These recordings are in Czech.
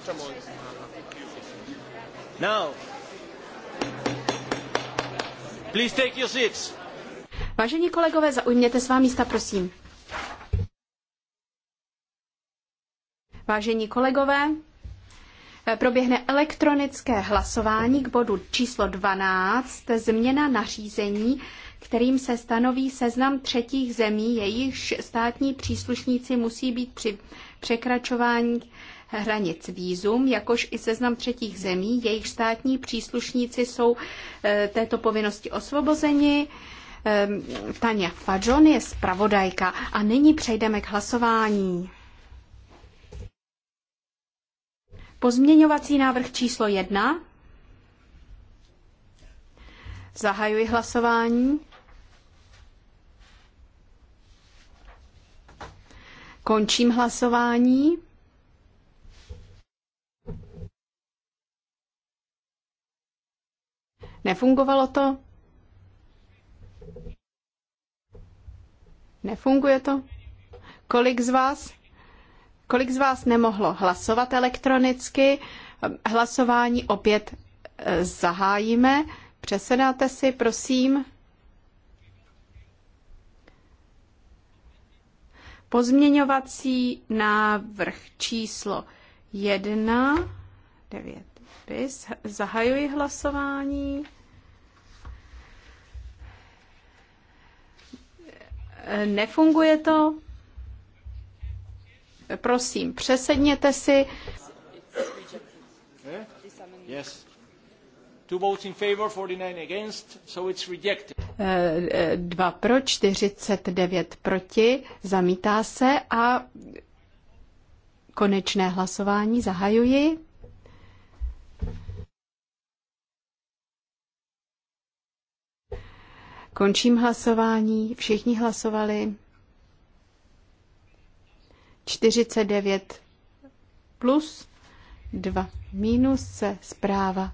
facciamo Now. Please take your seats. Vážení kolegové, zaujměte svá místa, prosím. Vážení kolegové, eh, proběhne elektronické hlasování k bodu číslo 12, změna nařízení, kterým se stanoví seznam třetích zemí, jejichž státní příslušníci musí být při překračování hranic výzum, jakož i seznam třetích zemí, jejich státní příslušníci jsou eh, této povinnosti osvobozeni. Ehm, Tania Fajon je zpravodajka a nyní přejdeme k hlasování. Pozměňovací návrh číslo jedna. Zahajuji hlasování. Končím hlasování. Nefungovalo to? Nefunguje to? Kolik z vás? Kolik z vás nemohlo hlasovat elektronicky? Hlasování opět e, zahájíme. Přesedáte si, prosím. Pozměňovací návrh číslo 1, 9, 4. Zahajuji hlasování. Nefunguje to? Prosím, přesedněte si. Yes. Two votes in favor, 49 against, so it's rejected. Eh, eh, pro, 49 proti, zamítá se a konečné hlasování zahajuji. Končím hlasování. Všichni hlasovali. 49 plus 2 minus se zpráva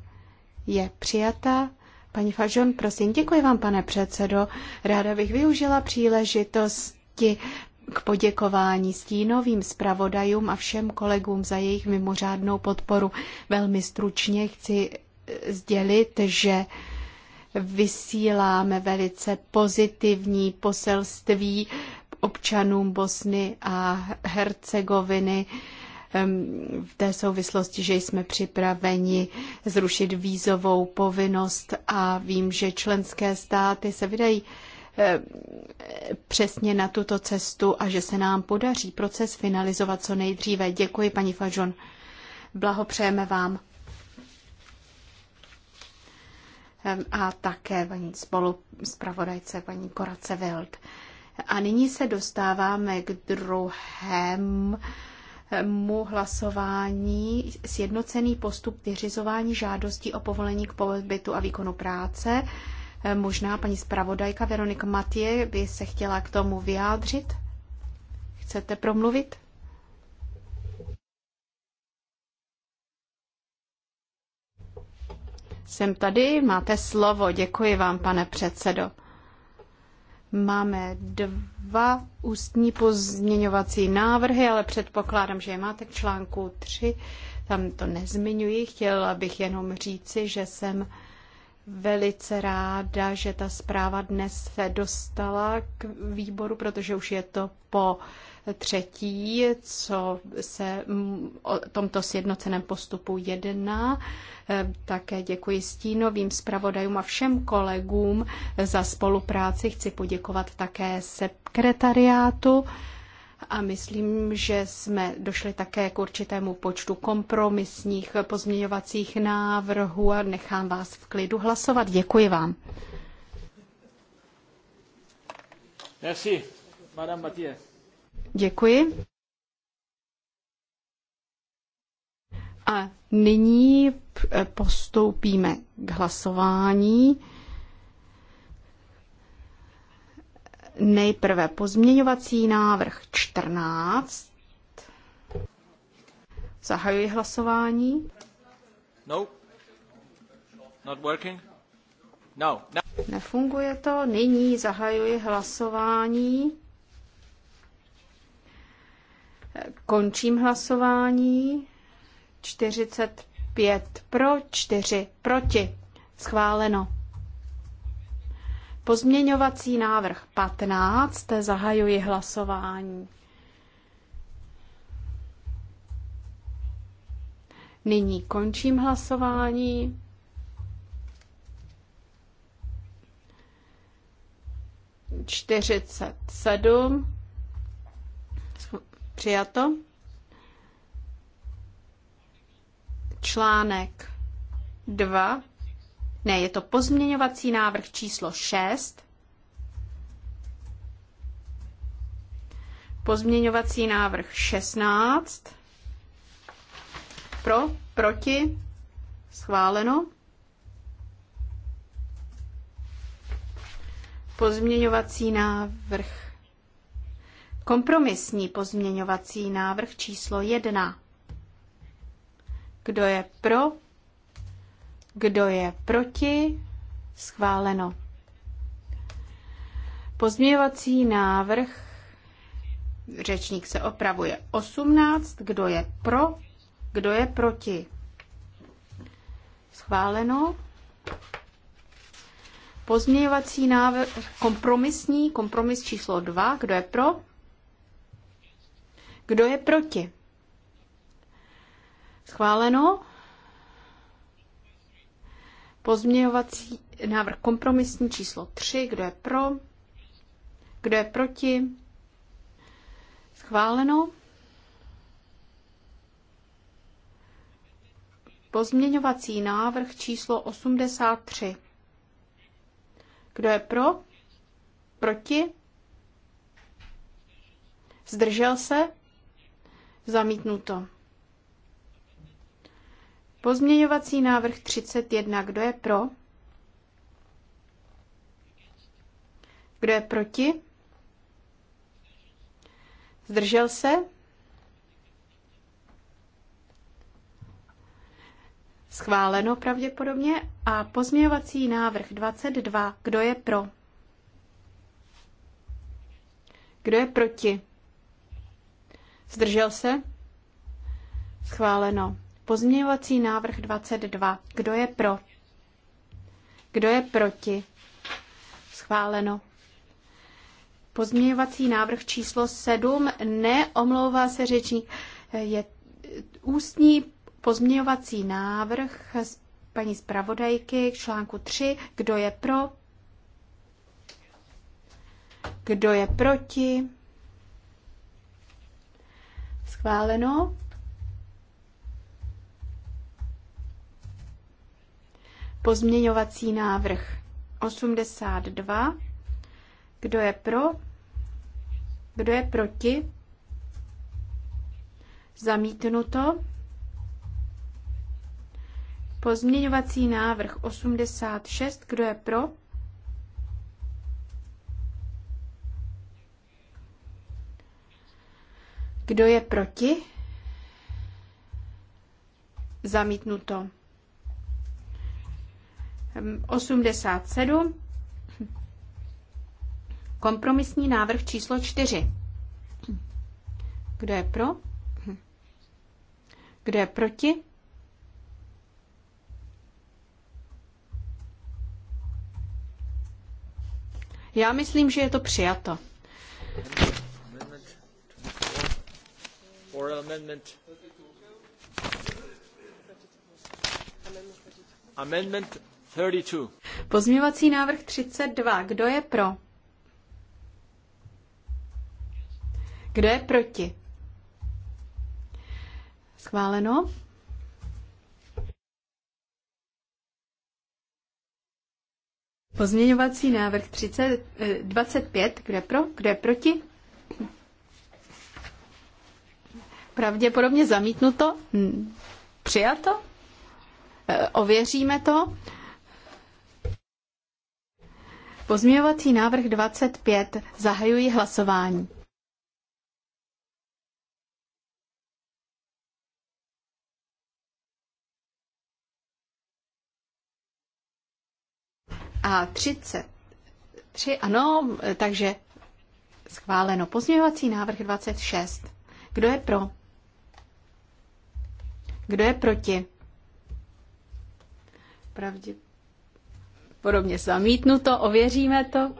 je přijata. Paní Fažon, prosím, děkuji vám, pane předsedo. Ráda bych využila příležitosti k poděkování stínovým zpravodajům a všem kolegům za jejich mimořádnou podporu. Velmi stručně chci sdělit, že vysíláme velice pozitivní poselství občanům Bosny a Hercegoviny v té souvislosti, že jsme připraveni zrušit vízovou povinnost a vím, že členské státy se vydají přesně na tuto cestu a že se nám podaří proces finalizovat co nejdříve. Děkuji, paní Fajon. Blahopřejeme vám a také paní spolu paní Korace Wild. A nyní se dostáváme k druhému hlasování sjednocený postup vyřizování žádostí o povolení k pobytu a výkonu práce. Možná paní zpravodajka Veronika Matěj by se chtěla k tomu vyjádřit. Chcete promluvit? Jsem tady, máte slovo. Děkuji vám, pane předsedo. Máme dva ústní pozměňovací návrhy, ale předpokládám, že je máte k článku 3. Tam to nezmiňuji. Chtěla bych jenom říci, že jsem velice ráda, že ta zpráva dnes se dostala k výboru, protože už je to po uh, třetí, co se mm, o tomto sjednoceném postupu jedná. Ehm, také děkuji stínovým zpravodajům a všem kolegům za spolupráci. Chci poděkovat také sekretariátu a myslím, že jsme došli také k určitému počtu kompromisních pozměňovacích návrhů a nechám vás v klidu hlasovat. Děkuji vám. Merci, Madame Mathieu. Děkuji. A nyní eh, postoupíme k hlasování. Nejprve pozměňovací návrh 14. Zahajuji hlasování. No. Not working. No. no. Nefunguje to. Nyní zahajuji hlasování. Končím hlasování. 45 pro, 4 proti. Schváleno. Pozměňovací návrh 15. Zahajuji hlasování. Nyní končím hlasování. Čtyřicet sedm Přijato. Článek 2. Ne, je to pozměňovací návrh číslo 6. Pozměňovací návrh 16. Pro, proti, schváleno. Pozměňovací návrh Kompromisní pozměňovací návrh číslo 1. Kdo je pro? Kdo je proti? Schváleno. Pozměňovací návrh, řečník se opravuje 18, kdo je pro, kdo je proti. Schváleno. Pozměňovací návrh, kompromisní, kompromis číslo 2, kdo je pro, kdo je proti? Schváleno. Pozměňovací návrh kompromisní číslo 3. Kdo je pro? Kdo je proti? Schváleno. Pozměňovací návrh číslo 83. Kdo je pro? Proti? Zdržel se? Zamítnuto. Pozměňovací návrh 31. Kdo je pro? Kdo je proti? Zdržel se? Schváleno pravděpodobně. A pozměňovací návrh 22. Kdo je pro? Kdo je proti? Zdržel se? Schváleno. Pozměňovací návrh 22. Kdo je pro? Kdo je proti? Schváleno. Pozměňovací návrh číslo 7. Neomlouvá se řečník. Je ústní pozměňovací návrh z paní zpravodajky k článku 3. Kdo je pro? Kdo je proti? Schváleno. Pozměňovací návrh 82. Kdo je pro? Kdo je proti? Zamítnuto. Pozměňovací návrh 86. Kdo je pro? Kdo je proti? Zamítnuto. 87. Hm, Kompromisní návrh číslo 4. Kdo je pro? Kdo je proti? Já myslím, že je to přijato. Oral amendment. Amendment 32. Pozměňovací návrh 32. Kdo je pro? Kdo je proti? Schváleno. Pozměňovací návrh 30, 25. Eh, Kdo je pro? Kdo je proti? pravděpodobně zamítnuto, přijato, e, ověříme to. Pozměňovací návrh 25. Zahajuji hlasování. A 33, ano, takže schváleno. Pozměňovací návrh 26. Kdo je pro? Kdo je proti? Pravděpodobně zamítnuto, ověříme to.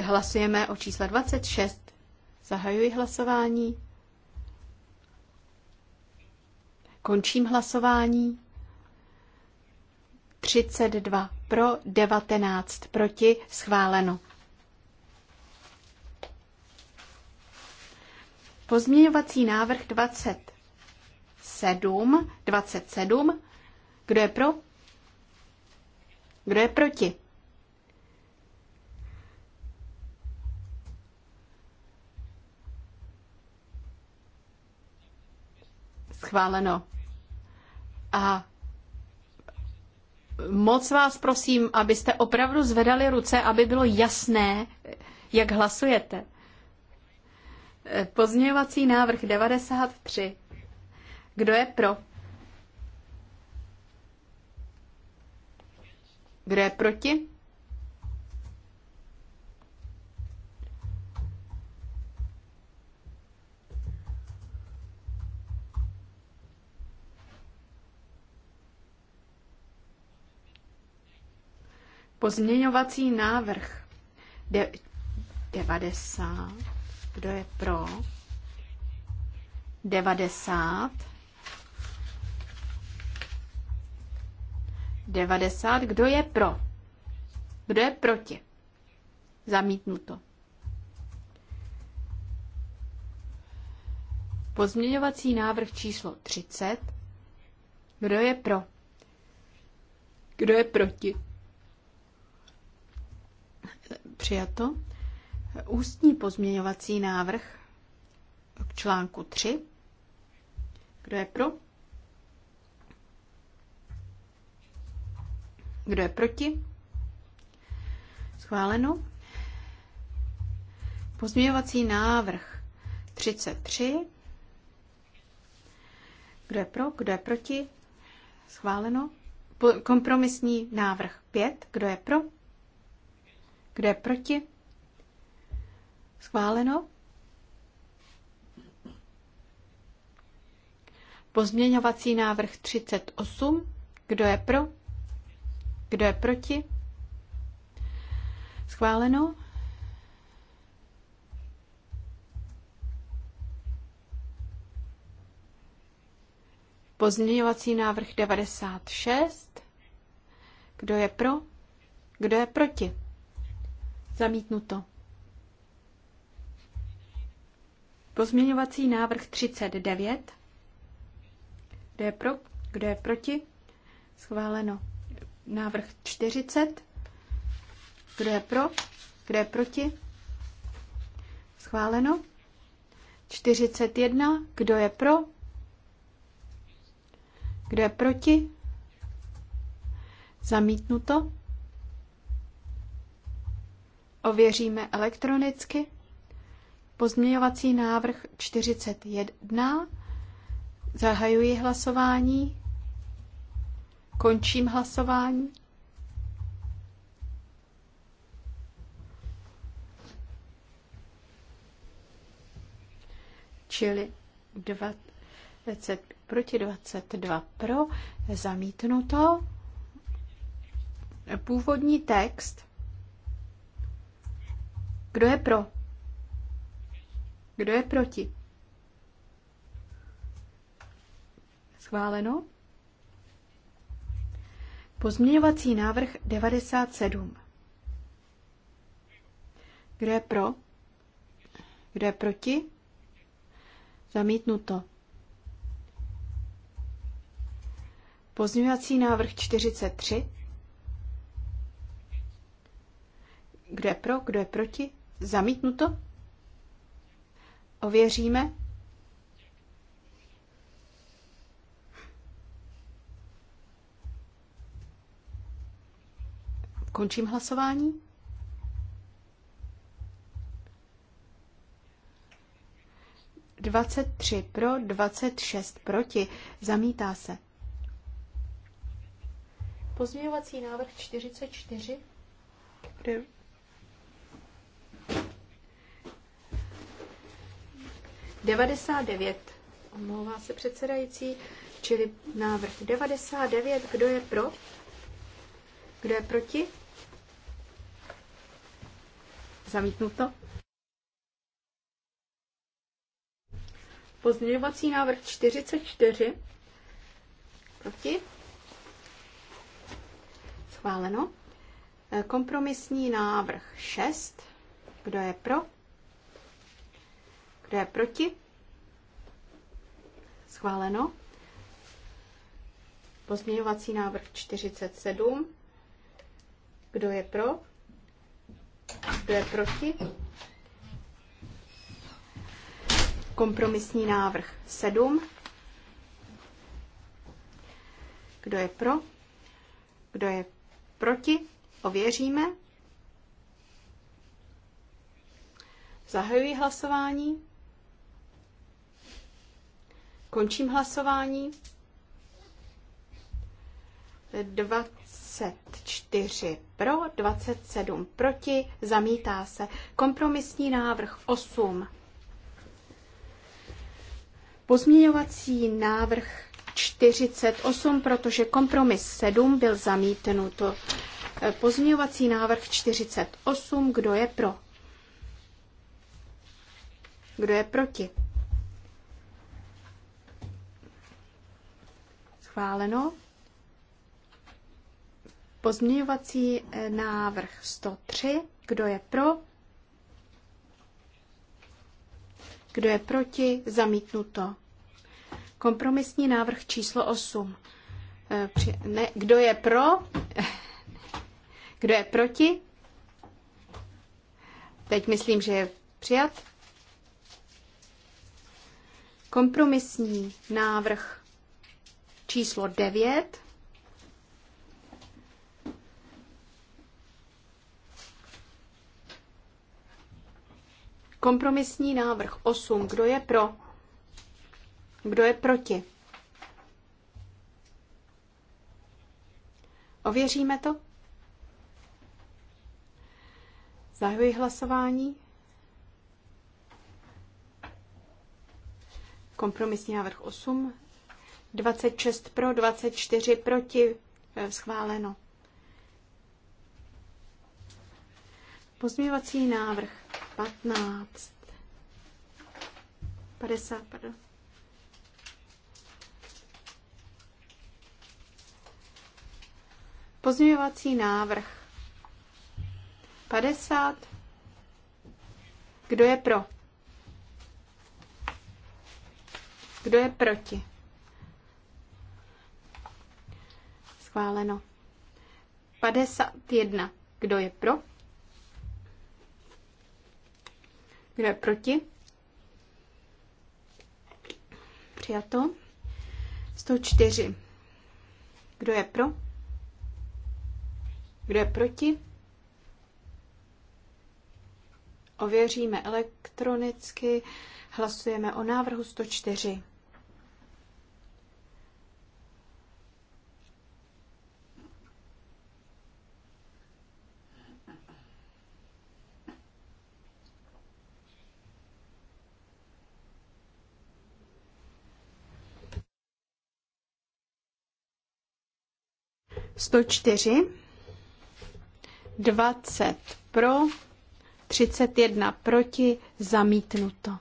Hlasujeme o čísle 26. Zahajuji hlasování. Končím hlasování. 32 pro, 19 proti, schváleno. Pozměňovací návrh 20. 7, 27. Kdo je pro? Kdo je proti? Schváleno. A moc vás prosím, abyste opravdu zvedali ruce, aby bylo jasné, jak hlasujete. Pozměňovací návrh 93. Kdo je pro? Kdo je proti? Pozměňovací návrh De- 90. Kdo je pro? 90. 90. Kdo je pro? Kdo je proti? Zamítnuto. Pozměňovací návrh číslo 30. Kdo je pro? Kdo je proti? Přijato. Ústní pozměňovací návrh k článku 3. Kdo je pro? Kdo je proti? Schváleno. Pozměňovací návrh 33. Kdo je pro? Kdo je proti? Schváleno. Kompromisní návrh 5. Kdo je pro? Kdo je proti? Schváleno. Pozměňovací návrh 38. Kdo je pro? Kdo je proti? Schváleno. Pozměňovací návrh 96. Kdo je pro? Kdo je proti? Zamítnuto. Pozměňovací návrh 39. Kdo je pro? Kdo je proti? Schváleno. Návrh 40. Kdo je pro? Kdo je proti? Schváleno. 41. Kdo je pro? Kdo je proti? Zamítnuto. Ověříme elektronicky. Pozměňovací návrh 41. Zahajuji hlasování. Končím hlasování. Čili 20 proti 22 pro, zamítnuto. Původní text. Kdo je pro? Kdo je proti? Schváleno? Pozměňovací návrh 97. Kdo je pro? Kdo je proti? Zamítnuto. Pozměňovací návrh 43. Kdo je pro? Kdo je proti? Zamítnuto? Ověříme. Končím hlasování. Dvacet tři pro, dvacet šest proti. Zamítá se. Pozměňovací návrh 44. Kde? Devadesát devět. Omlouvá se předsedající, čili návrh 99. Kdo je pro? Kdo je proti? Zamítnuto. Pozměňovací návrh 44. Proti? Schváleno. E, kompromisní návrh 6. Kdo je pro? Kdo je proti? Schváleno. Pozměňovací návrh 47. Kdo je pro? Kdo je proti? Kompromisní návrh 7. Kdo je pro? Kdo je proti? Ověříme. Zahajuji hlasování. Končím hlasování. 20 24 pro, 27 proti, zamítá se. Kompromisní návrh 8. Pozměňovací návrh 48, protože kompromis 7 byl zamítnut. Pozměňovací návrh 48, kdo je pro? Kdo je proti? Schváleno. Pozměňovací eh, návrh 103. Kdo je pro? Kdo je proti? Zamítnuto. Kompromisní návrh číslo 8. Eh, ne, kdo je pro? Kdo je proti? Teď myslím, že je přijat. Kompromisní návrh číslo 9. Kompromisní návrh 8. Kdo je pro? Kdo je proti? Ověříme to? Zahajuji hlasování. Kompromisní návrh 8. 26 pro, 24 proti. Eh, schváleno. Pozměvací návrh 15. 50, pardon. Pozměňovací návrh 50. Kdo je pro? Kdo je proti? Schváleno. 51. Kdo je pro? Kdo je proti? Přijato. 104. Kdo je pro? Kdo je proti? Ověříme elektronicky. Hlasujeme o návrhu 104. 104, 20 pro, 31 proti, zamítnuto.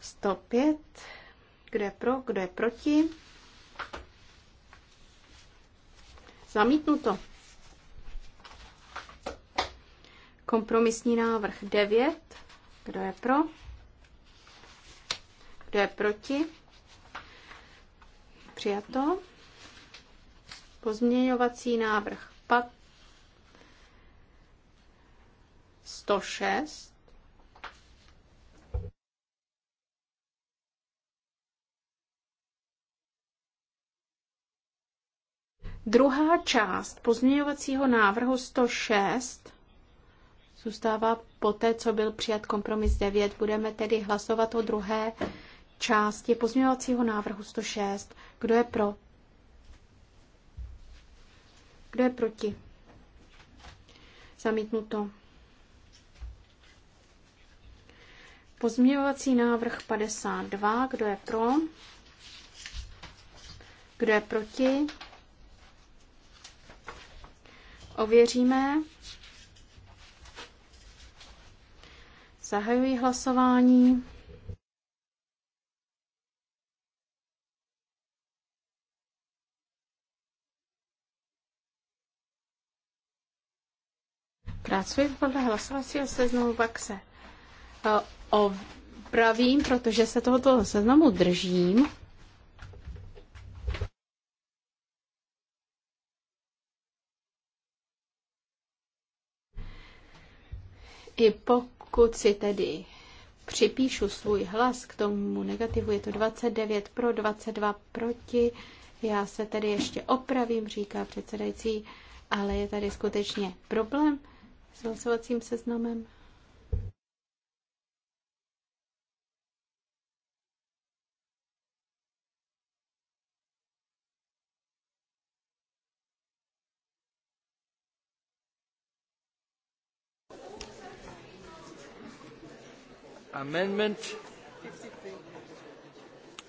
Sto pět. Kdo je pro, kdo je proti? Zamítnuto. Kompromisní návrh 9. Kdo je pro? Kdo je proti? Přijato. Pozměňovací návrh 106. Druhá část pozměňovacího návrhu 106 zůstává po té, co byl přijat kompromis 9. Budeme tedy hlasovat o druhé části pozměňovacího návrhu 106. Kdo je pro? Kdo je proti? Zamítnuto. Pozměňovací návrh 52. Kdo je pro? Kdo je proti? Ověříme. Zahajuji hlasování. pracuji podle hlasovacího seznamu, pak se eh, opravím, protože se tohoto seznamu držím. I pokud si tedy připíšu svůj hlas k tomu negativu, je to 29 pro, 22 proti. Já se tedy ještě opravím, říká předsedající, ale je tady skutečně problém s hlasovacím seznamem. amendment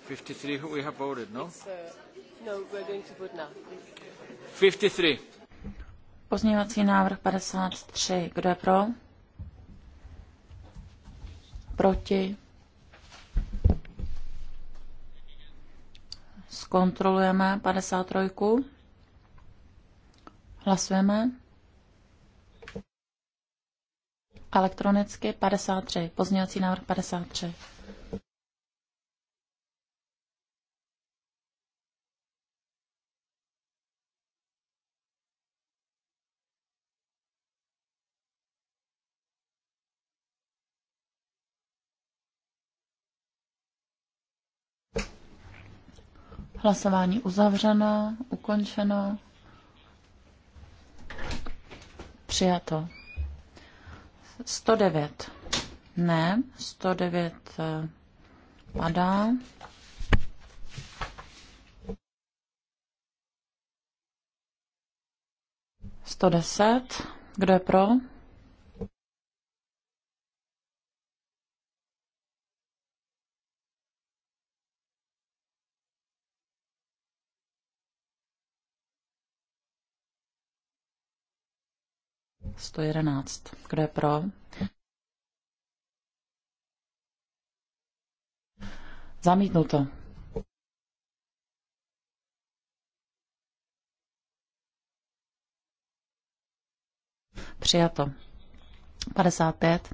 53 we have voted no uh, no we're going to vote now 53 Pozměňovací návrh 53. Kdo je pro? Proti? Zkontrolujeme 53. Hlasujeme. Elektronicky 53. Pozměňovací návrh 53. Hlasování uzavřeno, ukončeno. Přijato. 109. Ne, 109 eh, padá. Sto deset. Kdo je pro? 111. Kdo je pro? Zamítnuto. Přijato. 55.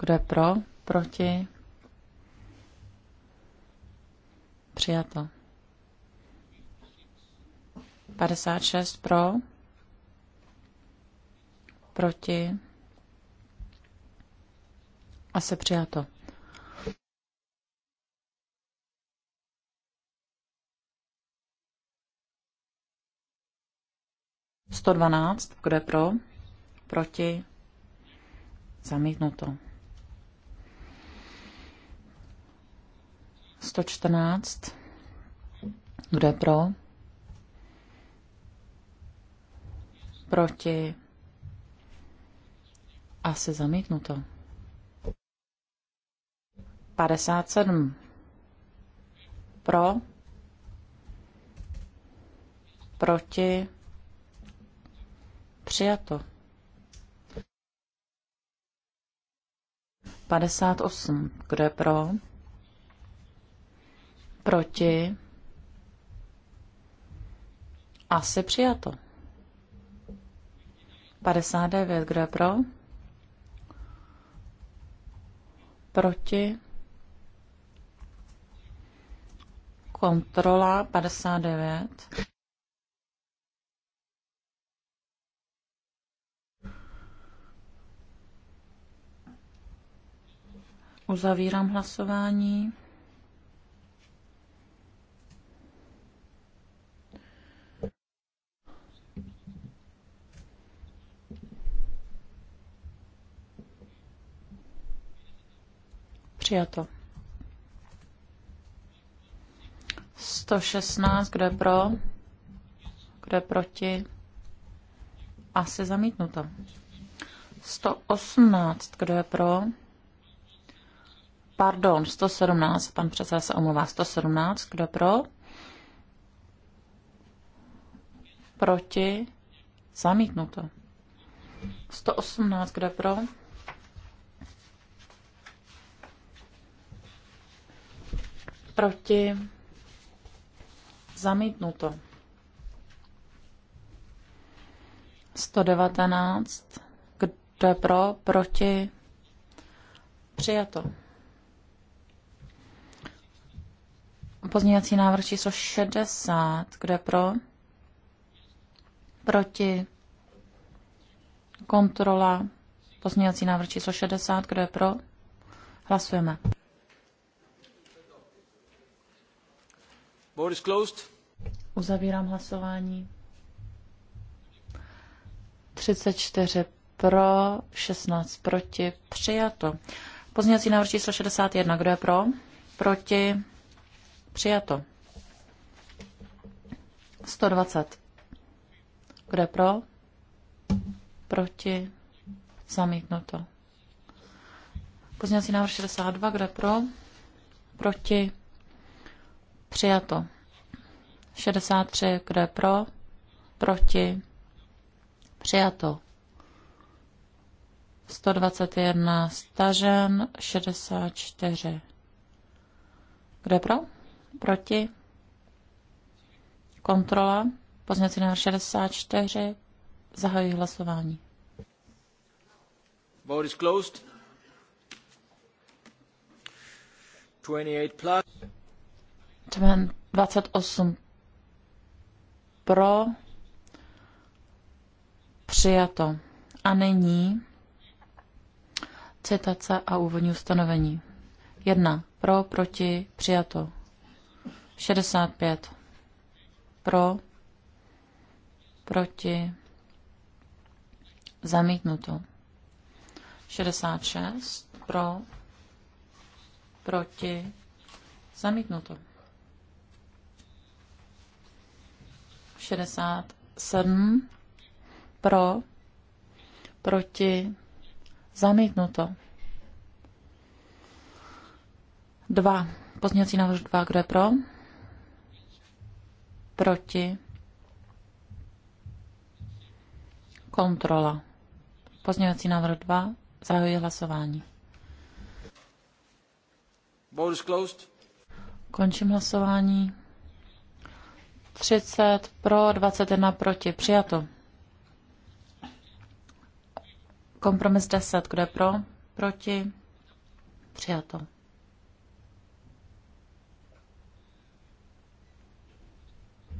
Kdo je pro? Proti? Přijato. 56 pro proti a se přijato. Sto dvanáct, kde pro, proti, zamítnuto. Sto čtrnáct, kde pro? Proti? Asi zamítnuto. 57. Pro. Proti. Přijato. 58. Kdo je pro? Proti. Asi přijato. 59. Kdo je pro? proti, kontrola 59. Uzavírám hlasování. Přijato. 116, kdo je pro? Kdo je proti? Asi zamítnuto. 118, kdo je pro? Pardon, 117, pan předseda se omlouvá. 117, kdo je pro? Proti? Zamítnuto. 118, kdo je pro? proti, zamítnuto. 119, kdo je pro, proti, přijato. Pozměňovací návrh číslo 60, kdo je pro, proti, kontrola, pozměňovací návrh číslo 60, kdo je pro, hlasujeme. Board is closed. Uzavírám hlasování. 34 pro, 16 proti, přijato. Pozměňovací návrh číslo 61, kdo je pro? Proti, přijato. 120. Kdo je pro? Proti, zamítnuto. Pozměňovací návrh 62, kdo je pro? Proti, Přijato. 63, kdo je pro? Proti? Přijato. 121 stažen, 64. Kdo je pro? Proti? Kontrola. Pozměňovací na 64. Zahajuji hlasování. Vote is closed. 28 plus. 28 pro, přijato. A nyní citace a úvodní ustanovení. 1. Pro, proti, přijato. 65. Pro, proti, zamítnuto. 66. Pro, proti, zamítnuto. 67 pro, proti, zamítnuto. 2. Pozměňovací návrh 2, kdo je pro? Proti. Kontrola. Pozměňovací návrh 2. Zahajuji hlasování. board is closed. Končím hlasování. 30 pro, 21 proti. Přijato. Kompromis 10. Kdo je pro? Proti? Přijato.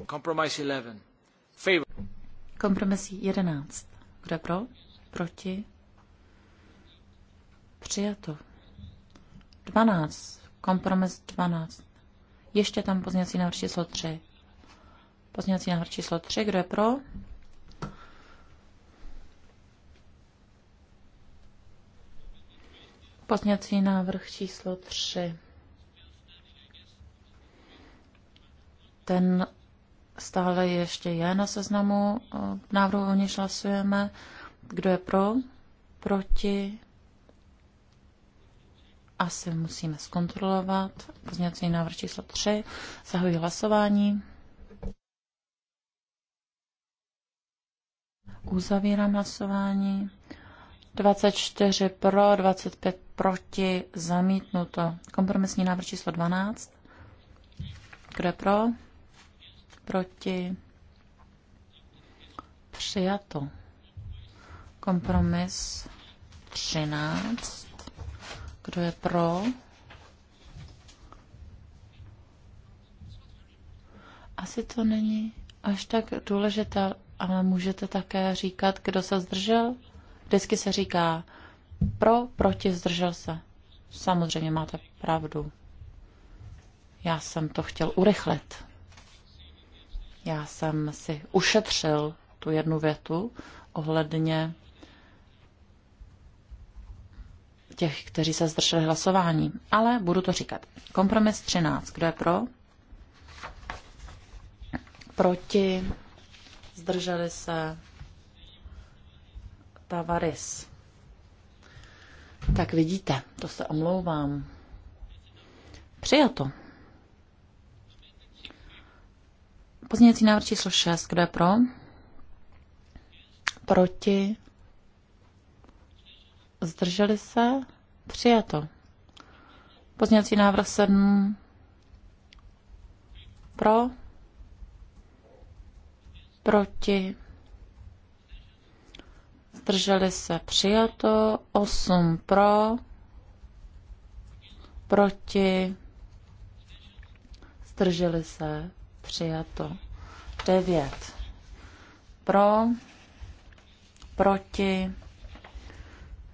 Kompromis 11. Favor. Kompromis 11. Kdo je pro? Proti? Přijato. 12. Kompromis 12. Ještě tam pozněcí návrh číslo 3. Pozměňovací návrh číslo 3. Kdo je pro? Pozměňovací návrh číslo 3. Ten stále ještě je na seznamu návrhu, o něž hlasujeme. Kdo je pro? Proti? Asi musíme zkontrolovat. Pozměňovací návrh číslo 3. Zahuji hlasování. Uzavírám hlasování. 24 pro, 25 proti, zamítnuto. Kompromisní návrh číslo 12. Kdo je pro? Proti. Přijato. Kompromis 13. Kdo je pro? Asi to není až tak důležité, ale můžete také říkat, kdo se zdržel. Vždycky se říká pro, proti, zdržel se. Samozřejmě máte pravdu. Já jsem to chtěl urychlit. Já jsem si ušetřil tu jednu větu ohledně těch, kteří se zdrželi hlasování. Ale budu to říkat. Kompromis 13. Kdo je pro? Proti? zdrželi se, Tavares. Tak vidíte, to se omlouvám. Přijato. Pozměňovací návrh číslo 6, kdo je pro? Proti? Zdrželi se? Přijato. Pozměňovací návrh 7. Pro? proti, zdrželi se přijato, 8 pro, proti, zdrželi se přijato, 9 pro, proti,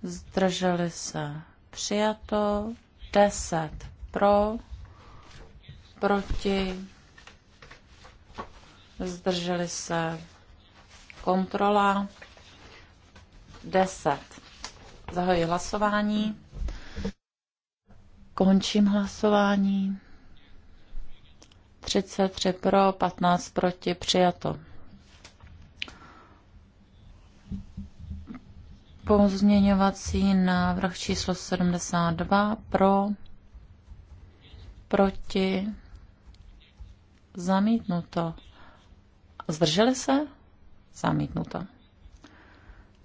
zdrželi se přijato, 10 pro, proti, zdrželi se kontrola 10. Zahoji hlasování. Končím hlasování. 33 pro, 15 proti, přijato. Pozměňovací návrh číslo 72 pro, proti, zamítnuto. Zdrželi se? Zamítnuto.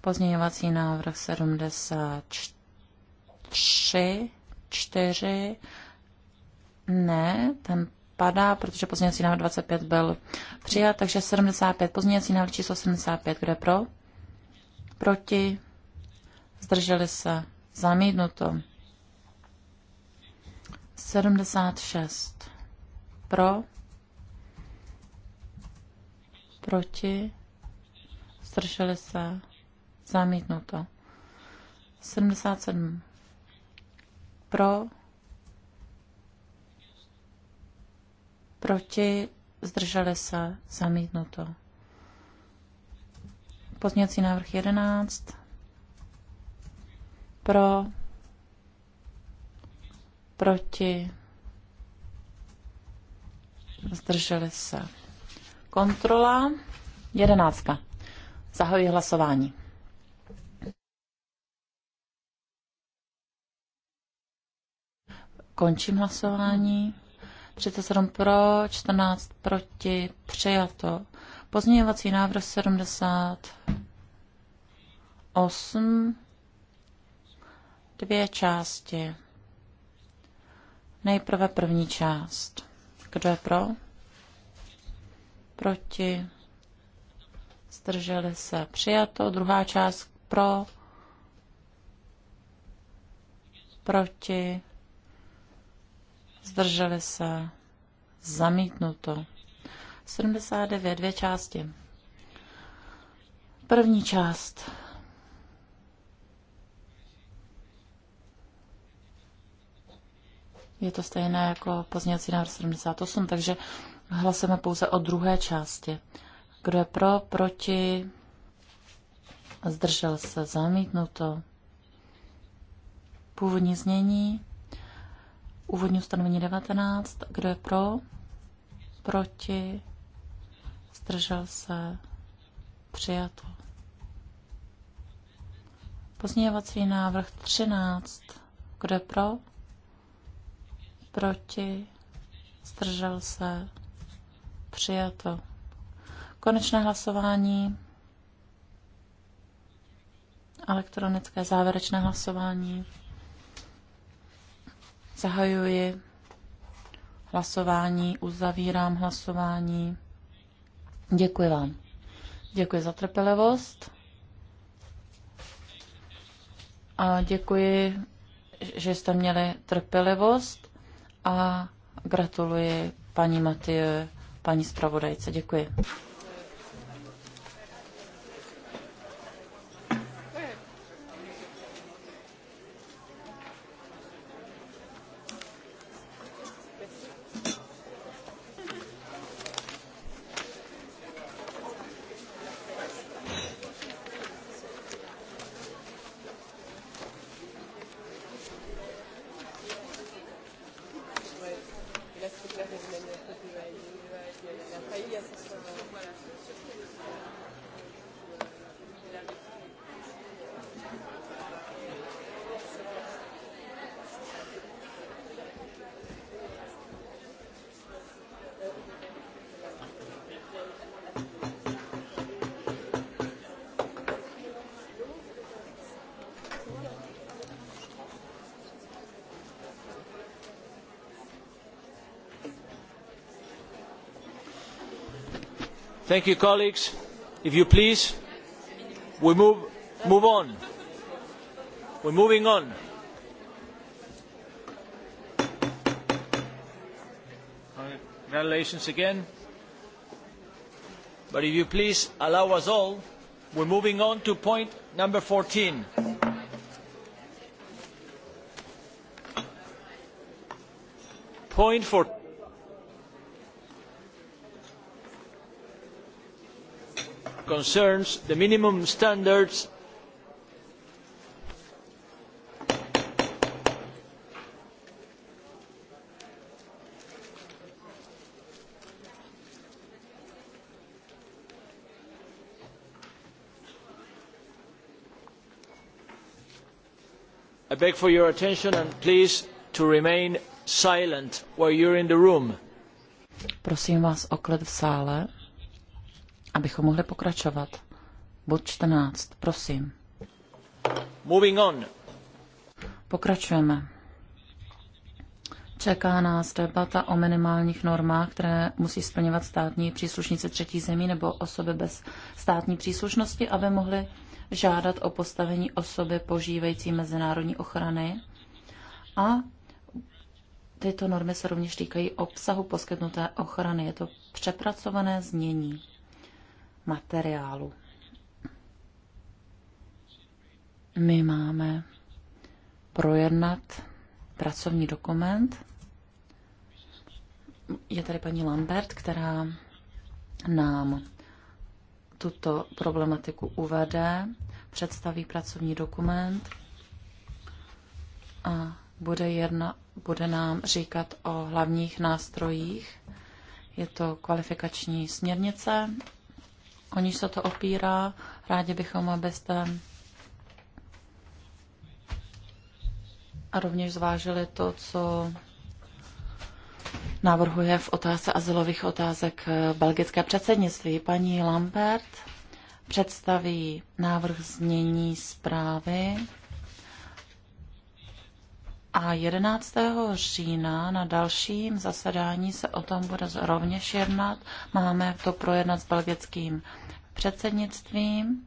Pozměňovací návrh 73, 4, ne, ten padá, protože pozměňovací návrh 25 byl přijat, takže 75, pozměňovací návrh číslo 75, kde pro? Proti? Zdrželi se? Zamítnuto. 76. Pro? proti, zdrželi se, zamítnuto. 77 pro, proti, zdrželi se, zamítnuto. Pozměňovací návrh 11 pro, proti, zdrželi se kontrola. Jedenáctka. Zahajuji hlasování. Končím hlasování. 37 pro, 14 proti, přijato. Pozměňovací návrh 78. Dvě části. Nejprve první část. Kdo je pro? proti, zdrželi se přijato, druhá část pro, proti, zdrželi se zamítnuto. 79, dvě části. První část. Je to stejné jako pozdějící návrh 78, takže Hlasujeme pouze o druhé části. Kdo je pro, proti, zdržel se, zamítnuto. Původní znění, úvodní ustanovení 19, kdo je pro, proti, zdržel se, přijato. Pozměňovací návrh 13, kdo je pro, proti, zdržel se, Přijato. Konečné hlasování. Elektronické závěrečné hlasování. Zahajuji hlasování, uzavírám hlasování. Děkuji vám. Děkuji za trpělivost. A děkuji, že jste měli trpělivost a gratuluji paní Matěje paní zpravodajce. Děkuji. Thank you, colleagues. If you please, we move, move on. We're moving on. Congratulations again. But if you please allow us all, we're moving on to point number 14. Point 14. concerns the minimum standards I beg for your attention and please to remain silent while you are in the room. Prosím vás o klid v sále abychom mohli pokračovat. Bod 14, prosím. Moving on. Pokračujeme. Čeká nás debata o minimálních normách, které musí splňovat státní příslušníci třetí zemí nebo osoby bez státní příslušnosti, aby mohly žádat o postavení osoby požívající mezinárodní ochrany. A tyto normy se rovněž týkají obsahu poskytnuté ochrany. Je to přepracované znění materiálu. My máme projednat pracovní dokument. Je tady paní Lambert, která nám tuto problematiku uvede, představí pracovní dokument a bude, jedna, bude nám říkat o hlavních nástrojích. Je to kvalifikační směrnice o níž se to opírá. Rádi bychom, abyste a rovněž zvážili to, co navrhuje v otázce azylových otázek belgické předsednictví. Paní Lambert představí návrh znění zprávy a 11. října na dalším zasedání se o tom bude rovněž jednat. Máme to projednat s belgickým předsednictvím.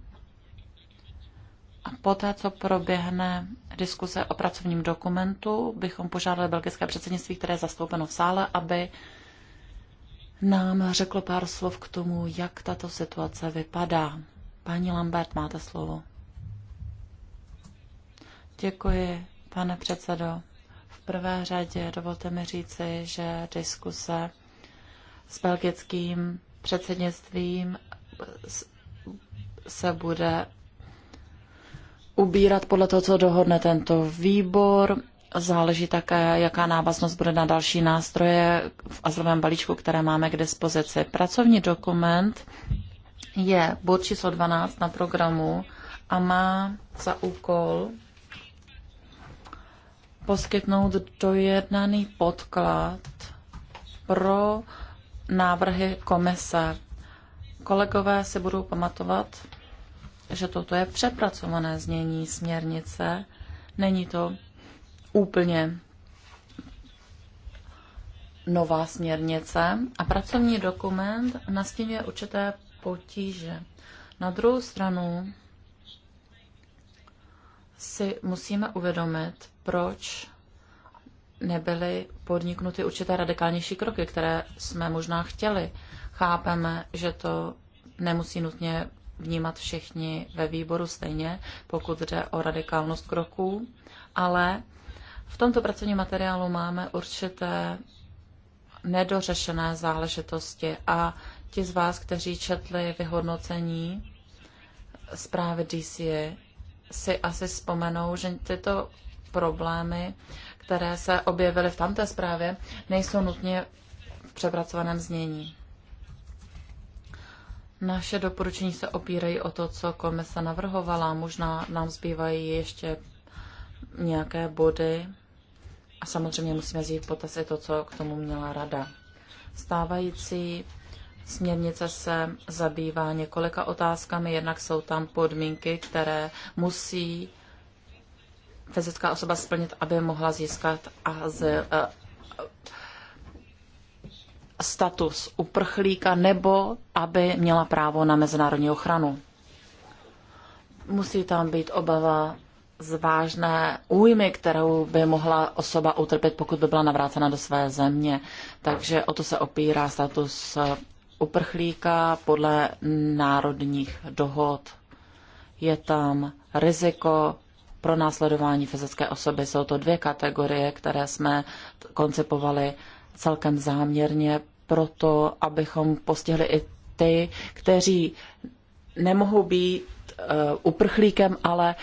A poté, co proběhne diskuse o pracovním dokumentu, bychom požádali belgické předsednictví, které je zastoupeno v sále, aby nám řeklo pár slov k tomu, jak tato situace vypadá. Paní Lambert, máte slovo. Děkuji Pane předsedo, v prvé řadě dovolte mi říci, že diskuse s belgickým předsednictvím se bude ubírat podle toho, co dohodne tento výbor. Záleží také, jaká návaznost bude na další nástroje v azylovém balíčku, které máme k dispozici. Pracovní dokument je bod číslo 12 na programu a má za úkol poskytnout dojednaný podklad pro návrhy komise. Kolegové si budou pamatovat, že toto je přepracované znění směrnice. Není to úplně nová směrnice a pracovní dokument nastínuje určité potíže. Na druhou stranu si musíme uvědomit, proč nebyly podniknuty určité radikálnější kroky, které jsme možná chtěli. Chápeme, že to nemusí nutně vnímat všichni ve výboru stejně, pokud jde o radikálnost kroků, ale v tomto pracovním materiálu máme určité nedořešené záležitosti a ti z vás, kteří četli vyhodnocení zprávy DCA, si asi vzpomenou, že tyto problémy, které se objevily v tamté zprávě, nejsou nutně v přepracovaném znění. Naše doporučení se opírají o to, co komise navrhovala. Možná nám zbývají ještě nějaké body a samozřejmě musíme vzít potaz i to, co k tomu měla rada. Stávající směrnice se zabývá několika otázkami. Jednak jsou tam podmínky, které musí fyzická osoba splnit, aby mohla získat azyl, eh, status uprchlíka nebo aby měla právo na mezinárodní ochranu. Musí tam být obava z vážné újmy, kterou by mohla osoba utrpět, pokud by byla navrácena do své země. Takže o to se opírá status eh, uprchlíka podle národních dohod. Je tam riziko pro následování fyzické osoby. Jsou to dvě kategorie, které jsme koncipovali celkem záměrně proto, abychom postihli i ty, kteří nemohou být eh, uprchlíkem, ale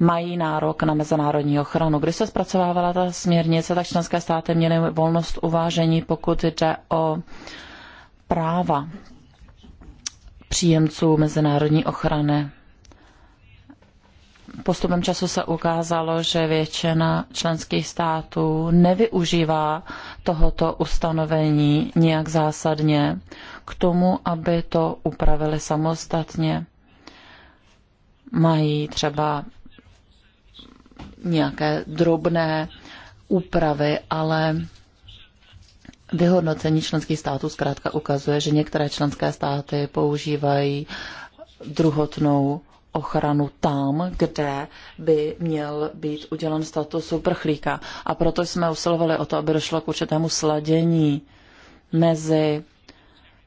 mají nárok na mezinárodní ochranu. Když se zpracovávala ta směrnice, tak členské státy měly volnost uvážení, pokud jde o práva příjemců mezinárodní ochrany postupem času se ukázalo, že většina členských států nevyužívá tohoto ustanovení nijak zásadně k tomu, aby to upravili samostatně. Mají třeba nějaké drobné úpravy, ale vyhodnocení členských států zkrátka ukazuje, že některé členské státy používají druhotnou ochranu tam, kde by měl být udělen status uprchlíka. A proto jsme usilovali o to, aby došlo k určitému sladění mezi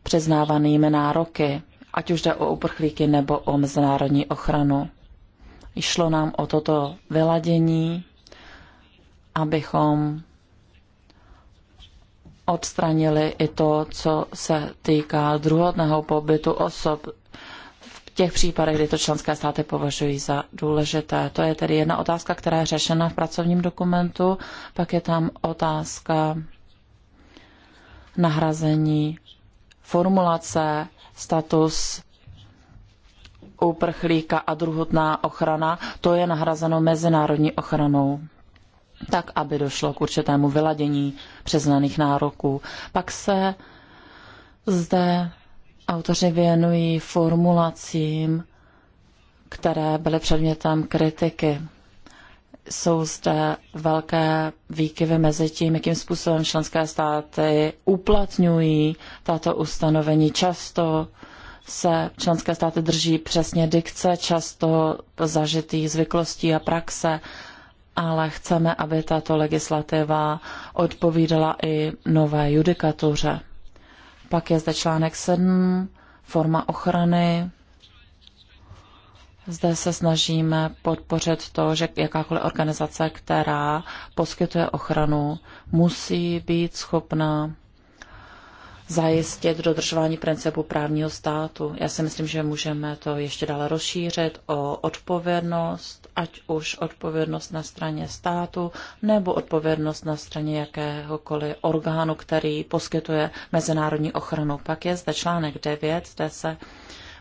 přiznávanými nároky, ať už jde o uprchlíky nebo o mezinárodní ochranu. Šlo nám o toto vyladění, abychom odstranili i to, co se týká druhotného pobytu osob těch případech, kdy to členské státy považují za důležité. To je tedy jedna otázka, která je řešena v pracovním dokumentu. Pak je tam otázka nahrazení formulace, status uprchlíka a druhotná ochrana, to je nahrazeno mezinárodní ochranou tak, aby došlo k určitému vyladění přiznaných nároků. Pak se zde autoři věnují formulacím, které byly předmětem kritiky. Jsou zde velké výkyvy mezi tím, jakým způsobem členské státy uplatňují tato ustanovení. Často se členské státy drží přesně dikce, často zažitých zvyklostí a praxe, ale chceme, aby tato legislativa odpovídala i nové judikatuře. Pak je zde článek 7, forma ochrany. Zde se snažíme podpořit to, že jakákoliv organizace, která poskytuje ochranu, musí být schopna zajistit dodržování principu právního státu. Já si myslím, že můžeme to ještě dále rozšířit o odpovědnost ať už odpovědnost na straně státu nebo odpovědnost na straně jakéhokoliv orgánu, který poskytuje mezinárodní ochranu. Pak je zde článek 9, kde se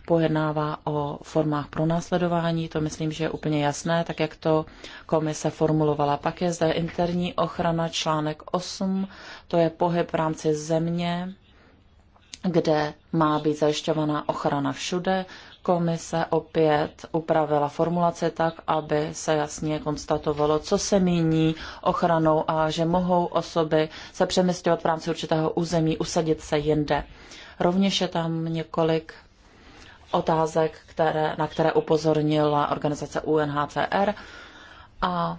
pojednává o formách pronásledování, to myslím, že je úplně jasné, tak jak to komise formulovala. Pak je zde interní ochrana článek 8, to je pohyb v rámci země, kde má být zajišťovaná ochrana všude komise opět upravila formulace tak, aby se jasně konstatovalo, co se míní ochranou a že mohou osoby se přemysťovat v rámci určitého území, usadit se jinde. Rovněž je tam několik otázek, které, na které upozornila organizace UNHCR a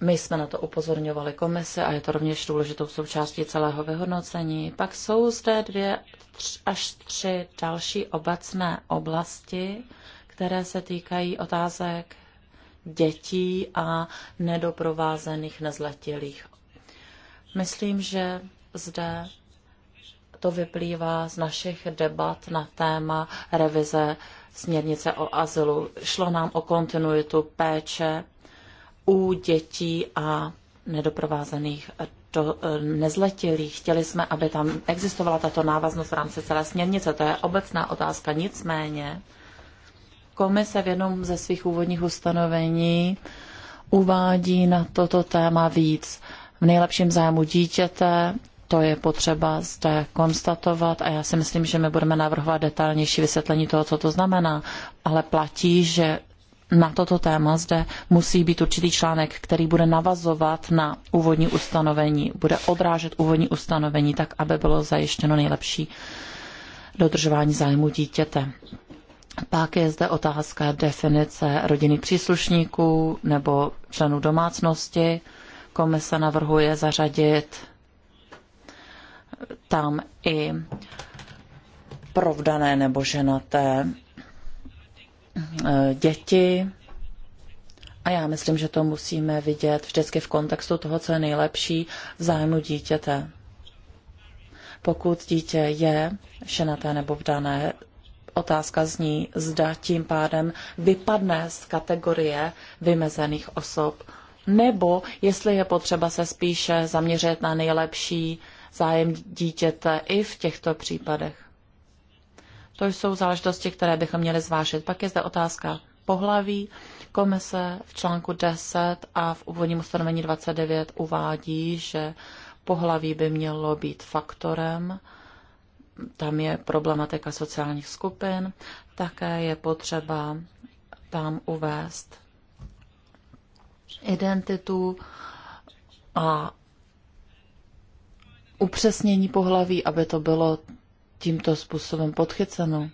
my jsme na to upozorňovali komise a je to rovněž důležitou součástí celého vyhodnocení. Pak jsou zde dvě tři, až tři další obecné oblasti, které se týkají otázek dětí a nedoprovázených nezletilých. Myslím, že zde to vyplývá z našich debat na téma revize směrnice o azylu. Šlo nám o kontinuitu péče u dětí a nedoprovázených eh, do eh, nezletilých. Chtěli jsme, aby tam existovala tato návaznost v rámci celé směrnice. To je obecná otázka. Nicméně komise v jednom ze svých úvodních ustanovení uvádí na toto téma víc. V nejlepším zájmu dítěte to je potřeba zde konstatovat a já si myslím, že my budeme navrhovat detailnější vysvětlení toho, co to znamená. Ale platí, že na toto téma zde musí být určitý článek, který bude navazovat na úvodní ustanovení, bude odrážet úvodní ustanovení tak, aby bylo zajištěno nejlepší dodržování zájmu dítěte. Pak je zde otázka definice rodiny příslušníků nebo členů domácnosti. Komise navrhuje zařadit tam i provdané nebo ženaté Eh, děti. A já myslím, že to musíme vidět vždycky v kontextu toho, co je nejlepší v zájmu dítěte. Pokud dítě je šenaté nebo vdané, otázka zní, zda tím pádem vypadne z kategorie vymezených osob, nebo jestli je potřeba se spíše zaměřit na nejlepší zájem dítěte i v těchto případech. To jsou záležitosti, které bychom měli zvážit. Pak je zde otázka pohlaví. Komise v článku 10 a v úvodním ustanovení 29 uvádí, že pohlaví by mělo být faktorem. Tam je problematika sociálních skupin. Také je potřeba tam uvést identitu a upřesnění pohlaví, aby to bylo tímto způsobem podchyceno.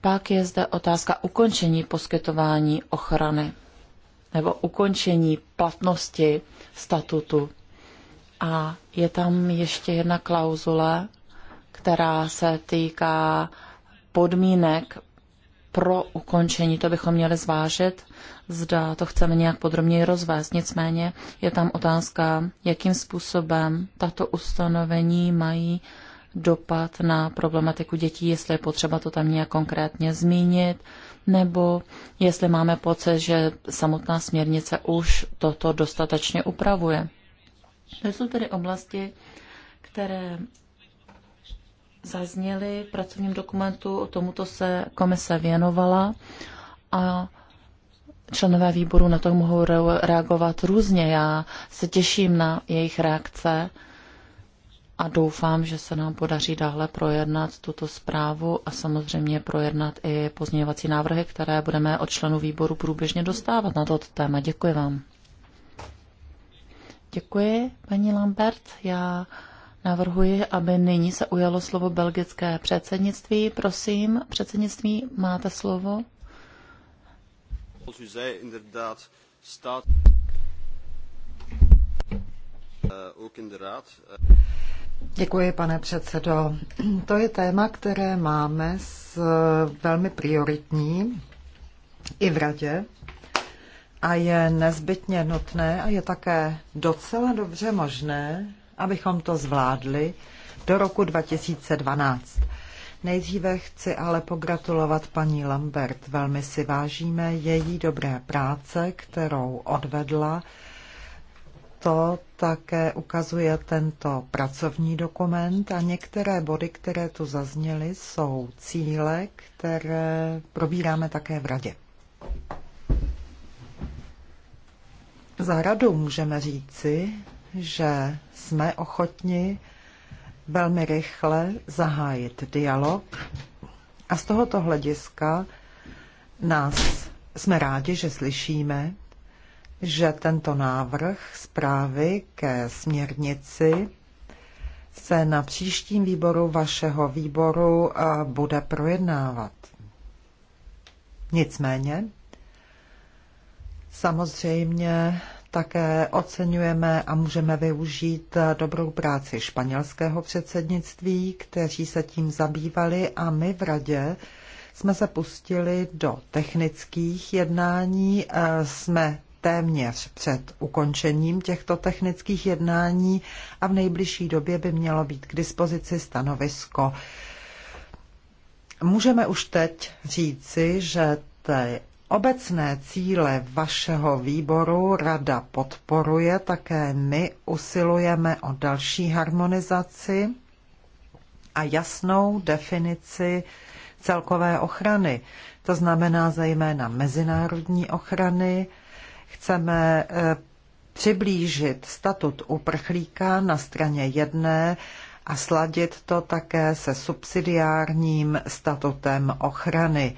Pak je zde otázka ukončení poskytování ochrany nebo ukončení platnosti statutu. A je tam ještě jedna klauzule, která se týká podmínek pro ukončení. To bychom měli zvážit, zda to chceme nějak podrobněji rozvést. Nicméně je tam otázka, jakým způsobem tato ustanovení mají uh, dopad na problematiku dětí, jestli je potřeba to tam nějak konkrétně zmínit, nebo jestli máme pocit, že samotná směrnice už toto dostatečně upravuje. To jsou tedy oblasti, které zazněly v pracovním dokumentu, o tomuto se komise věnovala a členové výboru na to mohou reagovat různě. Já se těším na jejich reakce a doufám, že se nám podaří dále projednat tuto zprávu a samozřejmě projednat i pozměňovací návrhy, které budeme od členů výboru průběžně dostávat na toto téma. Děkuji vám. Děkuji, paní Lambert. Já navrhuji, aby nyní se ujalo slovo belgické předsednictví. Prosím, předsednictví, máte slovo. Eh, eh, Děkuji, pane předsedo. To je téma, které máme s eh, velmi prioritní i v radě a je nezbytně nutné a je také docela dobře možné, abychom to zvládli do roku 2012. Nejdříve chci ale pogratulovat paní Lambert. Velmi si vážíme její dobré práce, kterou odvedla to také ukazuje tento pracovní dokument a některé body, které tu zazněly, jsou cíle, které probíráme také v radě. Za radu můžeme říci, že jsme ochotni velmi rychle zahájit dialog a z tohoto hlediska nás jsme rádi, že slyšíme, že tento návrh zprávy ke směrnici se na příštím výboru vašeho výboru eh, bude projednávat. Nicméně, samozřejmě také oceňujeme a můžeme využít eh, dobrou práci španělského předsednictví, kteří se tím zabývali a my v radě jsme se pustili do technických jednání, eh, jsme téměř před ukončením těchto technických jednání a v nejbližší době by mělo být k dispozici stanovisko. Můžeme už teď říci, že ty obecné cíle vašeho výboru rada podporuje, také my usilujeme o další harmonizaci a jasnou definici celkové ochrany, to znamená zejména mezinárodní ochrany, chceme eh, přiblížit statut uprchlíka na straně jedné a sladit to také se subsidiárním statutem ochrany.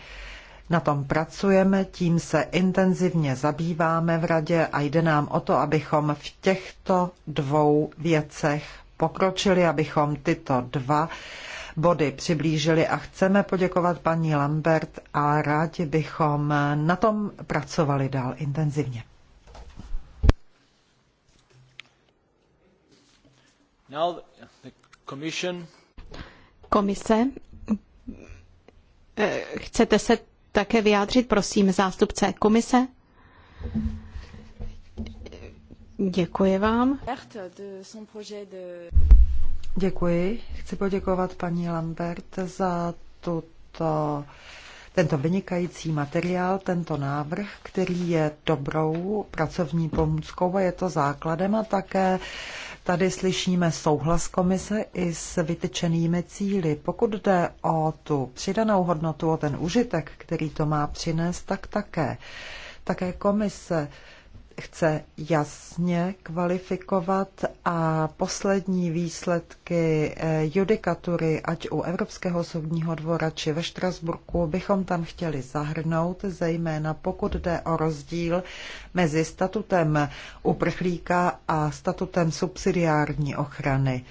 Na tom pracujeme, tím se intenzivně zabýváme v radě a jde nám o to, abychom v těchto dvou věcech pokročili, abychom tyto dva body přiblížili a chceme poděkovat paní Lambert a rádi bychom na tom pracovali dál intenzivně. Komise, eh, chcete se také vyjádřit, prosím, zástupce komise? Děkuji vám. Děkuji. Chci poděkovat paní Lambert za tuto, tento vynikající materiál, tento návrh, který je dobrou pracovní pomůckou a je to základem a také Tady slyšíme souhlas komise i s vytyčenými cíly. Pokud jde o tu přidanou hodnotu, o ten užitek, který to má přinést, tak také. Také komise chce jasně kvalifikovat a poslední výsledky eh, judikatury, ať u Evropského soudního dvora či ve Štrasburku, bychom tam chtěli zahrnout, zejména pokud jde o rozdíl mezi statutem uprchlíka a statutem subsidiární ochrany.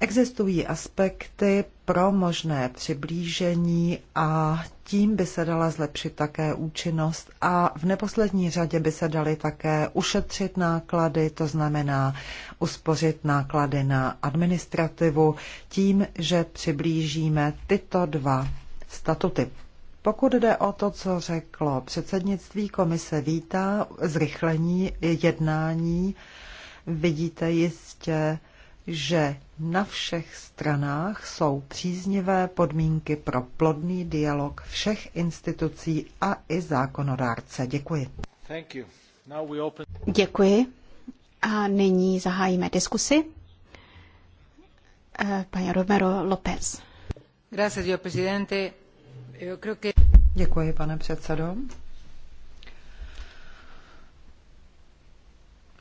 Existují aspekty pro možné přiblížení a tím by se dala zlepšit také účinnost a v neposlední řadě by se daly také ušetřit náklady, to znamená uspořit náklady na administrativu tím, že přiblížíme tyto dva statuty. Pokud jde o to, co řeklo předsednictví komise, vítá zrychlení jednání. Vidíte jistě, že na všech stranách jsou příznivé podmínky pro plodný dialog všech institucí a i zákonodárce. Děkuji. Open... Děkuji. A nyní zahájíme diskusi. Eh, paní Romero López. Děkuji, pane předsedo.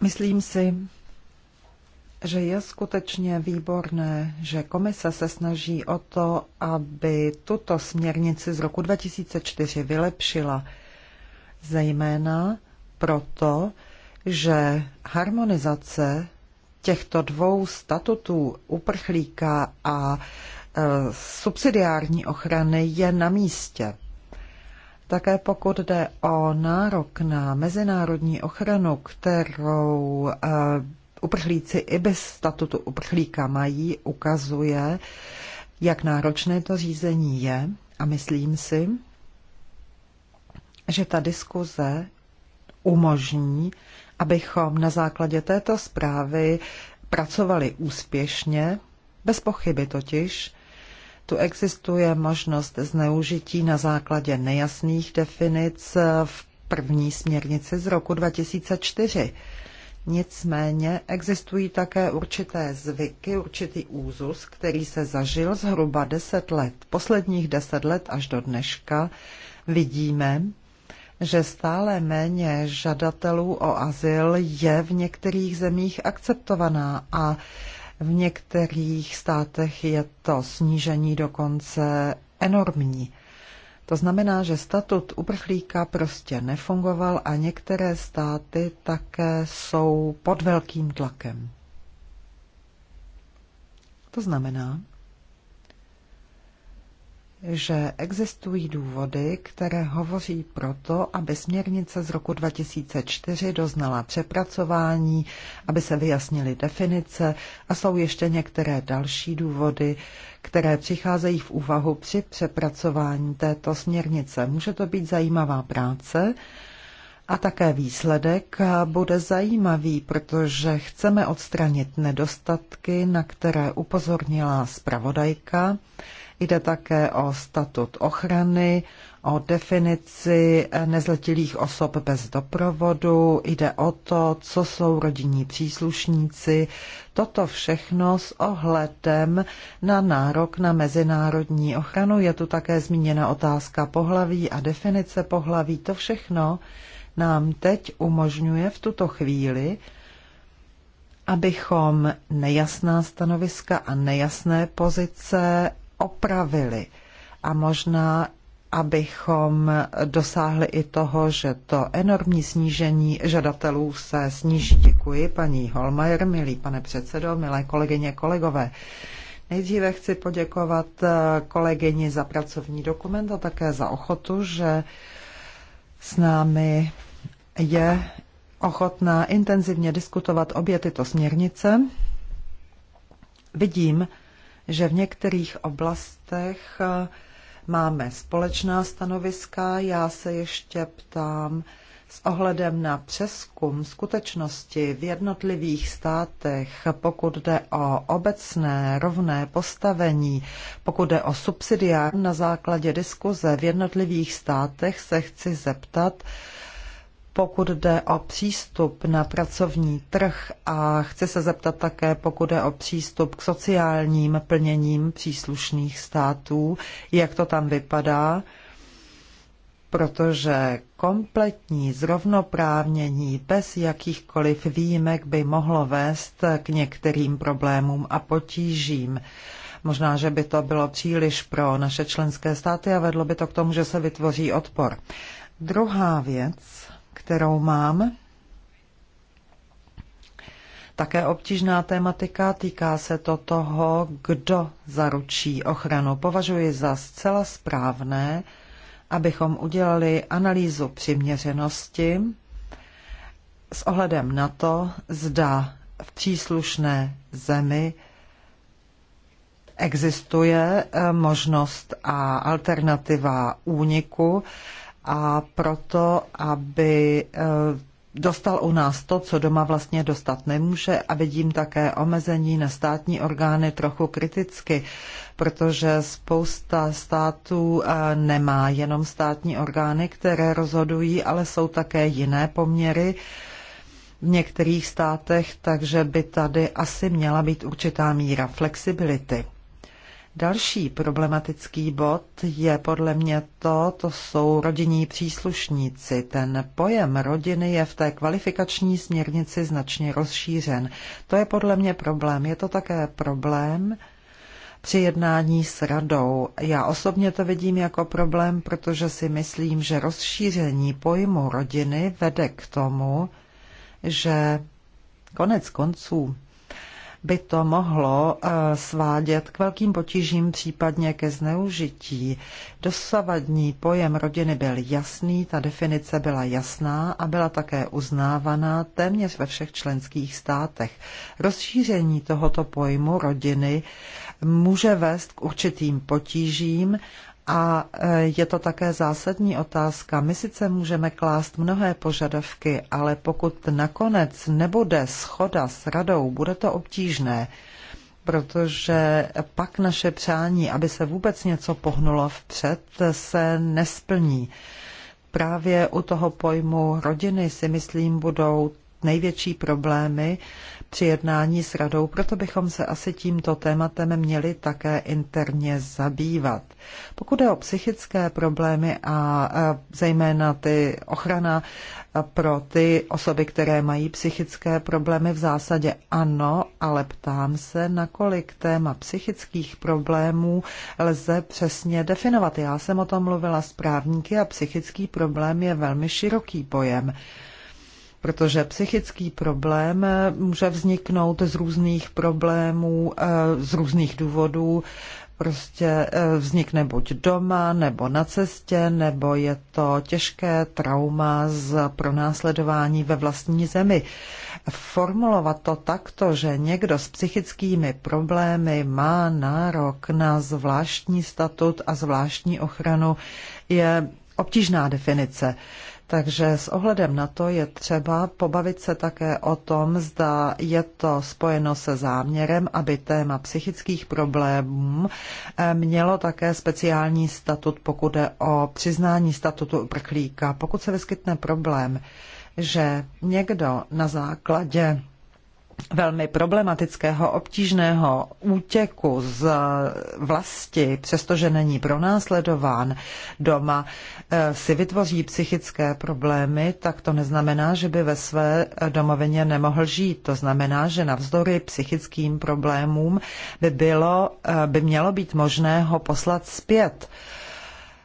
Myslím si, že je skutečně výborné, že komise se snaží o to, aby tuto směrnici z roku 2004 vylepšila, zejména proto, že harmonizace těchto dvou statutů uprchlíka a e, subsidiární ochrany je na místě. Také pokud jde o nárok na mezinárodní ochranu, kterou e, uprchlíci i bez statutu uprchlíka mají, ukazuje, jak náročné to řízení je. A myslím si, že ta diskuze umožní, abychom na základě této zprávy pracovali úspěšně, bez pochyby totiž, tu existuje možnost zneužití na základě nejasných definic v první směrnici z roku 2004. Nicméně existují také určité zvyky, určitý úzus, který se zažil zhruba deset let. Posledních deset let až do dneška vidíme, že stále méně žadatelů o azyl je v některých zemích akceptovaná a v některých státech je to snížení dokonce enormní. To znamená, že statut uprchlíka prostě nefungoval a některé státy také jsou pod velkým tlakem. To znamená, že existují důvody, které hovoří proto, aby směrnice z roku 2004 doznala přepracování, aby se vyjasnily definice a jsou ještě některé další důvody, které přicházejí v úvahu při přepracování této směrnice. Může to být zajímavá práce, a také výsledek bude zajímavý, protože chceme odstranit nedostatky, na které upozornila zpravodajka, Jde také o statut ochrany, o definici nezletilých osob bez doprovodu, jde o to, co jsou rodinní příslušníci. Toto všechno s ohledem na nárok na mezinárodní ochranu. Je tu také zmíněna otázka pohlaví a definice pohlaví. To všechno nám teď umožňuje v tuto chvíli abychom nejasná stanoviska a nejasné pozice opravili. A možná, abychom dosáhli i toho, že to enormní snížení žadatelů se sníží. Děkuji, paní Holmajer, milý pane předsedo, milé kolegyně, kolegové. Nejdříve chci poděkovat eh, kolegyni za pracovní dokument a také za ochotu, že s námi je ochotná intenzivně diskutovat obě tyto směrnice. Vidím, že v některých oblastech eh, máme společná stanoviska. Já se ještě ptám s ohledem na přeskum skutečnosti v jednotlivých státech, pokud jde o obecné rovné postavení, pokud jde o subsidiár na základě diskuze v jednotlivých státech, se chci zeptat, pokud jde o přístup na pracovní trh a chci se zeptat také, pokud jde o přístup k sociálním plněním příslušných států, jak to tam vypadá, protože kompletní zrovnoprávnění bez jakýchkoliv výjimek by mohlo vést k některým problémům a potížím. Možná, že by to bylo příliš pro naše členské státy a vedlo by to k tomu, že se vytvoří odpor. Druhá věc, kterou mám. Také obtížná tématika týká se to toho, kdo zaručí ochranu. Považuji za zcela správné, abychom udělali analýzu přiměřenosti s ohledem na to, zda v příslušné zemi existuje eh, možnost a alternativa úniku a proto, aby eh, dostal u nás to, co doma vlastně dostat nemůže a vidím také omezení na státní orgány trochu kriticky, protože spousta států eh, nemá jenom státní orgány, které rozhodují, ale jsou také jiné poměry v některých státech, takže by tady asi měla být určitá míra flexibility. Další problematický bod je podle mě to, to jsou rodinní příslušníci. Ten pojem rodiny je v té kvalifikační směrnici značně rozšířen. To je podle mě problém. Je to také problém při jednání s radou. Já osobně to vidím jako problém, protože si myslím, že rozšíření pojmu rodiny vede k tomu, že konec konců by to mohlo eh, svádět k velkým potížím, případně ke zneužití. Dosavadní pojem rodiny byl jasný, ta definice byla jasná a byla také uznávaná téměř ve všech členských státech. Rozšíření tohoto pojmu rodiny může vést k určitým potížím a e, je to také zásadní otázka. My sice můžeme klást mnohé požadavky, ale pokud nakonec nebude schoda s radou, bude to obtížné, protože pak naše přání, aby se vůbec něco pohnulo vpřed, se nesplní. Právě u toho pojmu rodiny si myslím budou největší problémy, při jednání s radou, proto bychom se asi tímto tématem měli také interně zabývat. Pokud je o psychické problémy a zejména ty ochrana pro ty osoby, které mají psychické problémy, v zásadě ano, ale ptám se, nakolik téma psychických problémů lze přesně definovat. Já jsem o tom mluvila s právníky a psychický problém je velmi široký pojem protože psychický problém eh, může vzniknout z různých problémů, eh, z různých důvodů. Prostě eh, vznikne buď doma, nebo na cestě, nebo je to těžké trauma z pronásledování ve vlastní zemi. Formulovat to takto, že někdo s psychickými problémy má nárok na zvláštní statut a zvláštní ochranu, je obtížná definice. Takže s ohledem na to je třeba pobavit se také o tom, zda je to spojeno se záměrem, aby téma psychických problémů eh, mělo také speciální statut, pokud je o přiznání statutu uprchlíka. Pokud se vyskytne problém, že někdo na základě velmi problematického, obtížného útěku z vlasti, přestože není pronásledován doma, eh, si vytvoří psychické problémy, tak to neznamená, že by ve své domovině nemohl žít. To znamená, že navzdory psychickým problémům by, bylo, eh, by mělo být možné ho poslat zpět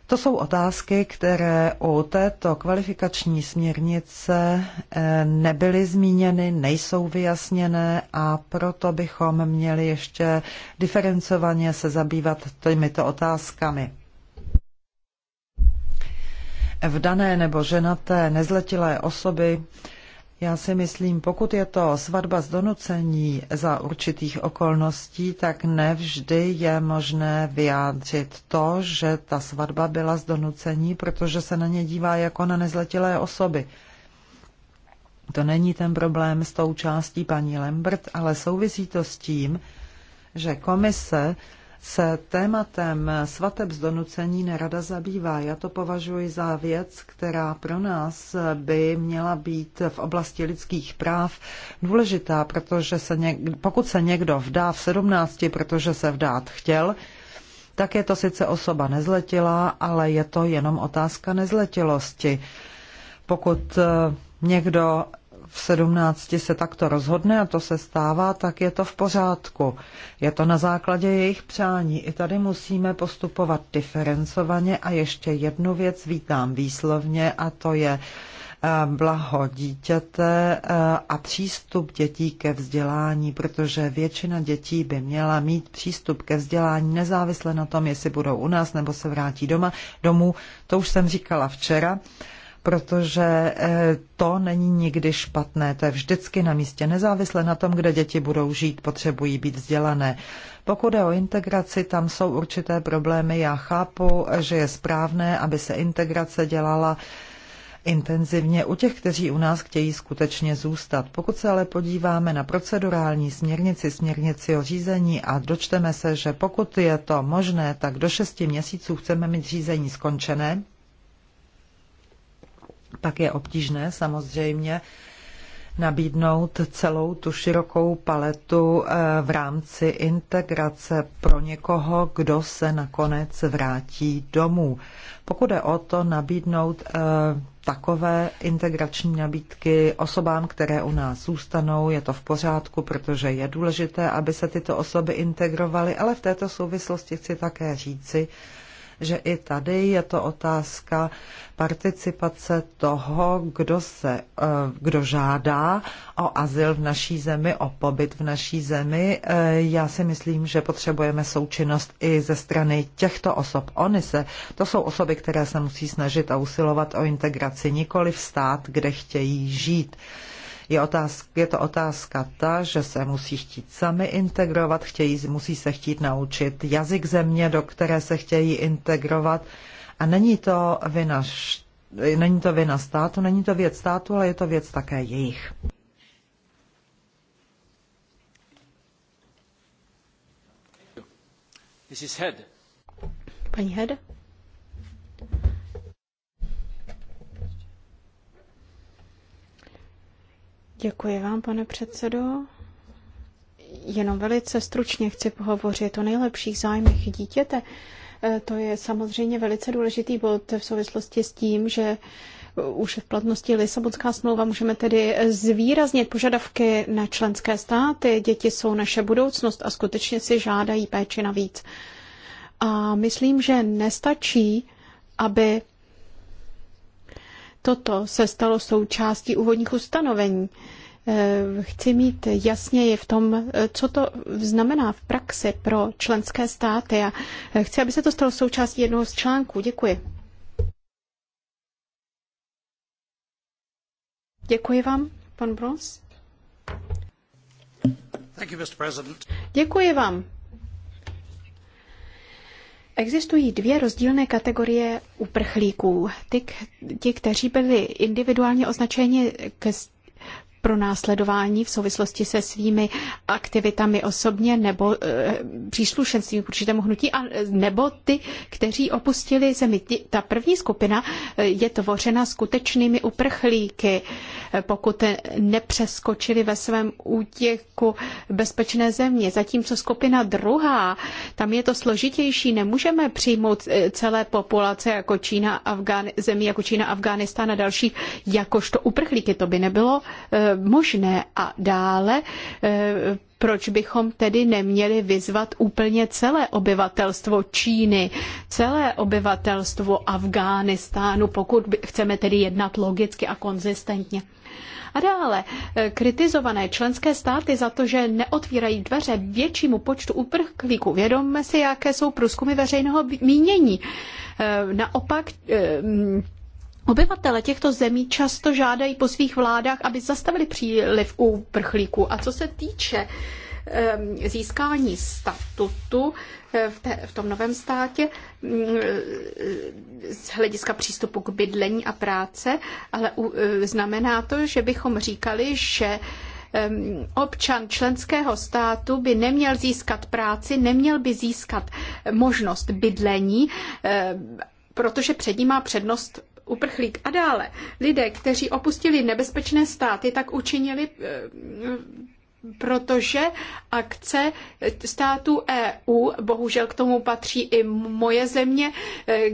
to jsou otázky, které u této kvalifikační směrnice eh, nebyly zmíněny, nejsou vyjasněné a proto bychom měli ještě diferencovaně se zabývat těmito otázkami. V dané nebo ženaté nezletilé osoby já si myslím, pokud je to svatba z donucení za určitých okolností, tak nevždy je možné vyjádřit to, že ta svatba byla z donucení, protože se na ně dívá jako na nezletilé osoby. To není ten problém s tou částí paní Lambert, ale souvisí to s tím, že komise se tématem svateb z donucení nerada zabývá. Já to považuji za věc, která pro nás by měla být v oblasti lidských práv důležitá, protože se něk- pokud se někdo vdá v 17, protože se vdát chtěl, tak je to sice osoba nezletila, ale je to jenom otázka nezletilosti. Pokud eh, někdo v 17 se takto rozhodne a to se stává, tak je to v pořádku. Je to na základě jejich přání. I tady musíme postupovat diferencovaně a ještě jednu věc vítám výslovně a to je eh, blaho dítěte eh, a přístup dětí ke vzdělání, protože většina dětí by měla mít přístup ke vzdělání nezávisle na tom, jestli budou u nás nebo se vrátí doma, domů. To už jsem říkala včera protože eh, to není nikdy špatné, to je vždycky na místě, nezávisle na tom, kde děti budou žít, potřebují být vzdělané. Pokud je o integraci, tam jsou určité problémy. Já chápu, že je správné, aby se integrace dělala intenzivně u těch, kteří u nás chtějí skutečně zůstat. Pokud se ale podíváme na procedurální směrnici, směrnici o řízení a dočteme se, že pokud je to možné, tak do šesti měsíců chceme mít řízení skončené, tak je obtížné samozřejmě nabídnout celou tu širokou paletu eh, v rámci integrace pro někoho, kdo se nakonec vrátí domů. Pokud je o to nabídnout eh, takové integrační nabídky osobám, které u nás zůstanou, je to v pořádku, protože je důležité, aby se tyto osoby integrovaly, ale v této souvislosti chci také říci, že i tady je to otázka participace toho, kdo, se, eh, kdo žádá o azyl v naší zemi, o pobyt v naší zemi. Eh, já si myslím, že potřebujeme součinnost i ze strany těchto osob. Oni se, to jsou osoby, které se musí snažit a usilovat o integraci, nikoli v stát, kde chtějí žít. Je, otázka, je to otázka ta, že se musí chtít sami integrovat, chtějí, musí se chtít naučit jazyk země, do které se chtějí integrovat. A není to vina, není to vina státu, není to věc státu, ale je to věc také jejich. Paní Hede. Děkuji vám, pane předsedo. Jenom velice stručně chci pohovořit o nejlepších zájmech dítěte. E, to je samozřejmě velice důležitý bod v souvislosti s tím, že už v platnosti Lisabonská smlouva můžeme tedy zvýraznit požadavky na členské státy. Děti jsou naše budoucnost a skutečně si žádají péči navíc. A myslím, že nestačí, aby toto se stalo součástí úvodních ustanovení. Eh, chci mít jasněji v tom, eh, co to znamená v praxi pro členské státy a eh, chci, aby se to stalo součástí jednoho z článků. Děkuji. Děkuji vám, pan Brons. Děkuji vám, Existují dvě rozdílné kategorie uprchlíků. Ty, ti, kteří byli individuálně označeni k pro následování v souvislosti se svými aktivitami osobně nebo e, eh, příslušenstvím k určitému hnutí, a, nebo ty, kteří opustili zemi. Ta první skupina eh, je tvořena skutečnými uprchlíky, eh, pokud nepřeskočili ve svém útěku bezpečné země. Zatímco skupina druhá, tam je to složitější, nemůžeme přijmout celé populace jako Čína, Afgán, zemí jako Čína, Afghánistán a další, jakožto uprchlíky. To by nebylo e, možné. A dále eh, proč bychom tedy neměli vyzvat úplně celé obyvatelstvo Číny, celé obyvatelstvo Afghánistánu, pokud chceme tedy jednat logicky a konzistentně. A dále, eh, kritizované členské státy za to, že neotvírají dveře většímu počtu uprchlíků. Vědomme si, jaké jsou průzkumy veřejného mínění. Eh, naopak Obyvatele těchto zemí často žádají po svých vládách, aby zastavili příliv uprchlíků. A co se týče ehm, získání statutu eh, v, té, v tom novém státě mm, eh, z hlediska přístupu k bydlení a práce, ale eh, znamená to, že bychom říkali, že ehm, občan členského státu by neměl získat práci, neměl by získat možnost bydlení, protože před ním má přednost uprchlík. A dále, lidé, kteří opustili nebezpečné státy, tak učinili eh, protože akce států EU, bohužel k tomu patří i moje země, eh,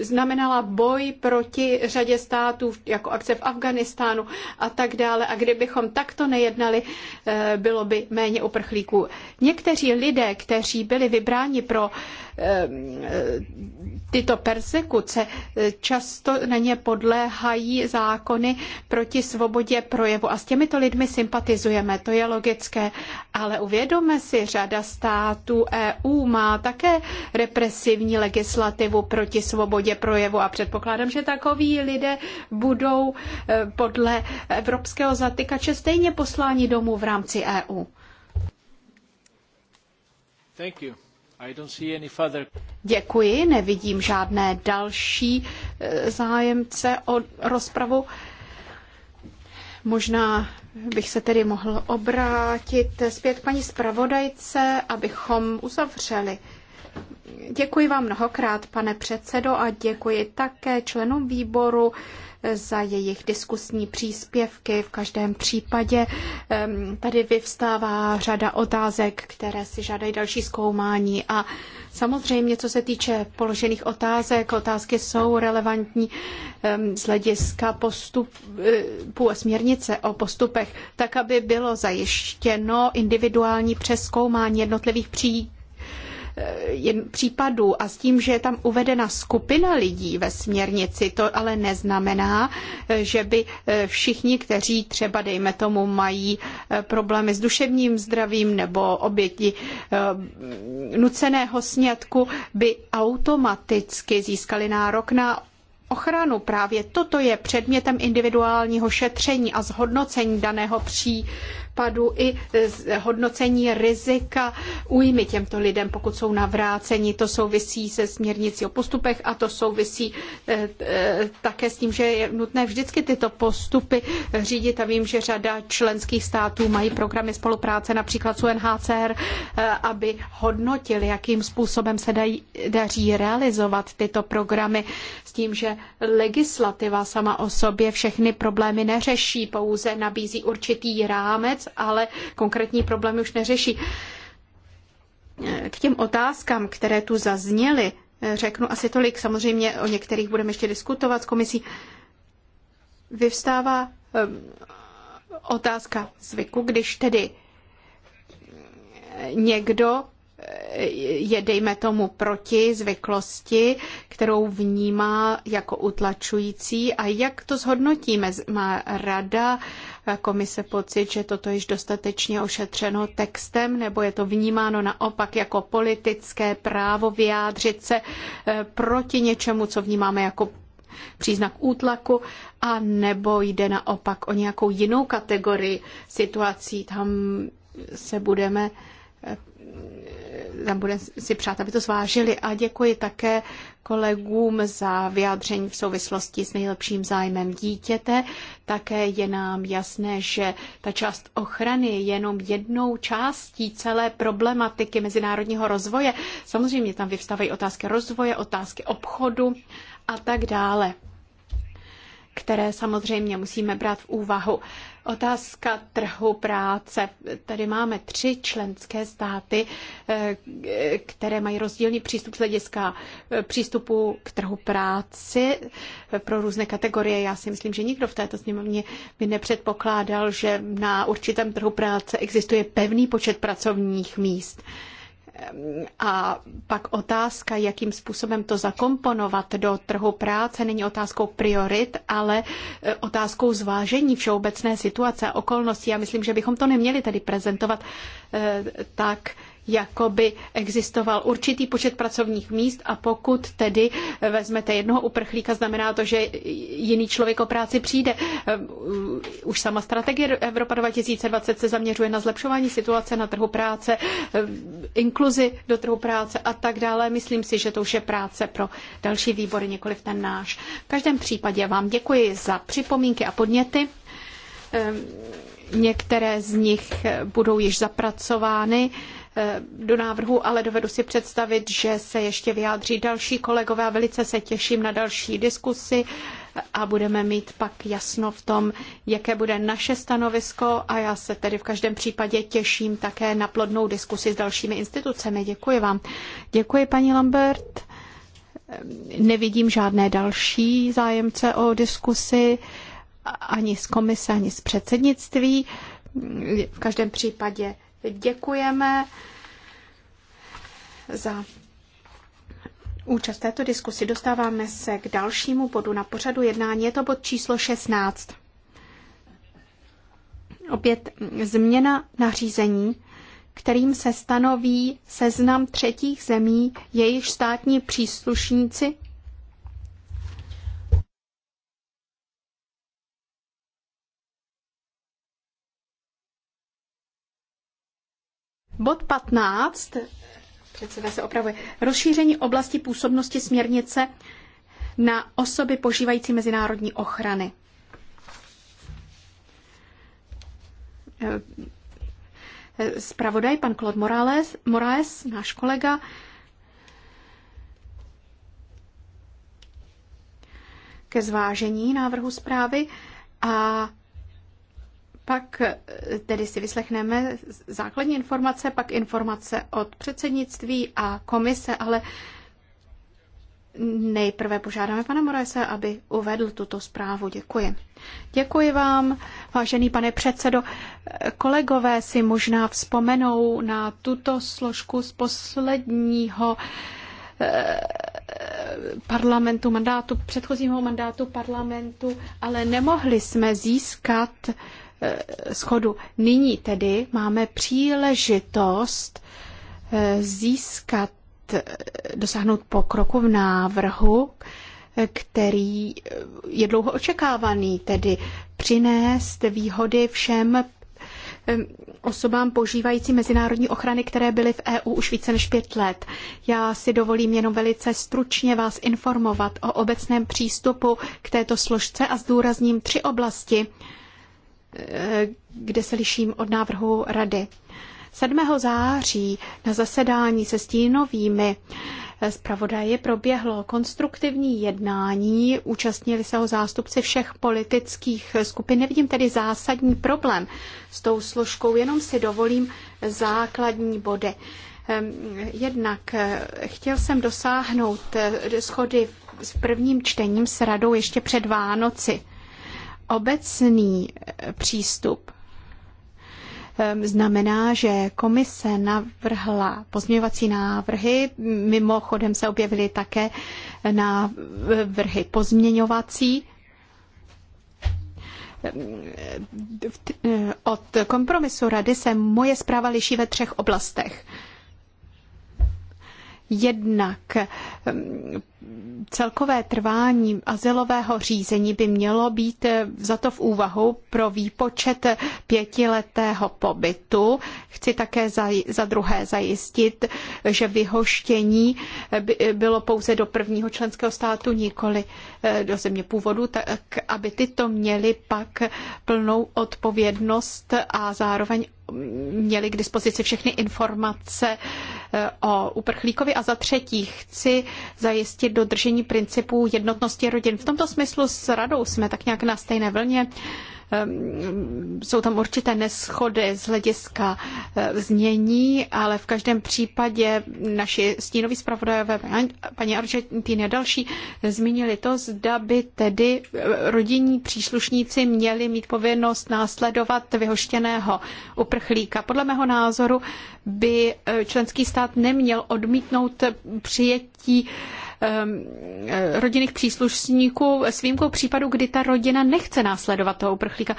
znamenala boj proti řadě států, jako akce v Afganistánu a tak dále. A kdybychom takto nejednali, eh, bylo by méně uprchlíků. Někteří lidé, kteří byli vybráni pro eh, tyto persekuce, často na ně podléhají zákony proti svobodě projevu. A s těmito lidmi sympatizujeme. To je ideologické, ale uvědomme si, řada států EU má také represivní legislativu proti svobodě projevu a předpokládám, že takoví lidé budou e, podle evropského zatykače stejně posláni domů v rámci EU. Thank you. I don't see any further... Děkuji, nevidím žádné další e, zájemce o rozpravu. Možná bych se tedy mohl obrátit zpět paní zpravodajce, abychom uzavřeli. Děkuji vám mnohokrát, pane předsedo, a děkuji také členům výboru za jejich diskusní příspěvky. V každém případě tady vyvstává řada otázek, které si žádají další zkoumání a samozřejmě, co se týče položených otázek, otázky jsou relevantní z hlediska postupu e, směrnice o postupech, tak aby bylo zajištěno individuální přeskoumání jednotlivých případů Eh, případů a s tím, že je tam uvedena skupina lidí ve směrnici, to ale neznamená, eh, že by eh, všichni, kteří třeba, dejme tomu, mají problémy s duševním zdravím nebo oběti nuceného sňatku, by automaticky získali nárok na ochranu. Právě toto je předmětem individuálního šetření a zhodnocení daného případu odpadu i hodnocení rizika újmy těmto lidem, pokud jsou navráceni. To souvisí se směrnicí o postupech a to souvisí eh, eh, také s tím, že je nutné vždycky tyto postupy řídit a vím, že řada členských států mají programy spolupráce například s UNHCR, eh, aby hodnotili, jakým způsobem se dají, daří realizovat tyto programy s tím, že legislativa sama o sobě všechny problémy neřeší, pouze nabízí určitý rámec, ale konkrétní problémy už neřeší. K těm otázkám, které tu zazněly, řeknu asi tolik. Samozřejmě o některých budeme ještě diskutovat s komisí. Vyvstává ehm, otázka zvyku, když tedy ehm, někdo ehm, je, dejme tomu, proti zvyklosti, kterou vnímá jako utlačující a jak to zhodnotíme? Má rada komise pocit, že toto již dostatečně ošetřeno textem, nebo je to vnímáno naopak jako politické právo vyjádřit se eh, proti něčemu, co vnímáme jako příznak útlaku, a nebo jde naopak o nějakou jinou kategorii situací. Tam se budeme eh, tam budeme si přát, aby to zvážili. A děkuji také kolegům za vyjádření v souvislosti s nejlepším zájmem dítěte. Také je nám jasné, že ta část ochrany je jenom jednou částí celé problematiky mezinárodního rozvoje. Samozřejmě tam vyvstávají otázky rozvoje, otázky obchodu a tak dále, které samozřejmě musíme brát v úvahu. Otázka trhu práce. Tady máme tři členské státy, eh, které mají rozdílný přístup z hlediska eh, přístupu k trhu práci eh, pro různé kategorie. Já si myslím, že nikdo v této sněmovně by nepředpokládal, že na určitém trhu práce existuje pevný počet pracovních míst. A pak otázka, jakým způsobem to zakomponovat do trhu práce, není otázkou priorit, ale e, otázkou zvážení všeobecné situace a okolností. Já myslím, že bychom to neměli tedy prezentovat e, tak, jako by existoval určitý počet pracovních míst a pokud tedy vezmete jednoho uprchlíka, znamená to, že jiný člověk o práci přijde. Ehm, už sama strategie Evropa 2020 se zaměřuje na zlepšování situace na trhu práce, ehm, inkluzi do trhu práce a tak dále. Myslím si, že to už je práce pro další výbory, nikoliv ten náš. V každém případě vám děkuji za připomínky a podněty. Ehm, některé z nich budou již zapracovány Eh, do návrhu, ale dovedu si představit, že se ještě vyjádří další kolegové a velice se těším na další diskusi a budeme mít pak jasno v tom, jaké bude naše stanovisko a já se tedy v každém případě těším také na plodnou diskusi s dalšími institucemi. Děkuji vám. Děkuji, paní Lambert. Eh, nevidím žádné další zájemce o diskusi ani z komise, ani z předsednictví. V každém případě děkujeme za účast této diskusi. Dostáváme se k dalšímu bodu na pořadu jednání. Je to bod číslo 16. Opět změna nařízení, kterým se stanoví seznam třetích zemí, jejichž státní příslušníci Bod 15, předseda se opravuje, rozšíření oblasti působnosti směrnice na osoby požívající mezinárodní ochrany. Spravodaj pan Claude Morales, Moraes, náš kolega, ke zvážení návrhu zprávy a pak eh, tedy si vyslechneme základní informace, pak informace od předsednictví a komise, ale nejprve požádáme pana Moraese, aby uvedl tuto zprávu. Děkuji. Děkuji vám, vážený pane předsedo. Eh, kolegové si možná vzpomenou na tuto složku z posledního eh, parlamentu, mandátu, předchozího mandátu parlamentu, ale nemohli jsme získat Eh, schodu. Nyní tedy máme příležitost eh, získat, eh, dosáhnout pokroku v návrhu, který je dlouho očekávaný, tedy přinést výhody všem osobám požívající mezinárodní ochrany, které byly v EU už více než pět let. Já si dovolím jenom velice stručně vás informovat o obecném přístupu k této složce a zdůrazním tři oblasti, kde se liším od návrhu rady. 7. září na zasedání se stínovými zpravodaji proběhlo konstruktivní jednání, účastnili se ho zástupci všech politických skupin. Nevidím tedy zásadní problém s tou složkou, jenom si dovolím základní body. Ehm, jednak eh, chtěl jsem dosáhnout eh, schody s prvním čtením s radou ještě před Vánoci obecný eh, přístup ehm, znamená, že komise navrhla pozměňovací návrhy, mimochodem se objevily také návrhy pozměňovací, ehm, eh, od kompromisu rady se moje zpráva liší ve třech oblastech. Jednak ehm, celkové trvání azylového řízení by mělo být eh, za to v úvahu pro výpočet eh, pětiletého pobytu. Chci také za, za druhé zajistit, že vyhoštění eh, by bylo pouze do prvního členského státu, nikoli do země původu, tak aby tyto měly pak plnou odpovědnost a zároveň měli k dispozici všechny informace eh, o uprchlíkovi a za třetí chci zajistit dodržení principů jednotnosti rodin. V tomto smyslu s radou jsme tak nějak na stejné vlně. Ehm, jsou tam určité neschody z hlediska eh, znění, ale v každém případě naši stínoví zpravodajové, paní Argentíny a další, zmínili to, zda by tedy eh, rodinní příslušníci měli mít povinnost následovat vyhoštěného uprchlíka. Podle mého názoru by eh, členský stát neměl odmítnout přijetí Ehm, eh, rodinných příslušníků s výjimkou případu, kdy ta rodina nechce následovat toho uprchlíka.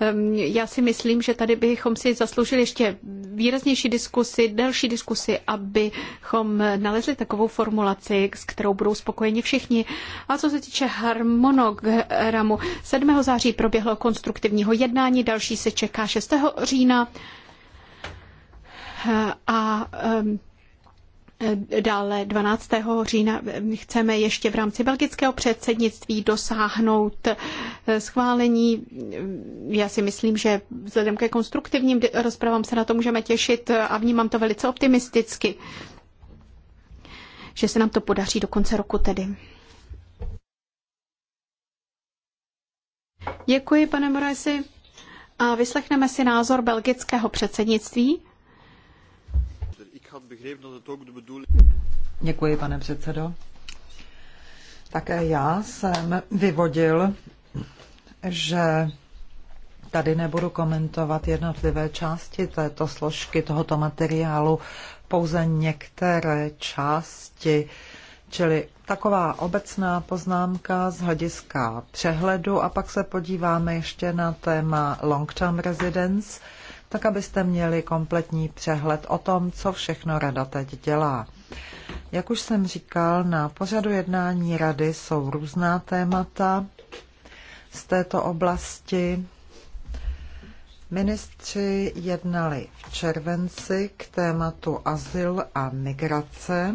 Ehm, já si myslím, že tady bychom si zasloužili ještě výraznější diskusy, další diskusy, abychom nalezli takovou formulaci, s kterou budou spokojeni všichni. A co se týče harmonogramu, 7. září proběhlo konstruktivního jednání, další se čeká 6. října. Eh, a ehm, Eh, dále 12. října eh, chceme ještě v rámci belgického předsednictví dosáhnout eh, schválení. Já si myslím, že vzhledem ke konstruktivním rozpravám se na to můžeme těšit a vnímám to velice optimisticky, že se nám to podaří do konce roku tedy. Děkuji, pane Moresi. A vyslechneme si názor belgického předsednictví. Děkuji, pane předsedo. Také já jsem vyvodil, že tady nebudu komentovat jednotlivé části této složky tohoto materiálu, pouze některé části, čili taková obecná poznámka z hlediska přehledu a pak se podíváme ještě na téma long-term residence – tak abyste měli kompletní přehled o tom, co všechno rada teď dělá. Jak už jsem říkal, na pořadu jednání rady jsou různá témata z této oblasti. Ministři jednali v červenci k tématu azyl a migrace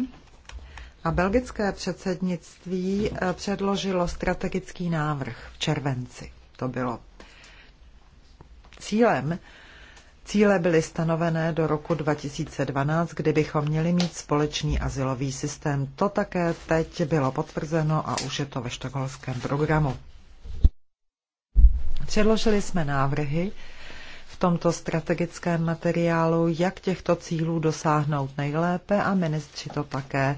a belgické předsednictví eh, předložilo strategický návrh v červenci. To bylo. Cílem Cíle byly stanovené do roku 2012, kdy bychom měli mít společný asilový systém. To také teď bylo potvrzeno a už je to ve štokholském programu. Předložili jsme návrhy v tomto strategickém materiálu, jak těchto cílů dosáhnout nejlépe a ministři to také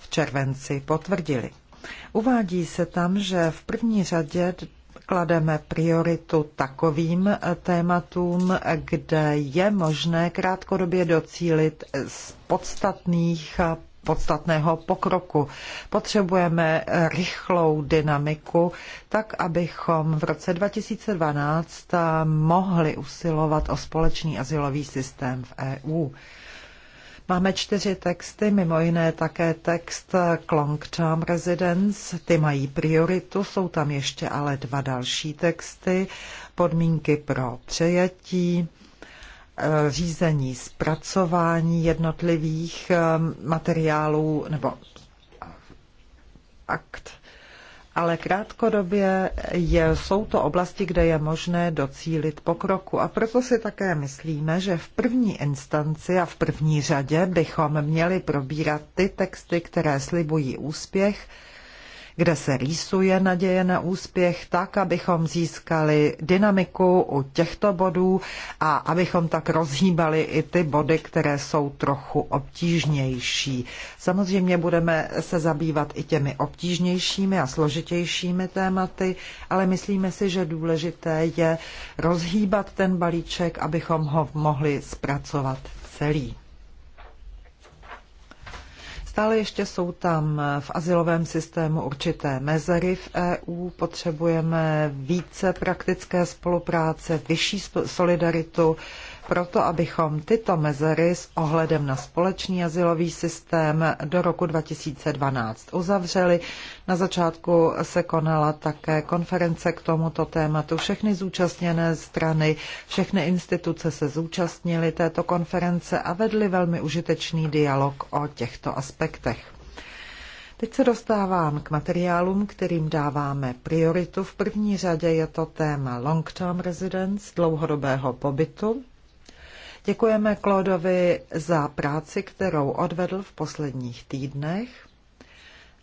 v červenci potvrdili. Uvádí se tam, že v první řadě klademe prioritu takovým eh, tématům, kde je možné krátkodobě docílit z podstatných eh, podstatného pokroku. Potřebujeme eh, rychlou dynamiku, tak abychom v roce 2012 mohli usilovat o společný asilový systém v EU. Máme čtyři texty, mimo jiné také text Klongcham Residence, ty mají prioritu, jsou tam ještě ale dva další texty, podmínky pro přejetí, e, řízení zpracování jednotlivých e, materiálů nebo akt ale krátkodobě je, jsou to oblasti, kde je možné docílit pokroku. A proto si také myslíme, že v první instanci a v první řadě bychom měli probírat ty texty, které slibují úspěch, kde se rýsuje naděje na úspěch, tak, abychom získali dynamiku u těchto bodů a abychom tak rozhýbali i ty body, které jsou trochu obtížnější. Samozřejmě budeme se zabývat i těmi obtížnějšími a složitějšími tématy, ale myslíme si, že důležité je rozhýbat ten balíček, abychom ho mohli zpracovat celý. Stále ještě jsou tam v asilovém systému určité mezery v EU, potřebujeme více praktické spolupráce, vyšší solidaritu proto, abychom tyto mezery s ohledem na společný asilový systém do roku 2012 uzavřeli. Na začátku se konala také konference k tomuto tématu. Všechny zúčastněné strany, všechny instituce se zúčastnily této konference a vedly velmi užitečný dialog o těchto aspektech. Teď se dostávám k materiálům, kterým dáváme prioritu. V první řadě je to téma long-term residence, dlouhodobého pobytu. Děkujeme Klodovi za práci, kterou odvedl v posledních týdnech,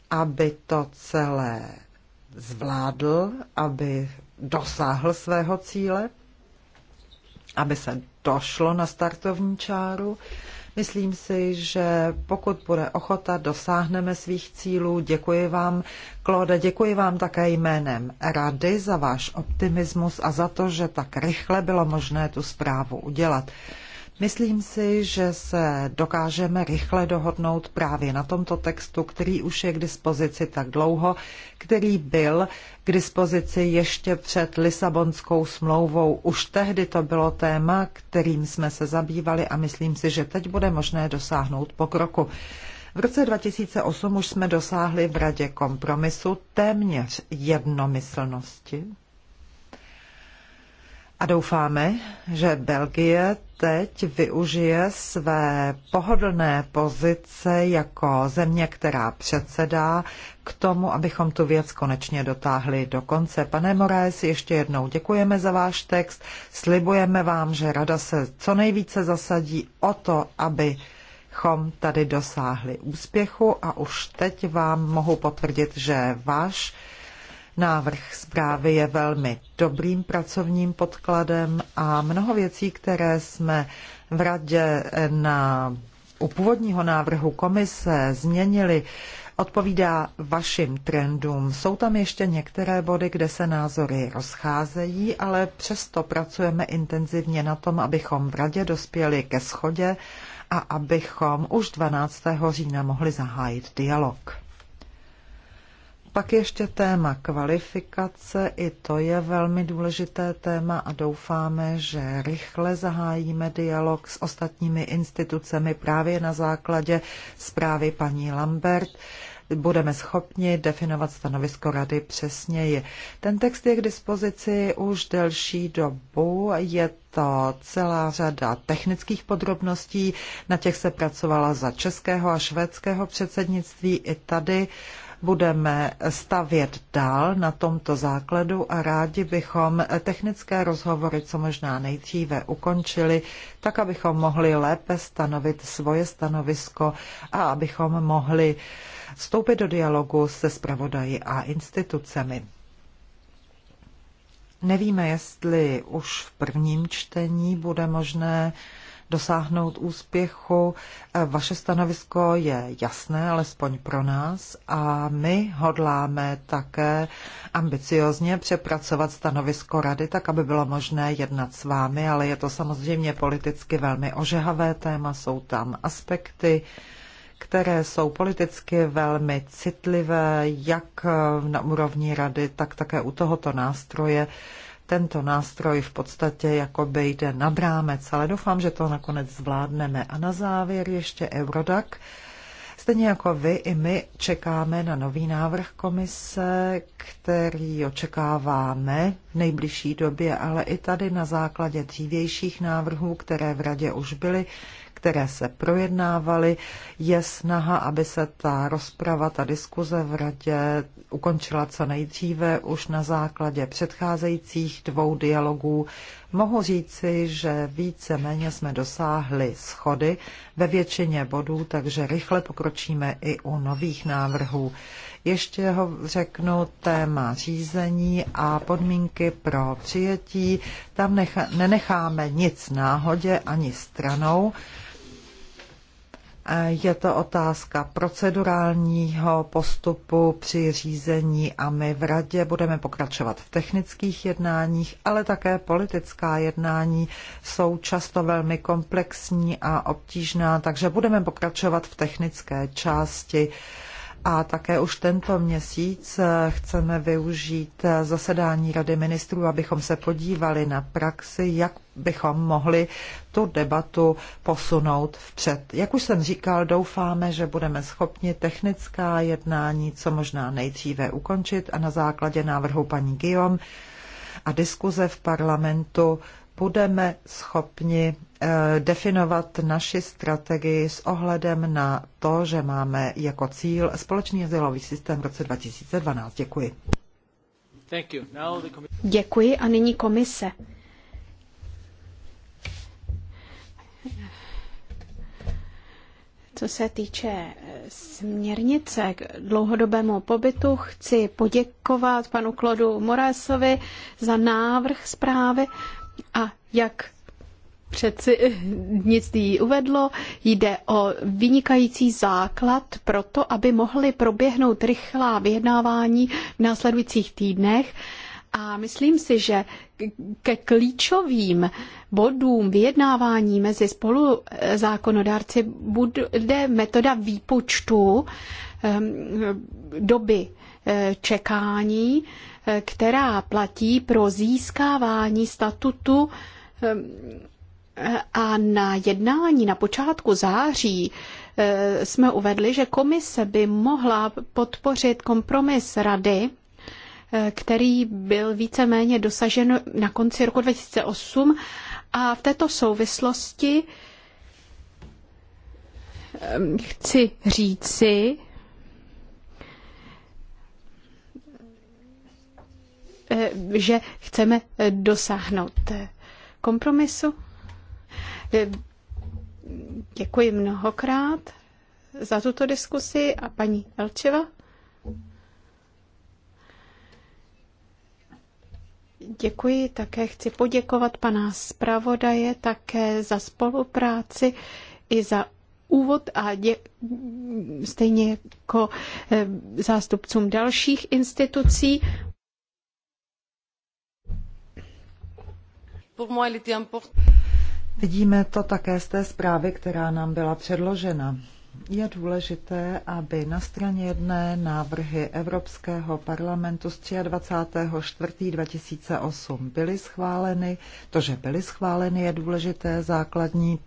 aby to celé zvládl, aby dosáhl svého cíle, aby se došlo na startovní čáru. Myslím si, že pokud bude ochota, dosáhneme svých cílů. Děkuji vám, Klode, děkuji vám také jménem Rady za váš optimismus a za to, že tak rychle bylo možné tu zprávu udělat. Myslím si, že se dokážeme rychle dohodnout právě na tomto textu, který už je k dispozici tak dlouho, který byl k dispozici ještě před Lisabonskou smlouvou. Už tehdy to bylo téma, kterým jsme se zabývali a myslím si, že teď bude možné dosáhnout pokroku. V roce 2008 už jsme dosáhli v Radě kompromisu téměř jednomyslnosti a doufáme, že Belgie teď využije své pohodlné pozice jako země, která předsedá, k tomu, abychom tu věc konečně dotáhli do konce. Pane Moraes, ještě jednou děkujeme za váš text, slibujeme vám, že Rada se co nejvíce zasadí o to, aby abychom tady dosáhli úspěchu a už teď vám mohu potvrdit, že váš Návrh zprávy je velmi dobrým pracovním podkladem a mnoho věcí, které jsme v radě na, u původního návrhu komise změnili, odpovídá vašim trendům. Jsou tam ještě některé body, kde se názory rozcházejí, ale přesto pracujeme intenzivně na tom, abychom v radě dospěli ke schodě a abychom už 12. října mohli zahájit dialog. Pak ještě téma kvalifikace, i to je velmi důležité téma a doufáme, že rychle zahájíme dialog s ostatními institucemi právě na základě zprávy paní Lambert budeme schopni definovat stanovisko rady přesněji. Ten text je k dispozici už delší dobu, je to celá řada technických podrobností, na těch se pracovala za českého a švédského předsednictví i tady budeme stavět dál na tomto základu a rádi bychom technické rozhovory co možná nejdříve ukončili, tak abychom mohli lépe stanovit svoje stanovisko a abychom mohli vstoupit do dialogu se zpravodaji a institucemi. Nevíme, jestli už v prvním čtení bude možné uh, dosáhnout úspěchu. Eh, vaše stanovisko je jasné, alespoň pro nás, a my hodláme také ambiciozně přepracovat stanovisko rady, tak aby bylo možné jednat s vámi, ale je to samozřejmě politicky velmi ožehavé téma, jsou tam aspekty, které jsou politicky velmi citlivé, jak eh, na úrovni rady, tak také u tohoto nástroje tento nástroj v podstatě jako jde na brámec, ale doufám, že to nakonec zvládneme. A na závěr ještě Eurodac. Stejně jako vy, i my čekáme na nový návrh komise, který očekáváme v nejbližší době, ale i tady na základě dřívějších návrhů, které v radě už byly, které se projednávaly, je snaha, aby se ta rozprava, ta diskuze v radě ukončila co nejdříve už na základě předcházejících dvou dialogů. Mohu říci, že více méně jsme dosáhli schody ve většině bodů, takže rychle pokročíme i u nových návrhů. Ještě ho řeknu téma řízení a podmínky pro přijetí. Tam necha, nenecháme nic náhodě ani stranou. Je to otázka procedurálního postupu při řízení a my v radě budeme pokračovat v technických jednáních, ale také politická jednání jsou často velmi komplexní a obtížná, takže budeme pokračovat v technické části a také už tento měsíc eh, chceme využít eh, zasedání Rady ministrů, abychom se podívali na praxi, jak bychom mohli tu debatu posunout vpřed. Jak už jsem říkal, doufáme, že budeme schopni technická jednání co možná nejdříve ukončit a na základě návrhu paní Guillaume a diskuze v parlamentu budeme schopni Eh, definovat naši strategii s ohledem na to, že máme jako cíl společný azylový systém v roce 2012. Děkuji. Děkuji a nyní komise. Co se týče eh, směrnice k dlouhodobému pobytu, chci poděkovat panu Klodu Moresovi za návrh zprávy a jak jí uvedlo, jde o vynikající základ pro to, aby mohly proběhnout rychlá vyjednávání v následujících týdnech. A myslím si, že ke klíčovým bodům vyjednávání mezi spoluzákonodárci bude metoda výpočtu ehm, doby eh, čekání, eh, která platí pro získávání statutu ehm, a na jednání na počátku září eh, jsme uvedli, že komise by mohla podpořit kompromis rady, eh, který byl víceméně dosažen na konci roku 2008 a v této souvislosti eh, chci říci, že chceme dosáhnout kompromisu Eh, děkuji mnohokrát za tuto diskusi a paní Elčeva. Děkuji, také chci poděkovat pana zpravodaje také za spolupráci i za úvod a dě, stejně jako eh, zástupcům dalších institucí. Pour moi, était Vidíme to také z té zprávy, která nám byla předložena. Je důležité, aby na straně jedné návrhy Evropského parlamentu z 23.4.2008 byly schváleny. To, že byly schváleny, je důležité základní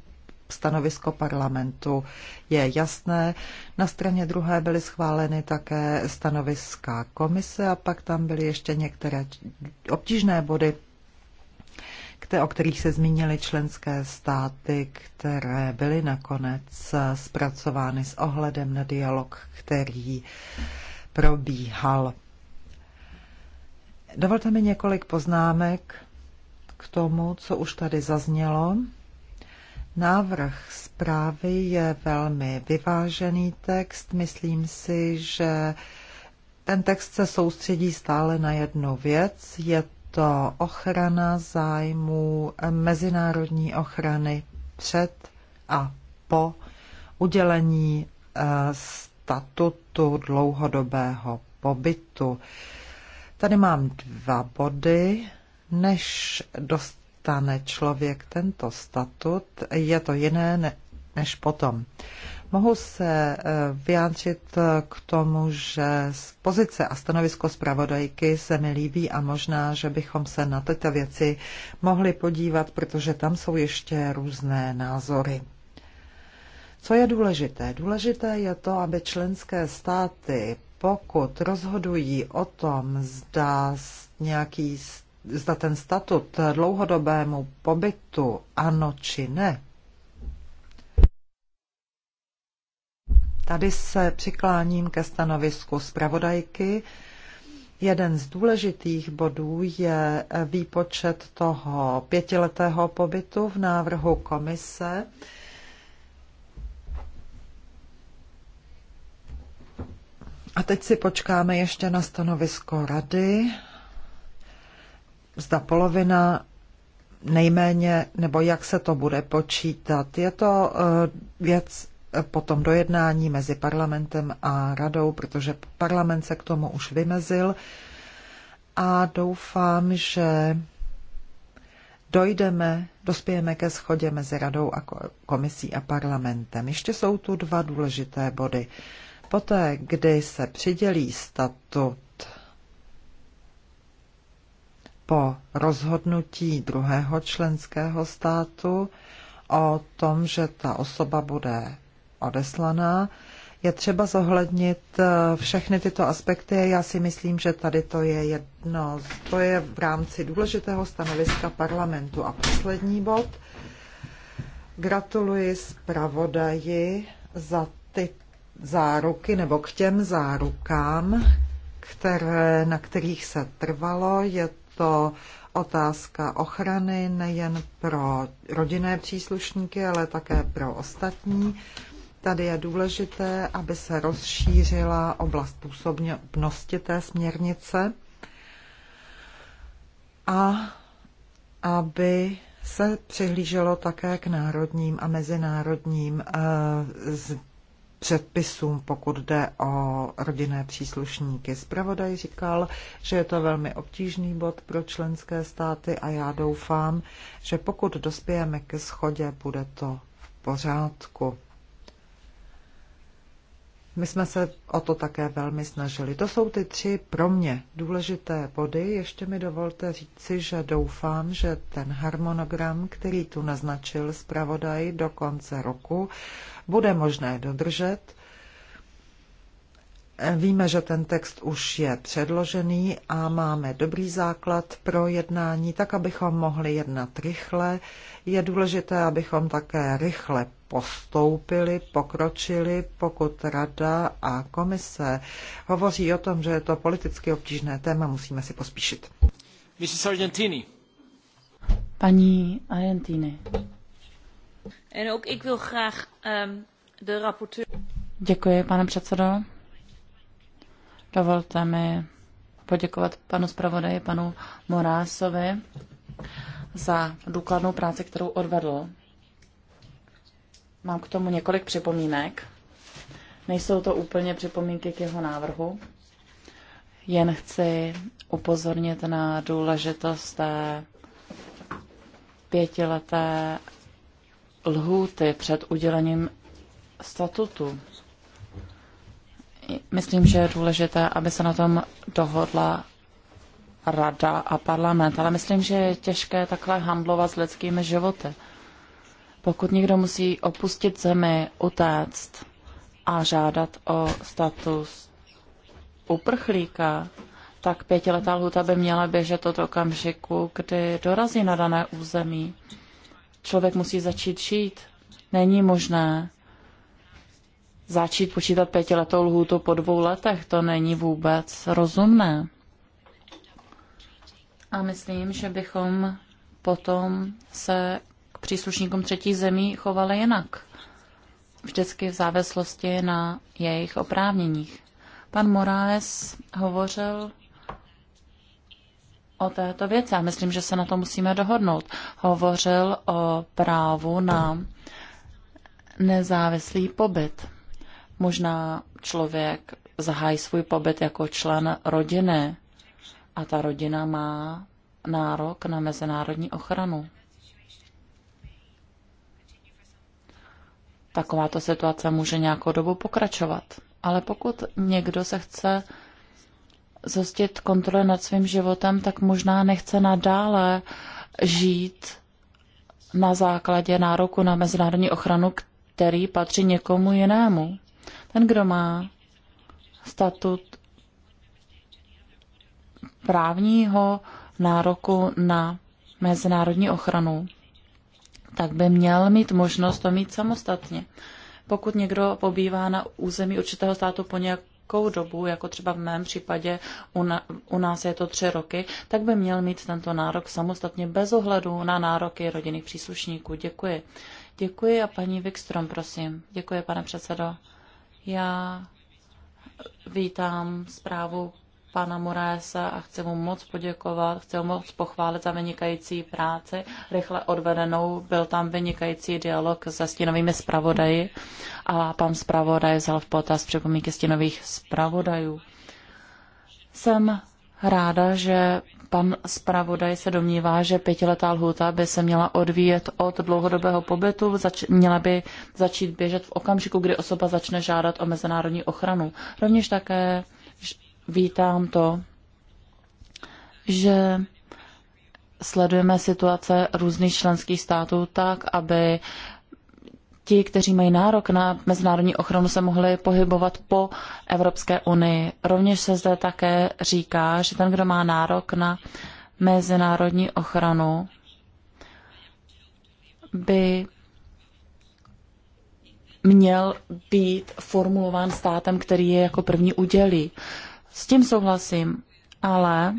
stanovisko parlamentu je jasné. Na straně druhé byly schváleny také stanoviska komise a pak tam byly ještě některé obtížné body o kterých se zmínily členské státy, které byly nakonec zpracovány s ohledem na dialog, který probíhal. Dovolte mi několik poznámek k tomu, co už tady zaznělo. Návrh zprávy je velmi vyvážený text. Myslím si, že ten text se soustředí stále na jednu věc. Je to ochrana zájmů mezinárodní ochrany před a po udělení eh, statutu dlouhodobého pobytu. Tady mám dva body. Než dostane člověk tento statut, je to jiné než potom. Mohu se eh, vyjádřit eh, k tomu, že z pozice a stanovisko zpravodajky se mi líbí a možná, že bychom se na tyto věci mohli podívat, protože tam jsou ještě různé názory. Co je důležité? Důležité je to, aby členské státy, pokud rozhodují o tom, zda nějaký zda ten statut dlouhodobému pobytu ano či ne, Tady se přikláním ke stanovisku zpravodajky. Jeden z důležitých bodů je výpočet toho pětiletého pobytu v návrhu komise. A teď si počkáme ještě na stanovisko rady. Zda polovina nejméně, nebo jak se to bude počítat. Je to eh, věc potom dojednání mezi parlamentem a radou, protože parlament se k tomu už vymezil a doufám, že dojdeme, dospějeme ke schodě mezi radou a komisí a parlamentem. Ještě jsou tu dva důležité body. Poté, kdy se přidělí statut po rozhodnutí druhého členského státu o tom, že ta osoba bude odeslaná. Je třeba zohlednit eh, všechny tyto aspekty. Já si myslím, že tady to je jedno. To je v rámci důležitého stanoviska parlamentu. A poslední bod. Gratuluji zpravodaji za ty záruky nebo k těm zárukám, které, na kterých se trvalo. Je to otázka ochrany nejen pro rodinné příslušníky, ale také pro ostatní. Tady je důležité, aby se rozšířila oblast působnosti té směrnice a aby se přihlíželo také k národním a mezinárodním eh, předpisům, pokud jde o rodinné příslušníky. Zpravodaj říkal, že je to velmi obtížný bod pro členské státy a já doufám, že pokud dospějeme ke schodě, bude to v pořádku. My jsme se o to také velmi snažili. To jsou ty tři pro mě důležité body. Ještě mi dovolte říci, že doufám, že ten harmonogram, který tu naznačil zpravodaj do konce roku, bude možné dodržet Víme, že ten text už je předložený a máme dobrý základ pro jednání, tak abychom mohli jednat rychle. Je důležité, abychom také rychle postoupili, pokročili, pokud rada a komise hovoří o tom, že je to politicky obtížné téma, musíme si pospíšit. Mrs. Argentini. Paní Argentini. En ook ik wil graag um, de rapporteur... Děkuji, pane předsedo. Dovolte mi poděkovat panu zpravodaji, panu Morásovi za důkladnou práci, kterou odvedl. Mám k tomu několik připomínek. Nejsou to úplně připomínky k jeho návrhu, jen chci upozornit na důležitost té pětileté lhůty před udělením statutu myslím, že je důležité, aby se na tom dohodla rada a parlament, ale myslím, že je těžké takhle handlovat s lidskými životy. Pokud někdo musí opustit zemi, utéct a žádat o status uprchlíka, tak pětiletá lhuta by měla běžet od okamžiku, kdy dorazí na dané území. Člověk musí začít žít. Není možné, začít počítat pětiletou lhůtu po dvou letech, to není vůbec rozumné. A myslím, že bychom potom se k příslušníkům třetí zemí chovali jinak. Vždycky v závislosti na jejich oprávněních. Pan Moraes hovořil o této věci. Já myslím, že se na to musíme dohodnout. Hovořil o právu na nezávislý pobyt. Možná člověk zahájí svůj pobyt jako člen rodiny a ta rodina má nárok na mezinárodní ochranu. Takováto situace může nějakou dobu pokračovat. Ale pokud někdo se chce zostit kontroly nad svým životem, tak možná nechce nadále žít na základě nároku na mezinárodní ochranu, který patří někomu jinému. Ten, kdo má statut právního nároku na mezinárodní ochranu, tak by měl mít možnost to mít samostatně. Pokud někdo pobývá na území určitého státu po nějakou dobu, jako třeba v mém případě u nás je to tři roky, tak by měl mít tento nárok samostatně bez ohledu na nároky rodinných příslušníků. Děkuji. Děkuji a paní Wikstrom, prosím. Děkuji, pane předsedo. Já vítám zprávu pana Moraesa a chci mu moc poděkovat, chci mu moc pochválit za vynikající práci, rychle odvedenou. Byl tam vynikající dialog se stínovými zpravodaji a pan zpravodaj vzal v potaz připomínky stínových zpravodajů. Jsem ráda, že Pan zpravodaj se domnívá, že pětiletá lhůta by se měla odvíjet od dlouhodobého pobytu, zač- měla by začít běžet v okamžiku, kdy osoba začne žádat o mezinárodní ochranu. Rovněž také vítám to, že sledujeme situace různých členských států tak, aby ti, kteří mají nárok na mezinárodní ochranu, se mohli pohybovat po Evropské unii. Rovněž se zde také říká, že ten, kdo má nárok na mezinárodní ochranu, by měl být formulován státem, který je jako první udělí. S tím souhlasím, ale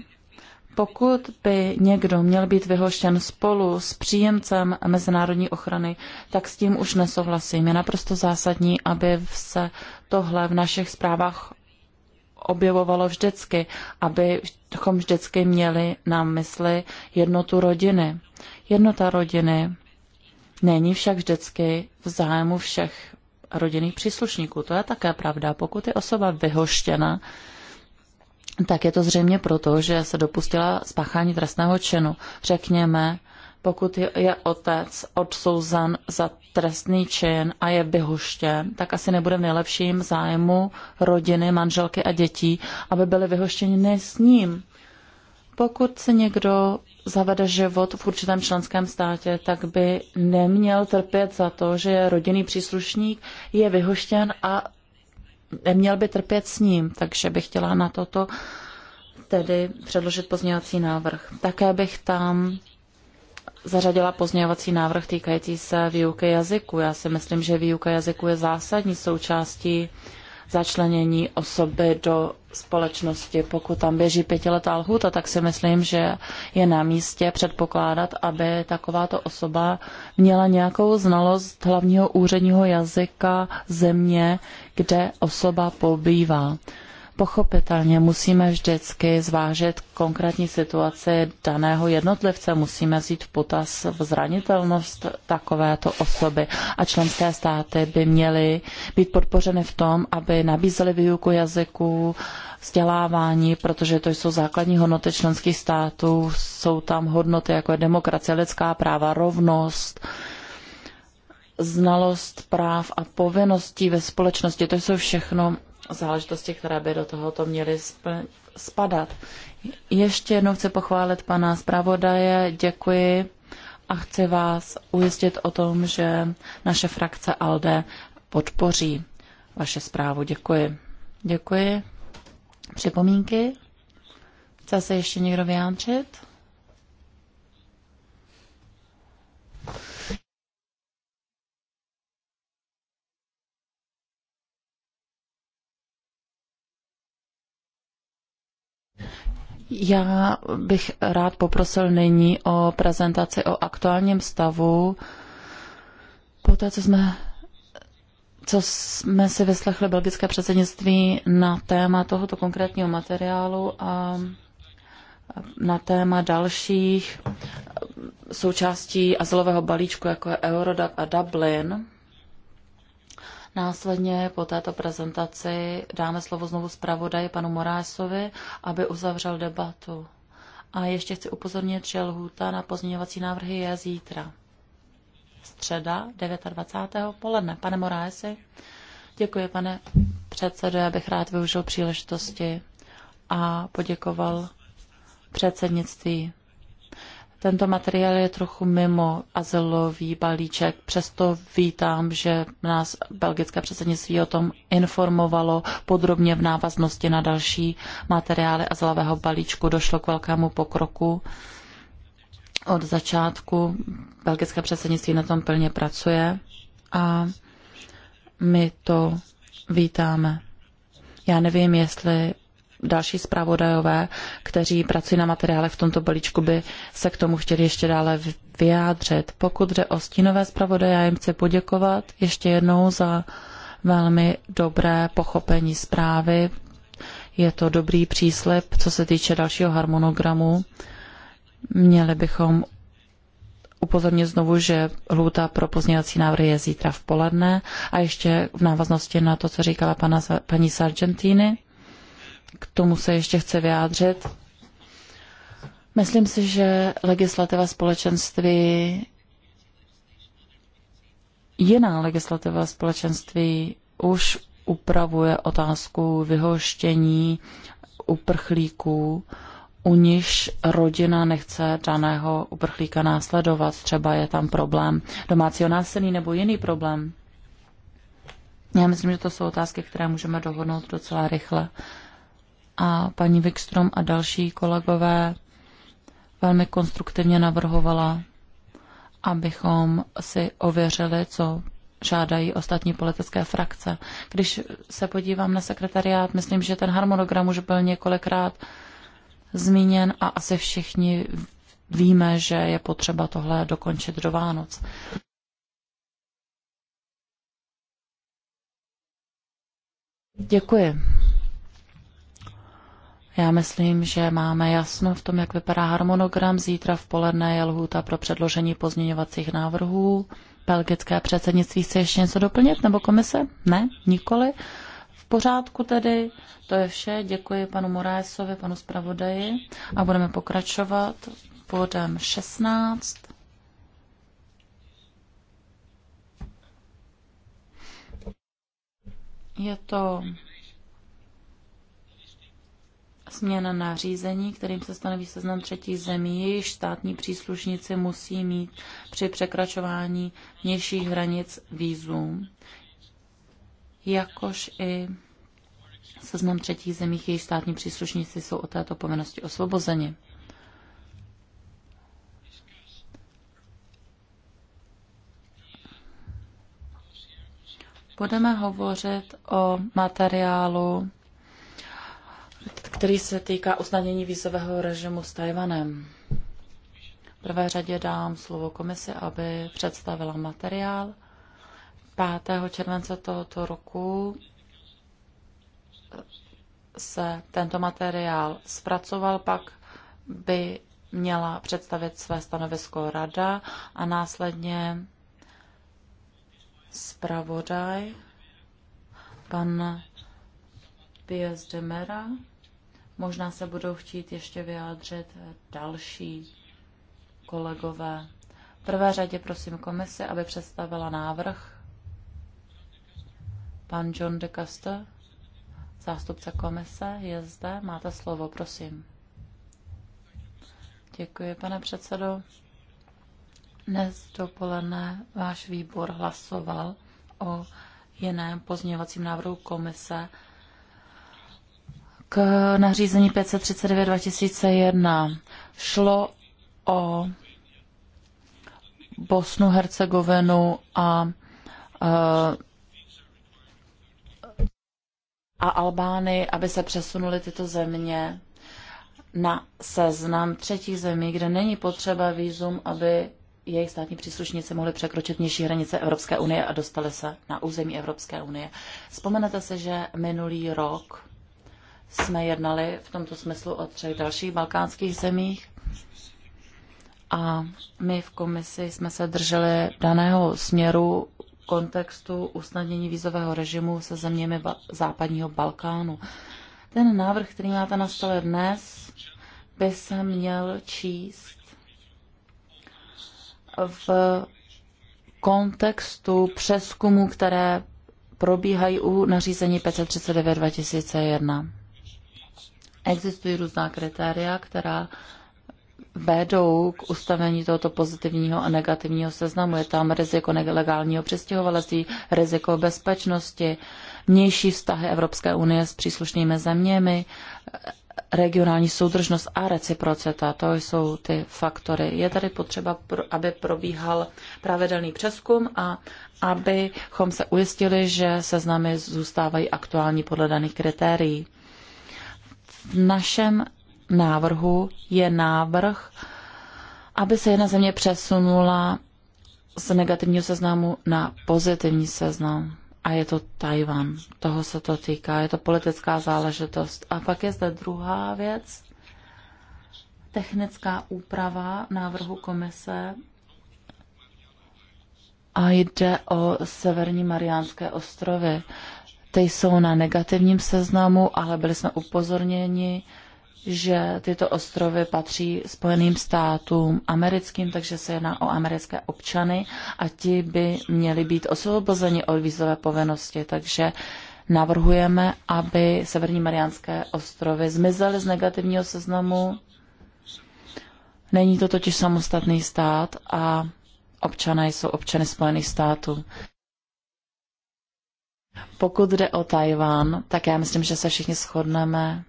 pokud by někdo měl být vyhoštěn spolu s příjemcem mezinárodní ochrany, tak s tím už nesouhlasím. Je naprosto zásadní, aby se tohle v našich zprávách objevovalo vždycky, abychom vždycky měli na mysli jednotu rodiny. Jednota rodiny není však vždycky v zájmu všech rodinných příslušníků. To je také pravda. Pokud je osoba vyhoštěna, tak je to zřejmě proto, že se dopustila spáchání trestného činu. Řekněme, pokud je otec odsouzen za trestný čin a je vyhoštěn, tak asi nebude v nejlepším zájmu rodiny, manželky a dětí, aby byly vyhoštěni ne s ním. Pokud se někdo zavede život v určitém členském státě, tak by neměl trpět za to, že rodinný příslušník je vyhoštěn a neměl by trpět s ním, takže bych chtěla na toto tedy předložit pozměňovací návrh. Také bych tam zařadila pozměňovací návrh týkající se výuky jazyku. Já si myslím, že výuka jazyku je zásadní součástí začlenění osoby do společnosti. Pokud tam běží pětiletá lhůta, tak si myslím, že je na místě předpokládat, aby takováto osoba měla nějakou znalost hlavního úředního jazyka země, kde osoba pobývá. Pochopitelně musíme vždycky zvážit konkrétní situaci daného jednotlivce, musíme vzít v potaz v zranitelnost takovéto osoby a členské státy by měly být podpořeny v tom, aby nabízely výuku jazyků, vzdělávání, protože to jsou základní hodnoty členských států, jsou tam hodnoty jako je demokracie, lidská práva, rovnost, znalost práv a povinností ve společnosti. To jsou všechno záležitosti, které by do tohoto měly spadat. Ještě jednou chci pochválit pana zpravodaje, děkuji a chci vás ujistit o tom, že naše frakce ALDE podpoří vaše zprávu. Děkuji. Děkuji. Připomínky? Chce se ještě někdo vyjádřit? Já bych rád poprosil nyní o prezentaci o aktuálním stavu. Poté, co jsme co jsme si vyslechli belgické předsednictví na téma tohoto konkrétního materiálu a na téma dalších součástí azylového balíčku, jako je Eurodac a Dublin. Následně po této prezentaci dáme slovo znovu zpravodaji panu Morásovi, aby uzavřel debatu. A ještě chci upozornit, že lhůta na pozměňovací návrhy je zítra. Středa 29. poledne. Pane Morásy, děkuji, pane předsedo. Já bych rád využil příležitosti a poděkoval předsednictví tento materiál je trochu mimo azylový balíček, přesto vítám, že nás belgické předsednictví o tom informovalo podrobně v návaznosti na další materiály azylového balíčku. Došlo k velkému pokroku od začátku. Belgické předsednictví na tom plně pracuje a my to vítáme. Já nevím, jestli další zpravodajové, kteří pracují na materiálech v tomto balíčku, by se k tomu chtěli ještě dále vyjádřit. Pokud jde o stínové zpravodaje, já jim chci poděkovat ještě jednou za velmi dobré pochopení zprávy. Je to dobrý příslip, co se týče dalšího harmonogramu. Měli bychom upozornit znovu, že lhůta pro pozměňovací návrhy je zítra v poledne a ještě v návaznosti na to, co říkala pana, paní Sargentini, k tomu se ještě chce vyjádřit. Myslím si, že legislativa společenství, jiná legislativa společenství už upravuje otázku vyhoštění uprchlíků, u níž rodina nechce daného uprchlíka následovat. Třeba je tam problém domácího násilí nebo jiný problém. Já myslím, že to jsou otázky, které můžeme dohodnout docela rychle a paní Wikstrom a další kolegové velmi konstruktivně navrhovala, abychom si ověřili, co žádají ostatní politické frakce. Když se podívám na sekretariát, myslím, že ten harmonogram už byl několikrát zmíněn a asi všichni víme, že je potřeba tohle dokončit do Vánoc. Děkuji. Já myslím, že máme jasno v tom, jak vypadá harmonogram. Zítra v poledne je lhůta pro předložení pozměňovacích návrhů. Belgické předsednictví chce ještě něco doplnit nebo komise? Ne, nikoli. V pořádku tedy, to je vše. Děkuji panu Morájsovi, panu zpravodaji a budeme pokračovat bodem 16. Je to změna nařízení, kterým se stanoví seznam třetích zemí, jejichž státní příslušníci musí mít při překračování vnějších hranic výzum, jakož i seznam třetích zemí, jejichž státní příslušníci jsou o této povinnosti osvobozeni. Budeme hovořit o materiálu který se týká usnadnění vízového režimu s Tajvanem. V prvé řadě dám slovo komisi, aby představila materiál. 5. července tohoto roku se tento materiál zpracoval, pak by měla představit své stanovisko rada a následně zpravodaj pan Pies de Mera Možná se budou chtít ještě vyjádřit další kolegové. V prvé řadě prosím komisi, aby představila návrh. Pan John de Caster, zástupce komise, je zde. Máte slovo, prosím. Děkuji, pane předsedo. Dnes dopoledne váš výbor hlasoval o jiném pozměňovacím návrhu komise k nařízení 539 2001. Šlo o Bosnu, Hercegovinu a, eh, a, a Albány, aby se přesunuly tyto země na seznam třetích zemí, kde není potřeba výzum, aby jejich státní příslušníci mohli překročit nižší hranice Evropské unie a dostali se na území Evropské unie. Vzpomenete se, že minulý rok jsme jednali v tomto smyslu o třech dalších balkánských zemích. A my v komisi jsme se drželi daného směru kontextu usnadnění vízového režimu se zeměmi ba- západního Balkánu. Ten návrh, který máte na stole dnes, by se měl číst v kontextu přeskumu, které probíhají u nařízení 539 2001. Existují různá kritéria, která vedou k ustavení tohoto pozitivního a negativního seznamu. Je tam riziko nelegálního přestěhovalectví, riziko bezpečnosti, vnější vztahy Evropské unie s příslušnými zeměmi, regionální soudržnost a reciprocita. To jsou ty faktory. Je tady potřeba, aby probíhal pravidelný přeskum a abychom se ujistili, že seznamy zůstávají aktuální podle daných kritérií. V našem návrhu je návrh, aby se jedna země přesunula z negativního seznamu na pozitivní seznam. A je to Tajvan. Toho se to týká. Je to politická záležitost. A pak je zde druhá věc. Technická úprava návrhu komise. A jde o severní Mariánské ostrovy ty jsou na negativním seznamu, ale byli jsme upozorněni, že tyto ostrovy patří Spojeným státům americkým, takže se jedná o americké občany a ti by měli být osvobozeni od vízové povinnosti. Takže navrhujeme, aby Severní Mariánské ostrovy zmizely z negativního seznamu. Není to totiž samostatný stát a občané jsou občany Spojených států. Pokud jde o Tajván, tak já myslím, že se všichni shodneme,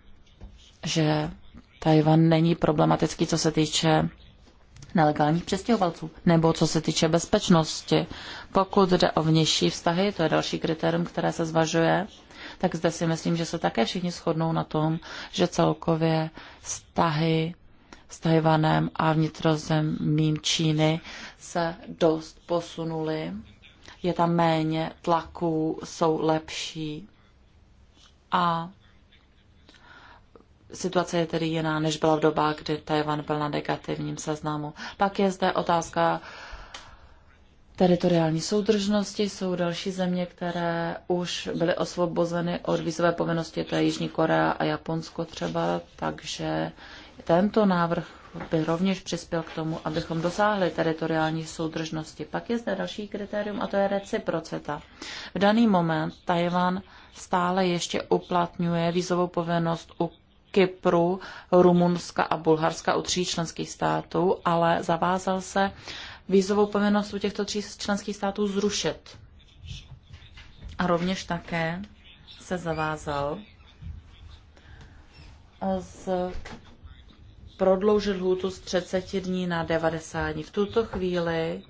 že Tajvan není problematický, co se týče nelegálních přestěhovalců, nebo co se týče bezpečnosti. Pokud jde o vnější vztahy, to je další kritérium, které se zvažuje, tak zde si myslím, že se také všichni shodnou na tom, že celkově vztahy s Tajvanem a vnitrozemím Číny se dost posunuly je tam méně tlaků, jsou lepší a situace je tedy jiná, než byla v doba, kdy Tajvan byl na negativním seznamu. Pak je zde otázka teritoriální soudržnosti. Jsou další země, které už byly osvobozeny od vízové povinnosti, to je Jižní Korea a Japonsko třeba, takže tento návrh by rovněž přispěl k tomu, abychom dosáhli teritoriální soudržnosti. Pak je zde další kritérium a to je reciprocita. V daný moment Tajvan stále ještě uplatňuje vízovou povinnost u Kypru, Rumunska a Bulharska u tří členských států, ale zavázal se vízovou povinnost u těchto tří členských států zrušit. A rovněž také se zavázal z prodloužit lhůtu z 30 dní na 90 dní. V tuto chvíli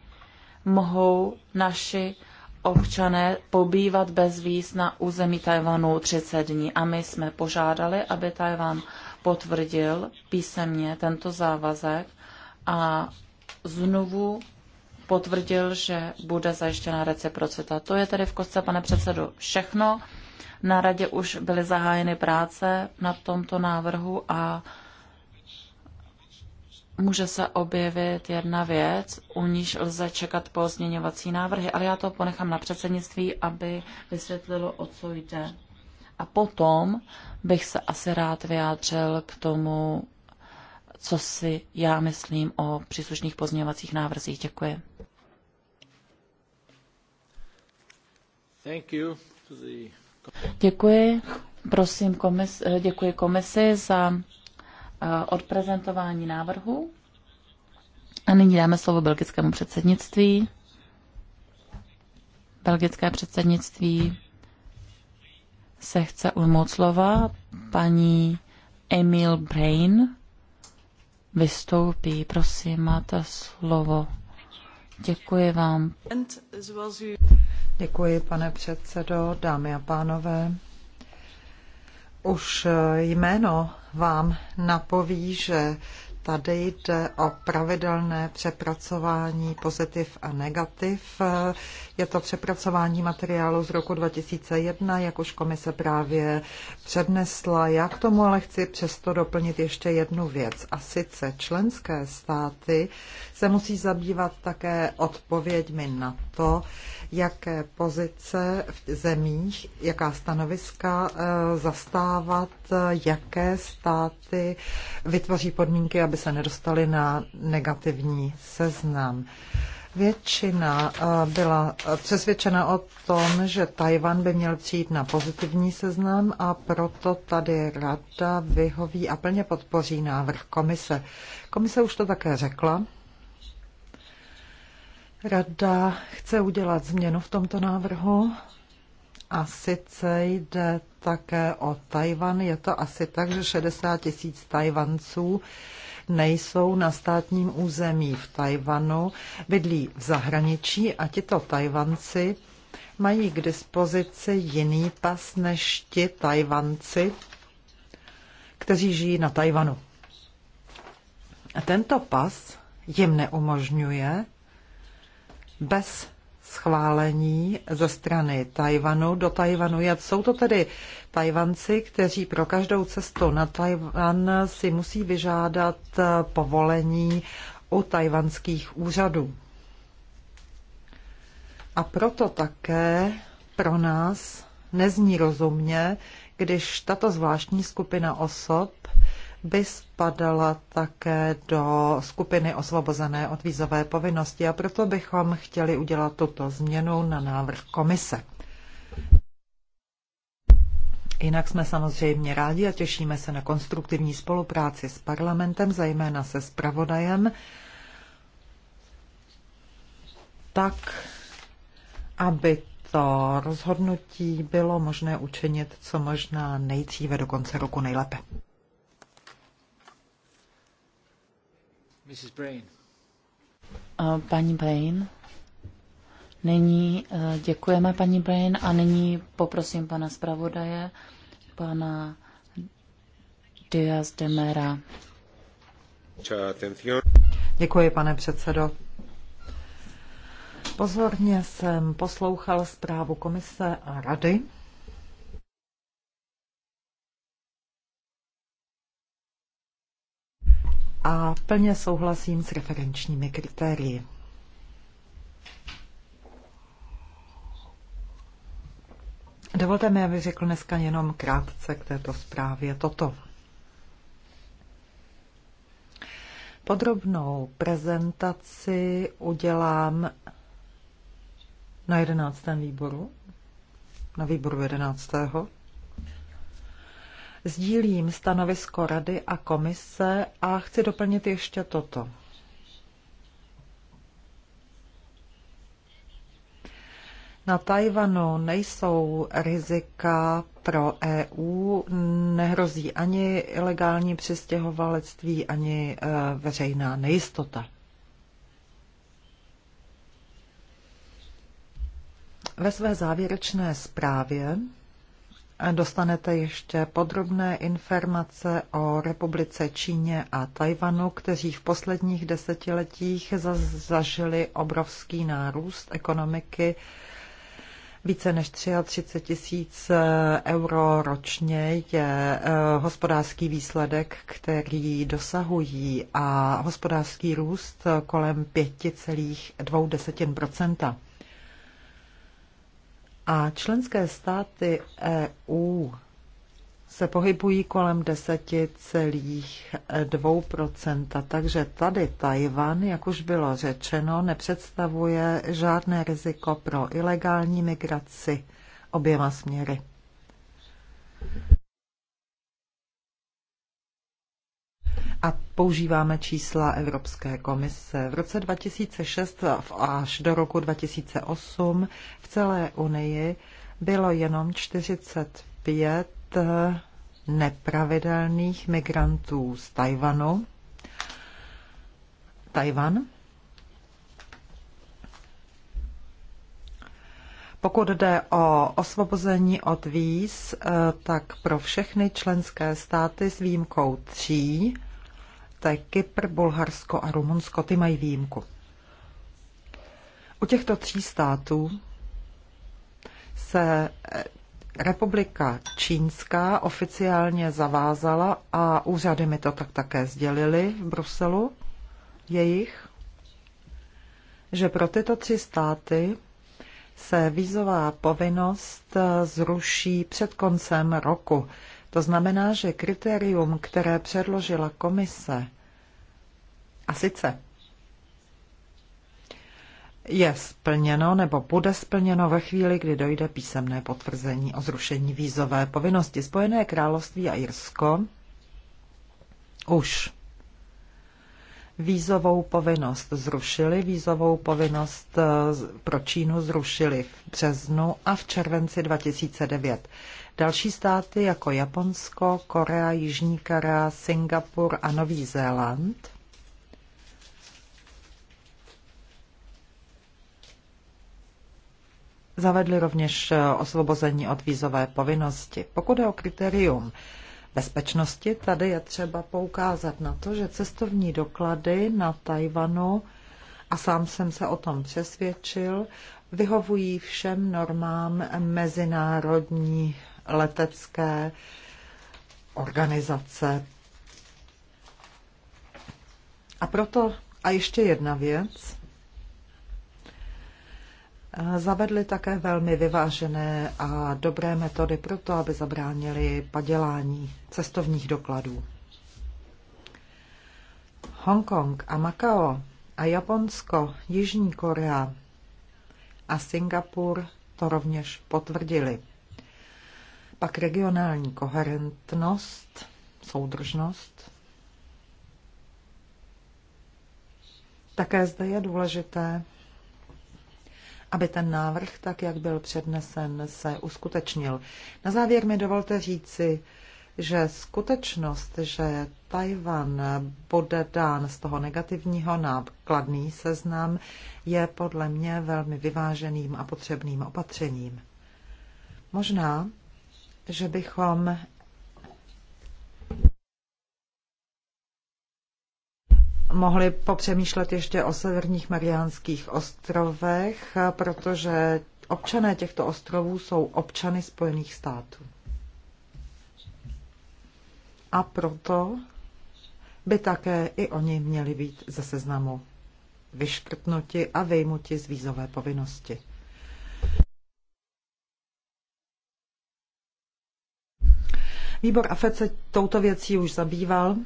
mohou naši občané pobývat bez víz na území Tajvanu 30 dní. A my jsme požádali, aby Tajvan potvrdil písemně tento závazek a znovu potvrdil, že bude zajištěna reciprocita. To je tedy v kostce, pane předsedo, všechno. Na radě už byly zahájeny práce na tomto návrhu a může se objevit jedna věc, u níž lze čekat pozměňovací návrhy, ale já to ponechám na předsednictví, aby vysvětlilo, o co jde. A potom bych se asi rád vyjádřil k tomu, co si já myslím o příslušných pozměňovacích návrzích. Děkuji. Thank you to the... Děkuji. Prosím komis, eh, děkuji komisi za Eh, odprezentování návrhu. A nyní dáme slovo belgickému předsednictví. Belgické předsednictví se chce ujmout slova. Paní Emil Brain vystoupí. Prosím, máte slovo. Děkuji vám. Děkuji, pane předsedo, dámy a pánové. Už eh, jméno vám napoví, že tady jde o pravidelné přepracování pozitiv a negativ eh, je to přepracování materiálu z roku 2001, jak už komise právě přednesla. Já k tomu ale chci přesto doplnit ještě jednu věc. A sice členské státy se musí zabývat také odpověďmi na to, jaké pozice v zemích, jaká stanoviska eh, zastávat, jaké státy vytvoří podmínky, aby se nedostali na negativní seznam. Většina eh, byla přesvědčena o tom, že Tajvan by měl přijít na pozitivní seznam a proto tady rada vyhoví a plně podpoří návrh komise. Komise už to také řekla. Rada chce udělat změnu v tomto návrhu a sice jde také o Tajvan. Je to asi tak, že 60 tisíc Tajvanců nejsou na státním území v Tajvanu, bydlí v zahraničí a tito Tajvanci mají k dispozici jiný pas než ti Tajvanci, kteří žijí na Tajvanu. A tento pas jim neumožňuje bez schválení ze strany Tajvanu do Tajvanu. Jsou to tedy Tajvanci, kteří pro každou cestu na Tajvan si musí vyžádat eh, povolení u tajvanských úřadů. A proto také pro nás nezní rozumně, když tato zvláštní skupina osob by spadala také do skupiny osvobozené od vízové povinnosti a proto bychom chtěli udělat tuto změnu na návrh komise. Jinak jsme samozřejmě rádi a těšíme se na konstruktivní spolupráci s parlamentem, zejména se spravodajem, tak, aby to rozhodnutí bylo možné učinit co možná nejdříve do konce roku nejlépe. Mrs. Brain. Paní Brain. Nyní eh, děkujeme paní Brain a nyní poprosím pana zpravodaje, pana Diaz de Mera. Děkuji, pane předsedo. Pozorně jsem poslouchal zprávu komise a rady a plně souhlasím s referenčními kritérii. Dovolte mi, abych řekl dneska jenom krátce k této zprávě toto. Podrobnou prezentaci udělám na 11. výboru, na výboru 11. Sdílím stanovisko Rady a komise a chci doplnit ještě toto. Na Tajvanu nejsou rizika pro EU, nehrozí ani ilegální přistěhovalectví, ani eh, veřejná nejistota. Ve své závěrečné zprávě dostanete ještě podrobné informace o Republice Číně a Tajvanu, kteří v posledních desetiletích zažili obrovský nárůst ekonomiky více než 33 tisíc eh, euro ročně je eh, hospodářský výsledek, který dosahují a hospodářský růst kolem 5,2 a členské státy EU se pohybují kolem 10,2%. Takže tady Tajvan, jak už bylo řečeno, nepředstavuje žádné riziko pro ilegální migraci oběma směry. a používáme čísla Evropské komise. V roce 2006 až do roku 2008 v celé Unii bylo jenom 45 nepravidelných migrantů z Tajvanu. Tajvan. Pokud jde o osvobození od víz, eh, tak pro všechny členské státy s výjimkou tří jste Kypr, Bulharsko a Rumunsko, ty mají výjimku. U těchto tří států se eh, Republika Čínská oficiálně zavázala a úřady mi to tak také sdělili v Bruselu, jejich, že pro tyto tři státy se vízová povinnost eh, zruší před koncem roku. To znamená, že kritérium, které předložila komise, a sice je splněno nebo bude splněno ve chvíli, kdy dojde písemné potvrzení o zrušení vízové povinnosti. Spojené království a Irsko už vízovou povinnost zrušili, vízovou povinnost eh, pro Čínu zrušili v březnu a v červenci 2009. Další státy jako Japonsko, Korea, Jižní Korea, Singapur a Nový Zéland zavedly rovněž eh, osvobození od vízové povinnosti. Pokud je o kritérium bezpečnosti, tady je třeba poukázat na to, že cestovní doklady na Tajvanu, a sám jsem se o tom přesvědčil, vyhovují všem normám mezinárodní letecké organizace. A proto, a ještě jedna věc, zavedli také velmi vyvážené a dobré metody pro to, aby zabránili padělání cestovních dokladů. Hongkong a Makao a Japonsko, Jižní Korea a Singapur to rovněž potvrdili. Pak regionální koherentnost, soudržnost. Také zde je důležité, aby ten návrh, tak jak byl přednesen, se uskutečnil. Na závěr mi dovolte říci, že skutečnost, že Tajvan bude dán z toho negativního na kladný seznam, je podle mě velmi vyváženým a potřebným opatřením. Možná že bychom mohli popřemýšlet ještě o severních Mariánských ostrovech, protože občané těchto ostrovů jsou občany Spojených států. A proto by také i oni měli být ze seznamu vyškrtnuti a vyjmuti z vízové povinnosti. Výbor AFED se touto věcí už zabýval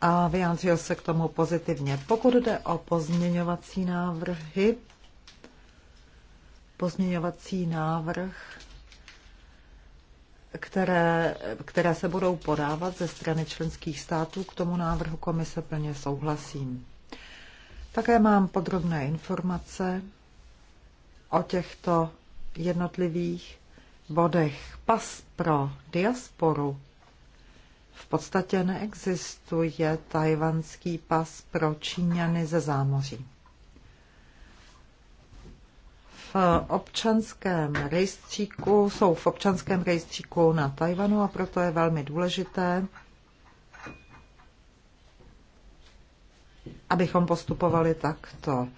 a vyjádřil se k tomu pozitivně. Pokud jde o pozměňovací návrhy, pozměňovací návrh které, které se budou podávat ze strany členských států, k tomu návrhu komise plně souhlasím. Také mám podrobné informace o těchto jednotlivých bodech. Pas pro diasporu v podstatě neexistuje tajvanský pas pro Číňany ze zámoří. V občanském rejstříku, jsou v občanském rejstříku na Tajvanu a proto je velmi důležité, abychom postupovali takto.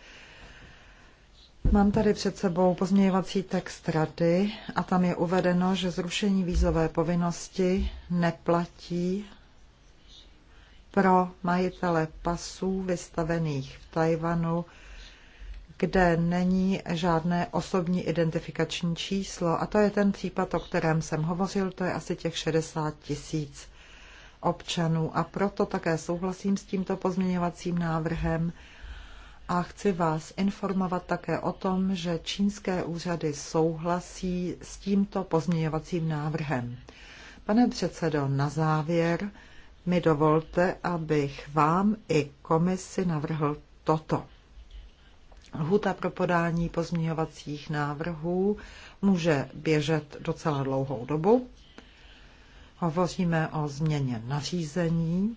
Mám tady před sebou pozměňovací text rady a tam je uvedeno, že zrušení vízové povinnosti neplatí pro majitele pasů vystavených v Tajvanu, kde není žádné osobní identifikační číslo. A to je ten případ, o kterém jsem hovořil, to je asi těch 60 tisíc občanů. A proto také souhlasím s tímto pozměňovacím návrhem, a chci vás informovat také o tom, že čínské úřady souhlasí s tímto pozměňovacím návrhem. Pane předsedo, na závěr mi dovolte, abych vám i komisi navrhl toto. Lhuta pro podání pozměňovacích návrhů může běžet docela dlouhou dobu. Hovoříme o změně nařízení,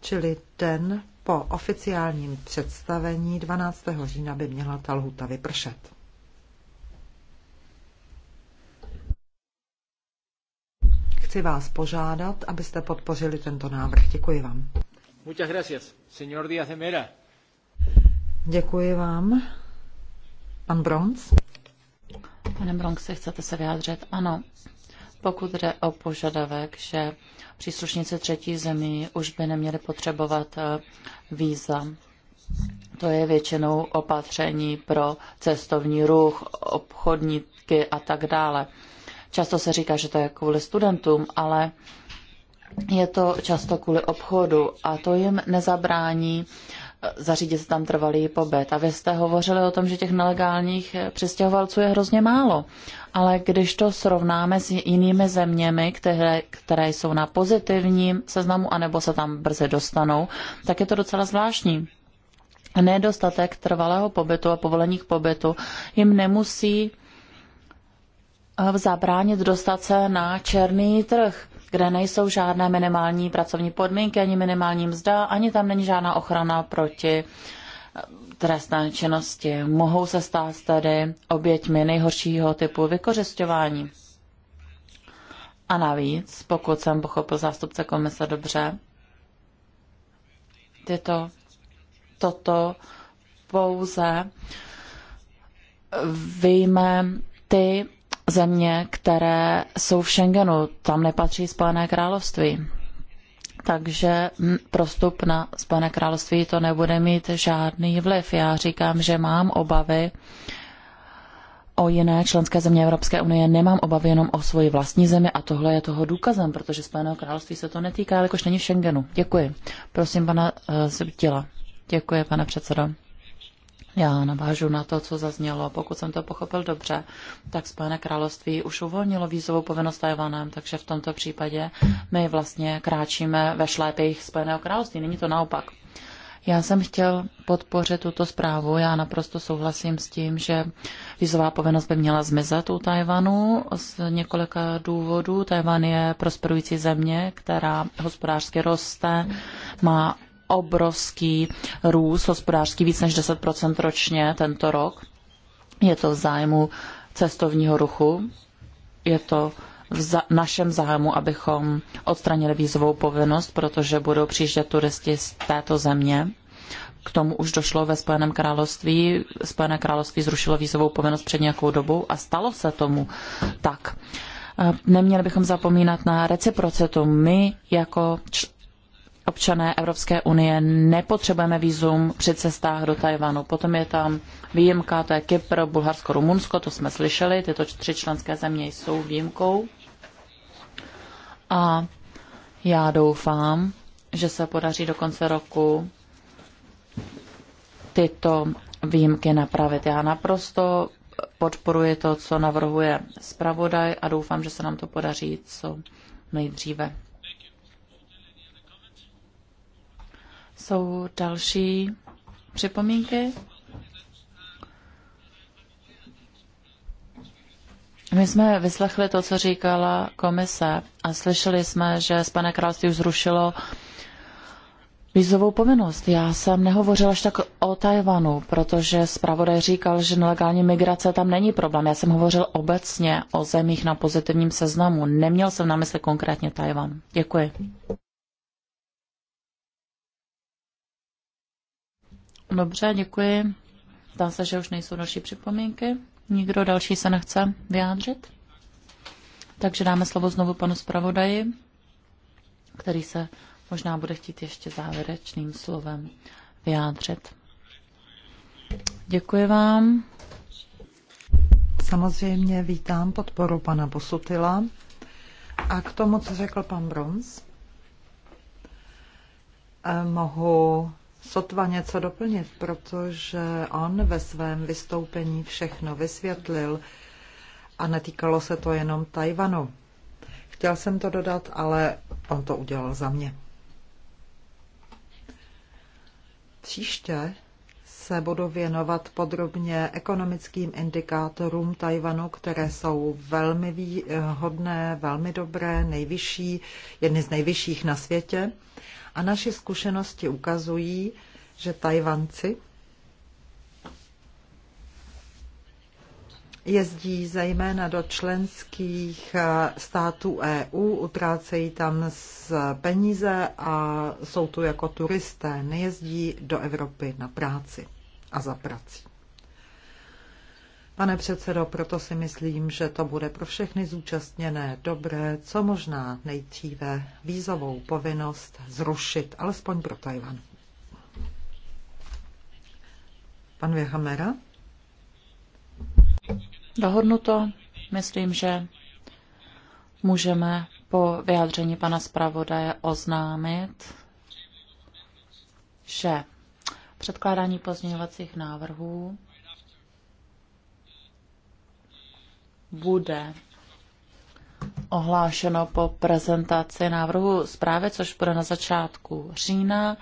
čili ten po oficiálním představení 12. října by měla ta lhuta vypršet. Chci vás požádat, abyste podpořili tento návrh. Děkuji vám. Muchas gracias, señor Díaz de Mera. Děkuji vám. Pan Bronx? Pane Bronx, chcete se vyjádřit? Ano. Pokud jde o požadavek, že příslušníci třetí zemí už by neměli potřebovat eh, víza. To je většinou opatření pro cestovní ruch, obchodníky a tak dále. Často se říká, že to je kvůli studentům, ale je to často kvůli obchodu a to jim nezabrání zařídit tam trvalý pobyt. A vy jste hovořili o tom, že těch nelegálních eh, přistěhovalců je hrozně málo. Ale když to srovnáme s jinými zeměmi, které, které jsou na pozitivním seznamu, anebo se tam brzy dostanou, tak je to docela zvláštní. Nedostatek trvalého pobytu a povoleních pobytu jim nemusí eh, zabránit dostat se na černý trh kde nejsou žádné minimální pracovní podmínky, ani minimální mzda, ani tam není žádná ochrana proti eh, trestné činnosti. Mohou se stát tedy oběťmi nejhoršího typu vykořišťování. A navíc, pokud jsem pochopil zástupce komise dobře, tyto, toto pouze vyjme ty země, které jsou v Schengenu. Tam nepatří Spojené království. Takže prostup na Spojené království to nebude mít žádný vliv. Já říkám, že mám obavy o jiné členské země Evropské unie. Nemám obavy jenom o svoji vlastní zemi a tohle je toho důkazem, protože Spojeného království se to netýká, jakož není v Schengenu. Děkuji. Prosím pana uh, eh, Zbdila. Děkuji, pane předsedo. Já navážu na to, co zaznělo. Pokud jsem to pochopil dobře, tak Spojené království už uvolnilo vízovou povinnost Tajvanem, takže v tomto případě my vlastně kráčíme ve šlépejch Spojeného království. Není to naopak. Já jsem chtěl podpořit tuto zprávu. Já naprosto souhlasím s tím, že výzová povinnost by měla zmizet u Tajvanu z několika důvodů. Tajvan je prosperující země, která hospodářsky roste, má obrovský růst hospodářský, víc než 10% ročně tento rok. Je to v zájmu cestovního ruchu, je to v za- našem zájmu, abychom odstranili vízovou povinnost, protože budou přijíždět turisti z této země. K tomu už došlo ve Spojeném království. Spojené království zrušilo vízovou povinnost před nějakou dobou a stalo se tomu tak. Neměli bychom zapomínat na reciprocitu. My jako občané Evropské unie nepotřebujeme výzum při cestách do Tajvanu. Potom je tam výjimka, to je Kypr, Bulharsko, Rumunsko, to jsme slyšeli, tyto tři členské země jsou výjimkou. A já doufám, že se podaří do konce roku tyto výjimky napravit. Já naprosto podporuji to, co navrhuje zpravodaj a doufám, že se nám to podaří co nejdříve. Jsou další připomínky? My jsme vyslechli to, co říkala komise a slyšeli jsme, že z pane království už zrušilo vízovou povinnost. Já jsem nehovořila až tak o Tajvanu, protože zpravodaj říkal, že nelegální migrace tam není problém. Já jsem hovořil obecně o zemích na pozitivním seznamu. Neměl jsem na mysli konkrétně Tajvan. Děkuji. Dobře, děkuji. Zdá se, že už nejsou další připomínky. Nikdo další se nechce vyjádřit. Takže dáme slovo znovu panu zpravodaji, který se možná bude chtít ještě závěrečným slovem vyjádřit. Děkuji vám. Samozřejmě vítám podporu pana Bosutila a k tomu, co řekl pan Brons, eh, mohu sotva něco doplnit, protože on ve svém vystoupení všechno vysvětlil a netýkalo se to jenom Tajvanu. Chtěl jsem to dodat, ale on to udělal za mě. Příště se budu věnovat podrobně ekonomickým indikátorům Tajvanu, které jsou velmi hodné, velmi dobré, nejvyšší, jedny z nejvyšších na světě. A naše zkušenosti ukazují, že Tajvanci jezdí zejména do členských eh, států EU, utrácejí tam z peníze a jsou tu jako turisté, nejezdí do Evropy na práci a za prací. Pane předsedo, proto si myslím, že to bude pro všechny zúčastněné dobré, co možná nejdříve vízovou povinnost zrušit, alespoň pro Tajvan. Pan Věhamera? Dohodnuto. Myslím, že můžeme po vyjádření pana zpravodaje oznámit, že předkládání pozměňovacích návrhů bude ohlášeno po prezentaci návrhu zprávy, což bude na začátku října.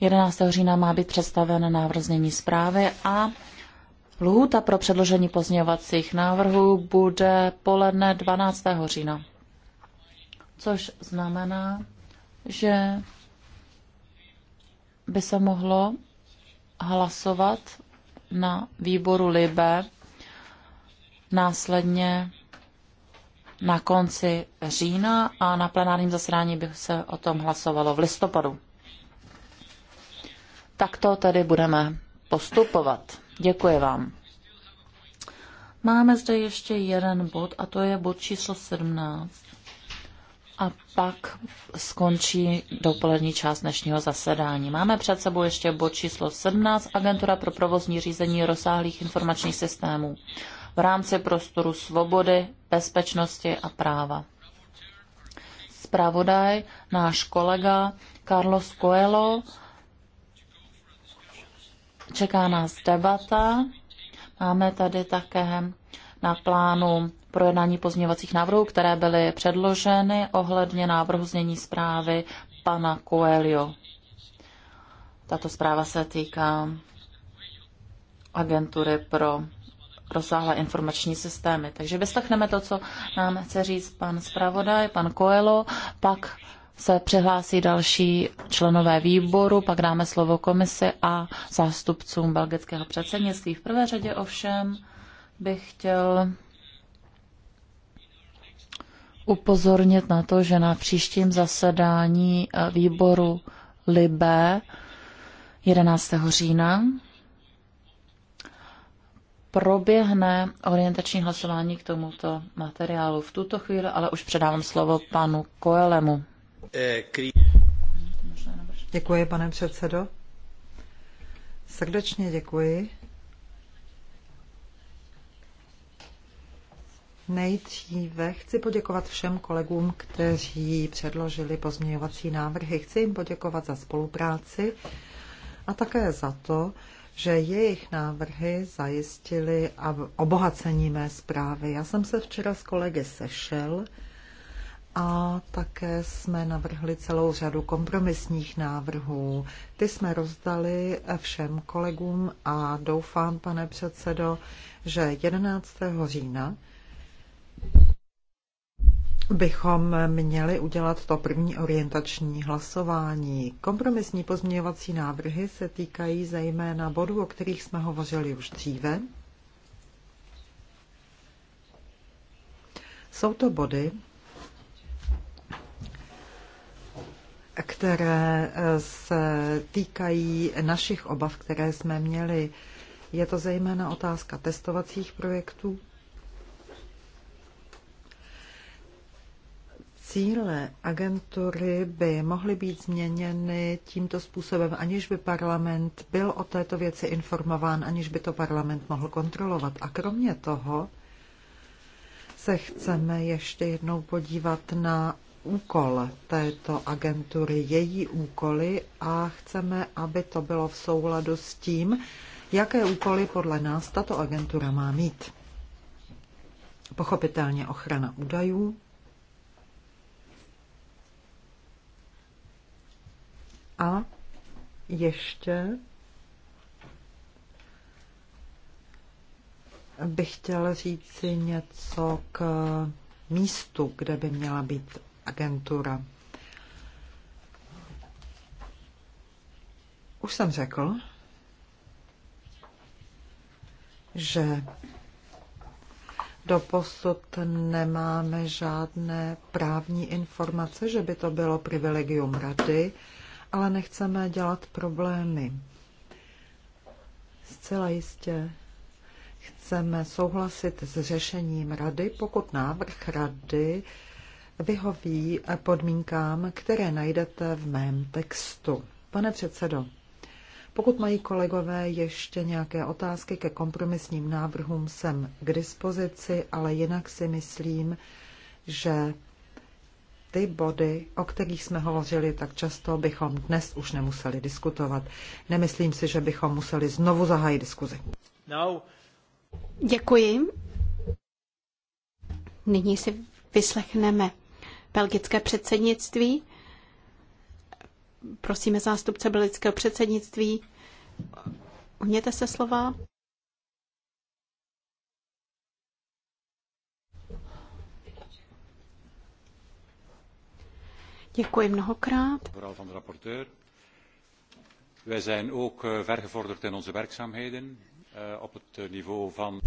11. října má být představen návrh znění zprávy a lhůta pro předložení pozměňovacích návrhů bude poledne 12. října. Což znamená, že by se mohlo hlasovat na výboru LIBE Následně na konci října a na plenárním zasedání by se o tom hlasovalo v listopadu. Takto tedy budeme postupovat. Děkuji vám. Máme zde ještě jeden bod a to je bod číslo 17. A pak skončí dopolední část dnešního zasedání. Máme před sebou ještě bod číslo 17, Agentura pro provozní řízení rozsáhlých informačních systémů v rámci prostoru svobody, bezpečnosti a práva. Spravodaj, náš kolega Carlos Coelho, čeká nás debata. Máme tady také na plánu projednání pozměňovacích návrhů, které byly předloženy ohledně návrhu znění zprávy pana Coelho. Tato zpráva se týká agentury pro rozsáhlé informační systémy. Takže vyslechneme to, co nám chce říct pan zpravodaj, pan Koelo, pak se přihlásí další členové výboru, pak dáme slovo komisi a zástupcům belgického předsednictví. V prvé řadě ovšem bych chtěl upozornit na to, že na příštím zasedání eh, výboru LIBE 11. října proběhne orientační hlasování k tomuto materiálu. V tuto chvíli ale už předávám slovo panu Koelemu. Děkuji, pane předsedo. Srdečně děkuji. Nejdříve chci poděkovat všem kolegům, kteří předložili pozměňovací návrhy. Chci jim poděkovat za spolupráci a také za to, že jejich návrhy zajistily a obohacení mé zprávy. Já jsem se včera s kolegy sešel a také jsme navrhli celou řadu kompromisních návrhů. Ty jsme rozdali všem kolegům a doufám, pane předsedo, že 11. října bychom měli udělat to první orientační hlasování. Kompromisní pozměňovací návrhy se týkají zejména bodů, o kterých jsme hovořili už dříve. Jsou to body, které eh, se týkají našich obav, které jsme měli. Je to zejména otázka testovacích projektů, Cíle agentury by mohly být změněny tímto způsobem, aniž by parlament byl o této věci informován, aniž by to parlament mohl kontrolovat. A kromě toho se chceme ještě jednou podívat na úkol této agentury, její úkoly a chceme, aby to bylo v souladu s tím, jaké úkoly podle nás tato agentura má mít. Pochopitelně ochrana údajů, A ještě bych chtěl říci něco k místu, kde by měla být agentura. Už jsem řekl, že doposud nemáme žádné právní informace, že by to bylo privilegium rady, ale nechceme dělat problémy. Zcela jistě chceme souhlasit s řešením rady, pokud návrh rady vyhoví podmínkám, které najdete v mém textu. Pane předsedo, pokud mají kolegové ještě nějaké otázky ke kompromisním návrhům, jsem k dispozici, ale jinak si myslím, že ty body, o kterých jsme hovořili, tak často bychom dnes už nemuseli diskutovat. Nemyslím si, že bychom museli znovu zahájit diskuzi. No. Děkuji. Nyní si vyslechneme belgické předsednictví. Prosíme zástupce belgického předsednictví, uměte se slova. Děkuji mnohokrát. Wij zijn ook eh, vergevorderd in onze werkzaamheden eh, op het eh, niveau van.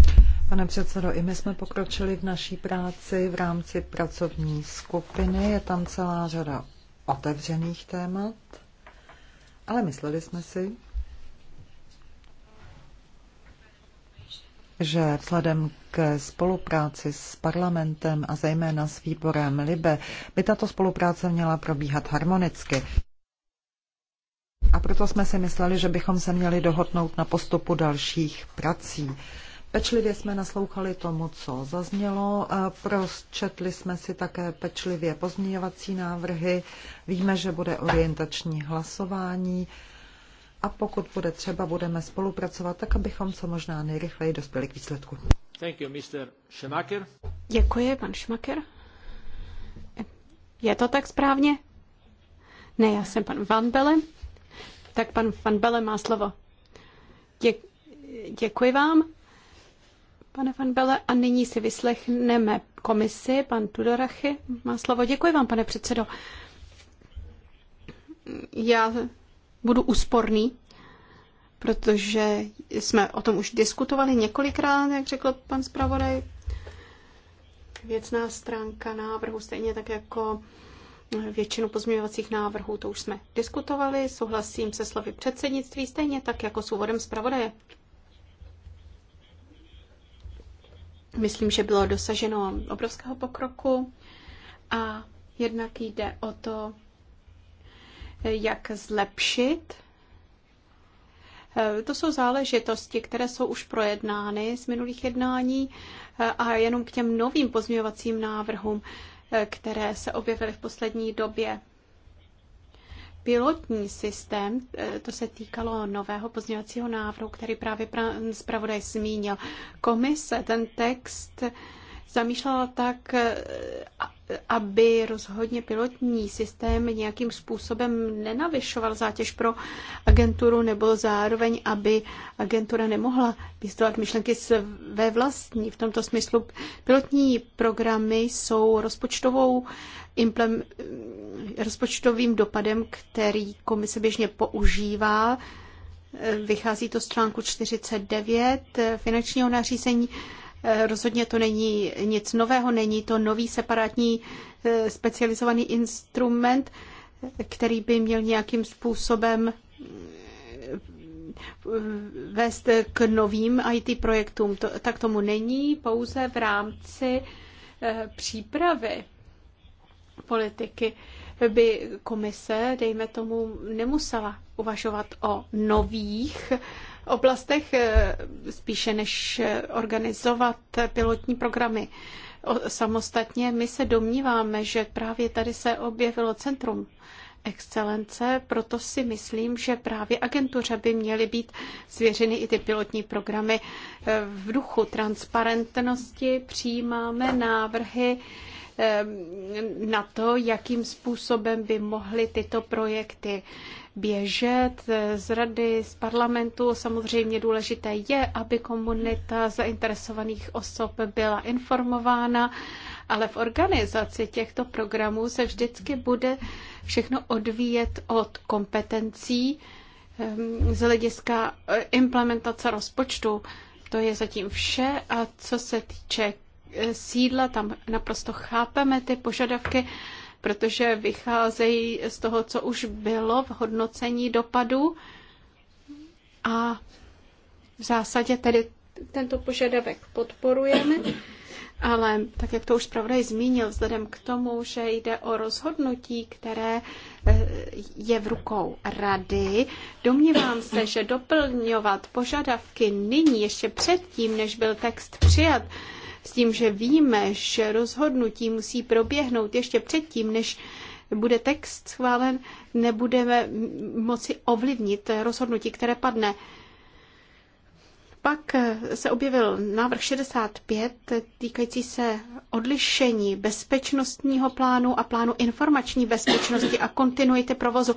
Pane předsedo, i my jsme pokročili v naší práci v rámci pracovní skupiny. Je tam celá řada otevřených témat, ale mysleli jsme si, že vzhledem k spolupráci s parlamentem a zejména s výborem LIBE by tato spolupráce měla probíhat harmonicky. A proto jsme si mysleli, že bychom se měli dohodnout na postupu dalších prací. Pečlivě jsme naslouchali tomu, co zaznělo, eh, prosčetli jsme si také pečlivě pozměňovací návrhy, víme, že bude orientační hlasování a pokud bude třeba, budeme spolupracovat tak, abychom co možná nejrychleji dospěli k výsledku. Thank you, Mr. Schmacker. Děkuji, pan Schmacker. Je to tak správně? Ne, já jsem pan Van Bele. Tak pan Van Bele má slovo. Děkuji. Děkuji vám, pane Van Bele. A nyní si vyslechneme komisi. Pan Tudorachy má slovo. Děkuji vám, pane předsedo. Já budu úsporný, protože jsme o tom už diskutovali několikrát, jak řekl pan zpravodaj. Věcná stránka návrhu, stejně tak jako většinu pozměňovacích návrhů, to už jsme diskutovali, souhlasím se slovy předsednictví, stejně tak jako s úvodem zpravodaje. Myslím, že bylo dosaženo obrovského pokroku a jednak jde o to, jak zlepšit. Eh, to jsou záležitosti, které jsou už projednány z minulých jednání eh, a jenom k těm novým pozměňovacím návrhům, eh, které se objevily v poslední době pilotní systém, to se týkalo nového pozměňovacího návrhu, který právě zpravodaj zmínil. Komise ten text zamýšlela tak, eh, aby rozhodně pilotní systém nějakým způsobem nenavyšoval zátěž pro agenturu nebo zároveň, aby agentura nemohla vystovat myšlenky své vlastní. V tomto smyslu pilotní programy jsou rozpočtovou implem, rozpočtovým dopadem, který komise běžně používá. Eh, vychází to z článku 49 eh, finančního nařízení Eh, rozhodně to není nic nového, není to nový separátní eh, specializovaný instrument, který by měl nějakým způsobem eh, vést k novým IT projektům. To, tak tomu není, pouze v rámci přípravy politiky by komise, dejme tomu, nemusela uvažovat o nových oblastech, eh, spíše než eh, organizovat pilotní programy samostatně. My se domníváme, že právě tady se objevilo centrum excelence, proto si myslím, že právě agentuře by měly být svěřeny i ty pilotní programy. Eh, v duchu transparentnosti přijímáme návrhy na to, jakým způsobem by mohly tyto projekty běžet z rady, z parlamentu. Samozřejmě důležité je, aby komunita zainteresovaných osob byla informována, ale v organizaci těchto programů se vždycky bude všechno odvíjet od kompetencí ehm, z hlediska eh, implementace rozpočtu. To je zatím vše a co se týče eh, sídla, tam naprosto chápeme ty požadavky protože vycházejí z toho, co už bylo v hodnocení dopadu a v zásadě tedy tento požadavek podporujeme, ale tak, jak to už zpravodaj zmínil, vzhledem k tomu, že jde o rozhodnutí, které eh, je v rukou rady, domnívám se, že doplňovat požadavky nyní, ještě předtím, než byl text přijat, s tím, že víme, že rozhodnutí musí proběhnout ještě předtím, než bude text schválen, nebudeme moci ovlivnit rozhodnutí, které padne. Pak se objevil návrh 65 týkající se odlišení bezpečnostního plánu a plánu informační bezpečnosti a kontinuity provozu.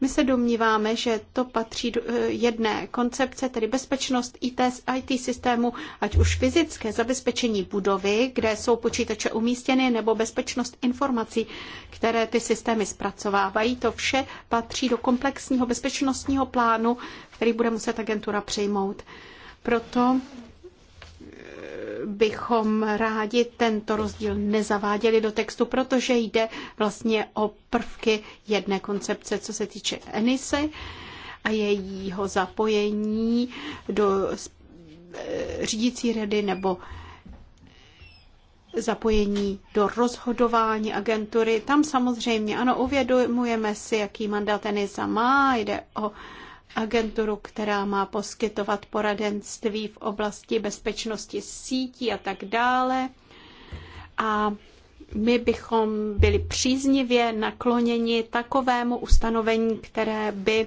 My se domníváme, že to patří do eh, jedné koncepce, tedy bezpečnost IT, IT systému, ať už fyzické zabezpečení budovy, kde jsou počítače umístěny, nebo bezpečnost informací, které ty systémy zpracovávají. To vše patří do komplexního bezpečnostního plánu, který bude muset agentura přijmout. Proto bychom rádi tento rozdíl nezaváděli do textu, protože jde vlastně o prvky jedné koncepce, co se týče Enisy a jejího zapojení do e, řídící rady nebo zapojení do rozhodování agentury. Tam samozřejmě, ano, uvědomujeme si, jaký mandát ENISA má, jde o agenturu, která má poskytovat poradenství v oblasti bezpečnosti sítí a tak dále. A my bychom byli příznivě nakloněni takovému ustanovení, které by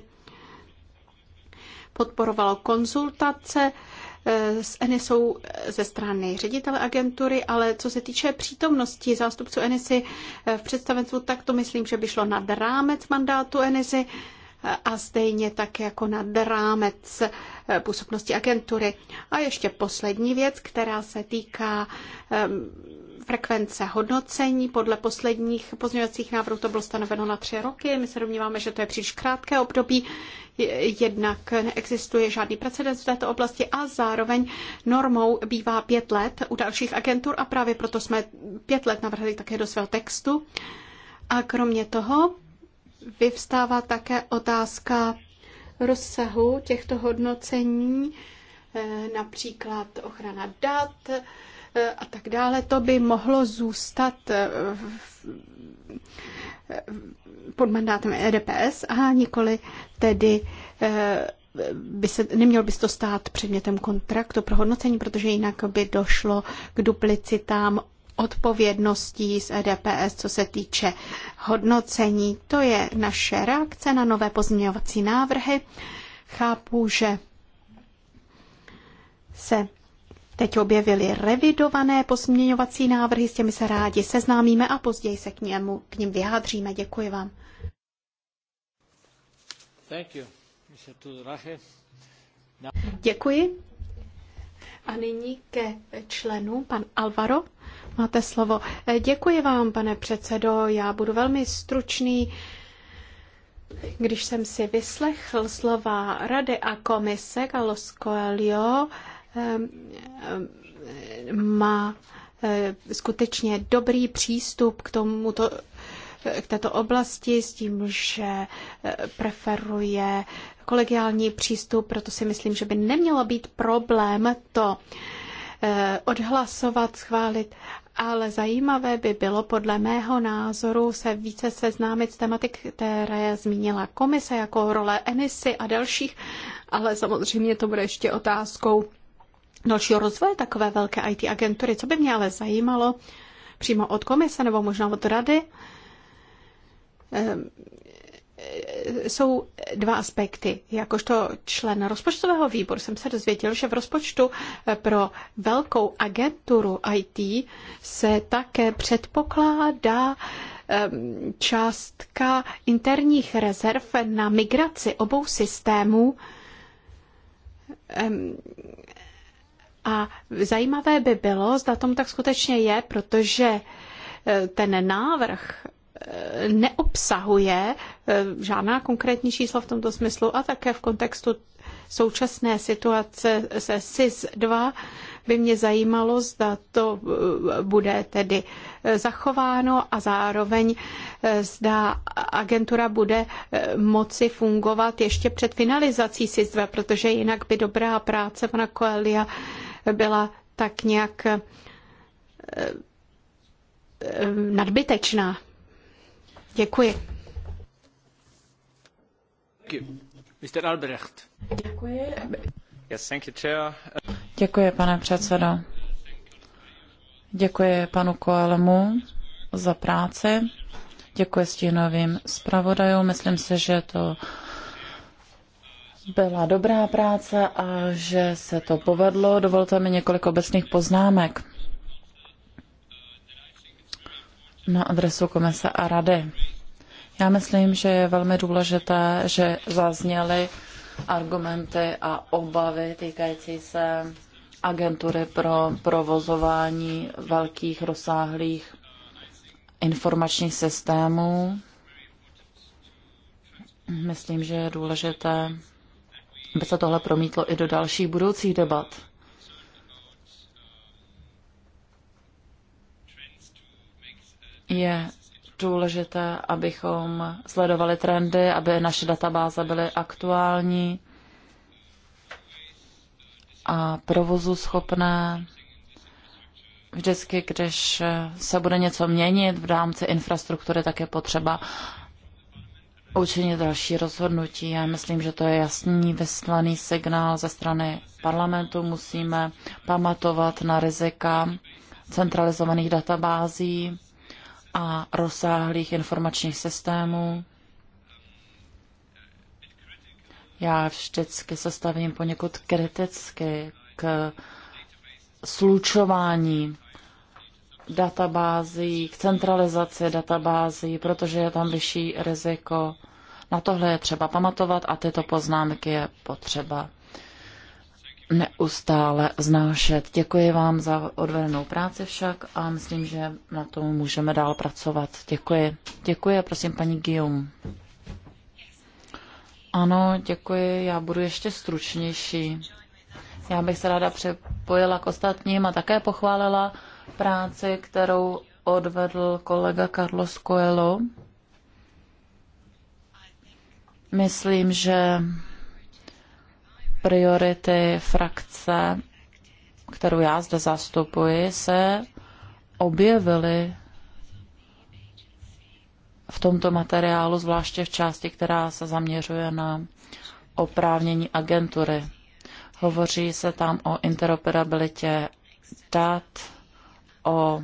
podporovalo konzultace eh, s NSO eh, ze strany ředitele agentury, ale co se týče přítomnosti zástupců NSI eh, v představenstvu, tak to myslím, že by šlo nad rámec mandátu NSI a stejně tak jako nad rámec působnosti agentury. A ještě poslední věc, která se týká frekvence hodnocení. Podle posledních pozměňovacích návrhů to bylo stanoveno na tři roky. My se domníváme, že to je příliš krátké období. Jednak neexistuje žádný precedens v této oblasti a zároveň normou bývá pět let u dalších agentur a právě proto jsme pět let navrhli také do svého textu. A kromě toho vyvstává také otázka rozsahu těchto hodnocení, eh, například ochrana dat eh, a tak dále. To by mohlo zůstat eh, pod mandátem EDPS a nikoli tedy by se, neměl by to stát předmětem kontraktu pro hodnocení, protože jinak by došlo k duplicitám odpovědností z EDPS, co se týče hodnocení. To je naše reakce na nové pozměňovací návrhy. Chápu, že se teď objevily revidované pozměňovací návrhy, s těmi se rádi seznámíme a později se k, němu, k ním vyjádříme. Děkuji vám. Děkuji. A nyní ke členu pan Alvaro. Máte slovo. Eh, děkuji vám, pane předsedo. Já budu velmi stručný. Když jsem si vyslechl slova Rady a komise, Carlos Coelho má eh, skutečně dobrý přístup k tomuto eh, k této oblasti s tím, že preferuje kolegiální přístup, proto si myslím, že by nemělo být problém to odhlasovat, schválit ale zajímavé by bylo podle mého názoru se více seznámit s tematik, které zmínila komise, jako role Enisy a dalších, ale samozřejmě to bude ještě otázkou dalšího rozvoje takové velké IT agentury. Co by mě ale zajímalo, přímo od komise nebo možná od rady, jsou dva aspekty. Jakožto člen rozpočtového výboru jsem se dozvěděl, že v rozpočtu eh, pro velkou agenturu IT se také předpokládá ehm, částka interních rezerv na migraci obou systémů. Ehm, a zajímavé by bylo, zda tomu tak skutečně je, protože eh, ten návrh neobsahuje eh, žádná konkrétní čísla v tomto smyslu a také v kontextu současné situace se SIS-2 by mě zajímalo, zda to eh, bude tedy eh, zachováno a zároveň zda agentura bude moci fungovat ještě před finalizací SIS-2, protože jinak by dobrá práce pana Coelia byla tak nějak nadbytečná. Děkuji. Mr. Albrecht. Děkuji. Yes, thank you, chair. Děkuji, pane předsedo. Děkuji panu Koelemu za práci. Děkuji stínovým zpravodajům. Myslím si, že to byla dobrá práce a že se to povedlo. Dovolte mi několik obecných poznámek. na adresu komise a rady. Já myslím, že je velmi důležité, že zazněly argumenty a obavy týkající se agentury pro provozování velkých rozsáhlých informačních systémů. Myslím, že je důležité, aby se tohle promítlo i do dalších budoucích debat. je důležité, abychom sledovali trendy, aby naše databáze byly aktuální a provozu schopné. Vždycky, když se bude něco měnit v rámci infrastruktury, tak je potřeba učinit další rozhodnutí. Já myslím, že to je jasný vyslaný signál ze strany parlamentu. Musíme pamatovat na rizika centralizovaných databází a rozsáhlých informačních systémů. Já vždycky se stavím poněkud kriticky k slučování databází, k centralizaci databází, protože je tam vyšší riziko. Na tohle je třeba pamatovat a tyto poznámky je potřeba neustále znášet. Děkuji vám za odvedenou práci však a myslím, že na tom můžeme dál pracovat. Děkuji. Děkuji a prosím paní Guillaume. Ano, děkuji. Já budu ještě stručnější. Já bych se ráda přepojila k ostatním a také pochválila práci, kterou odvedl kolega Carlos Coelho. Myslím, že priority frakce, kterou já zde zastupuji, se objevily v tomto materiálu, zvláště v části, která se zaměřuje na oprávnění agentury. Hovoří se tam o interoperabilitě dat, o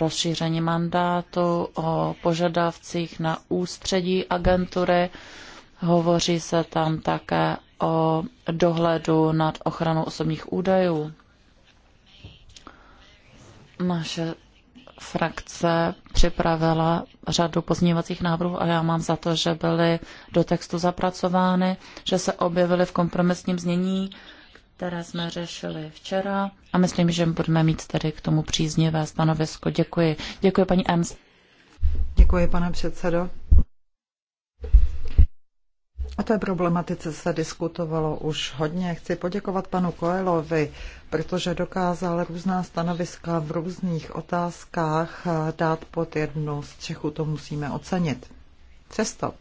rozšíření mandátu, o požadavcích na ústředí agentury. Hovoří se tam také o dohledu nad ochranou osobních údajů. Naše frakce připravila řadu pozměňovacích návrhů a já mám za to, že byly do textu zapracovány, že se objevily v kompromisním znění, které jsme řešili včera a myslím, že budeme mít tedy k tomu příznivé stanovisko. Děkuji. Děkuji paní Ems. Děkuji, pane předsedo. O té problematice se diskutovalo už hodně. Chci poděkovat panu Koelovi, protože dokázal různá stanoviska v různých otázkách dát pod jednu Čechů. To musíme ocenit. Přesto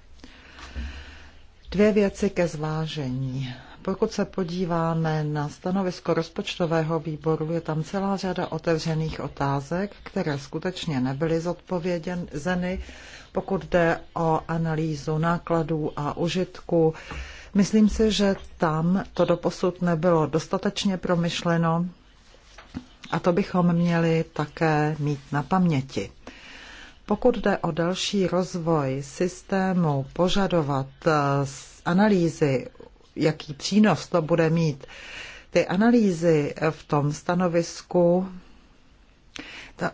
dvě věci ke zvážení. Pokud se podíváme na stanovisko rozpočtového výboru, je tam celá řada otevřených otázek, které skutečně nebyly zodpovězeny, pokud jde o analýzu nákladů a užitku. Myslím si, že tam to doposud nebylo dostatečně promyšleno a to bychom měli také mít na paměti. Pokud jde o další rozvoj systému, požadovat eh, analýzy jaký přínos to bude mít. Ty analýzy v tom stanovisku,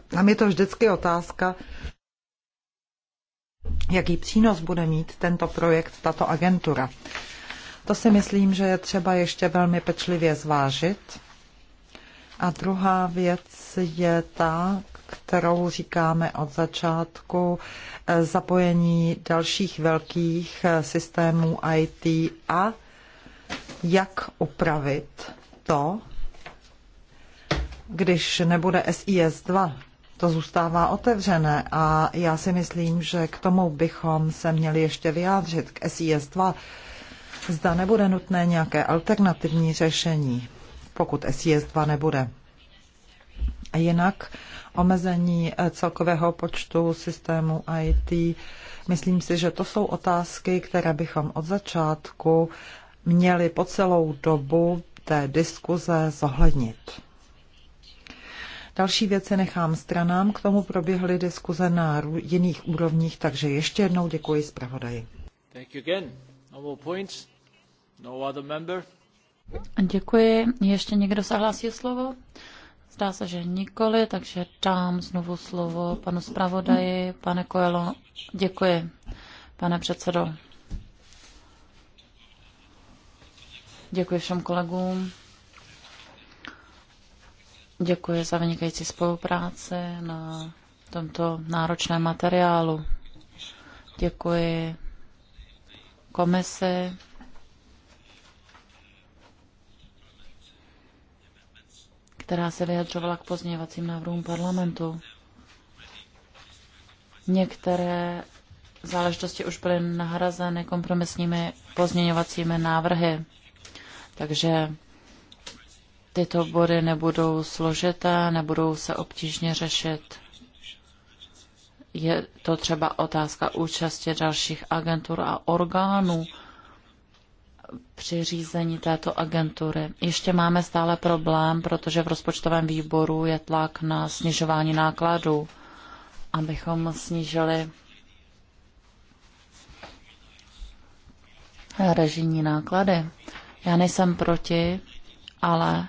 tam je to vždycky otázka, jaký přínos bude mít tento projekt, tato agentura. To si myslím, že je třeba ještě velmi pečlivě zvážit. A druhá věc je ta, kterou říkáme od začátku, eh, zapojení dalších velkých eh, systémů IT a jak upravit to, když nebude SIS 2. To zůstává otevřené a já si myslím, že k tomu bychom se měli ještě vyjádřit, k SIS 2. Zda nebude nutné nějaké alternativní řešení, pokud SIS 2 nebude. A jinak omezení eh, celkového počtu systému IT. Myslím si, že to jsou otázky, které bychom od začátku měli po celou dobu té diskuze zohlednit. Další věci nechám stranám, k tomu proběhly diskuze na jiných úrovních, takže ještě jednou děkuji zpravodaji. No no děkuji. Ještě někdo se hlásí o slovo? Zdá se, že nikoli, takže dám znovu slovo panu zpravodaji. Pane Koelo, děkuji, pane předsedo. Děkuji všem kolegům. Děkuji za vynikající spolupráci na tomto náročném materiálu. Děkuji komisi. která se vyjadřovala k pozměňovacím návrhům parlamentu. Některé záležitosti už byly nahrazeny kompromisními pozměňovacími návrhy. Takže tyto body nebudou složité, nebudou se obtížně řešit. Je to třeba otázka účasti dalších agentur a orgánů při řízení této agentury. Ještě máme stále problém, protože v rozpočtovém výboru je tlak na snižování nákladů, abychom snížili režijní náklady. Já nejsem proti, ale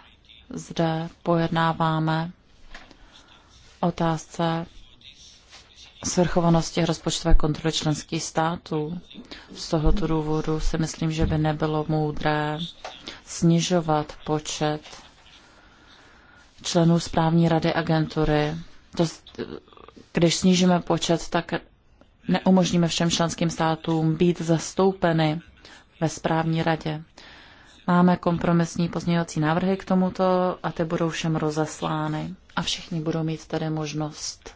zde pojednáváme otázce svrchovanosti rozpočtové kontroly členských států. Z tohoto důvodu si myslím, že by nebylo moudré snižovat počet členů správní rady agentury. To, když snížíme počet, tak neumožníme všem členským státům být zastoupeny ve správní radě. Máme kompromisní pozměňovací návrhy k tomuto a ty budou všem rozeslány. A všichni budou mít tady možnost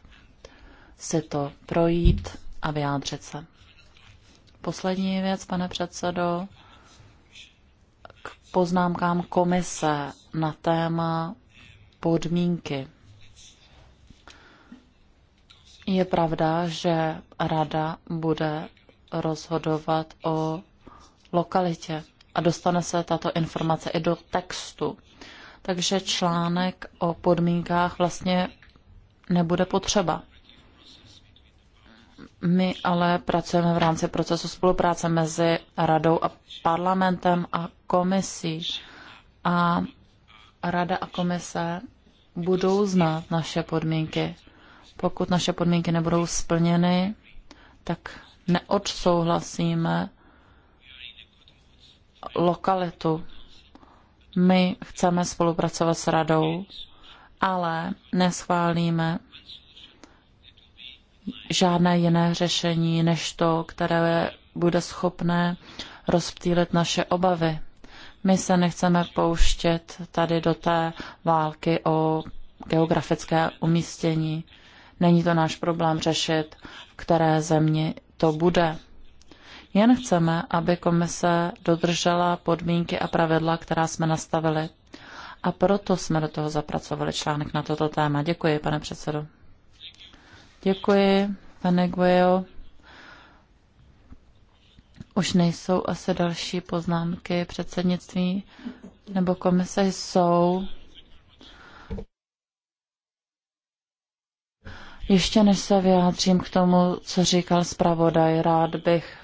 si to projít a vyjádřit se. Poslední věc, pane předsedo, k poznámkám komise na téma podmínky. Je pravda, že rada bude rozhodovat o lokalitě a dostane se tato informace i do textu. Takže článek o podmínkách vlastně nebude potřeba. My ale pracujeme v rámci procesu spolupráce mezi radou a parlamentem a komisí. A rada a komise budou znát naše podmínky. Pokud naše podmínky nebudou splněny, tak neodsouhlasíme lokalitu. My chceme spolupracovat s radou, ale neschválíme žádné jiné řešení než to, které bude schopné rozptýlit naše obavy. My se nechceme pouštět tady do té války o geografické umístění. Není to náš problém řešit, v které zemi to bude. Jen chceme, aby komise dodržela podmínky a pravidla, která jsme nastavili. A proto jsme do toho zapracovali článek na toto téma. Děkuji, pane předsedo. Děkuji, pane Guejo. Už nejsou asi další poznámky předsednictví nebo komise jsou. Ještě než se vyjádřím k tomu, co říkal zpravodaj, rád bych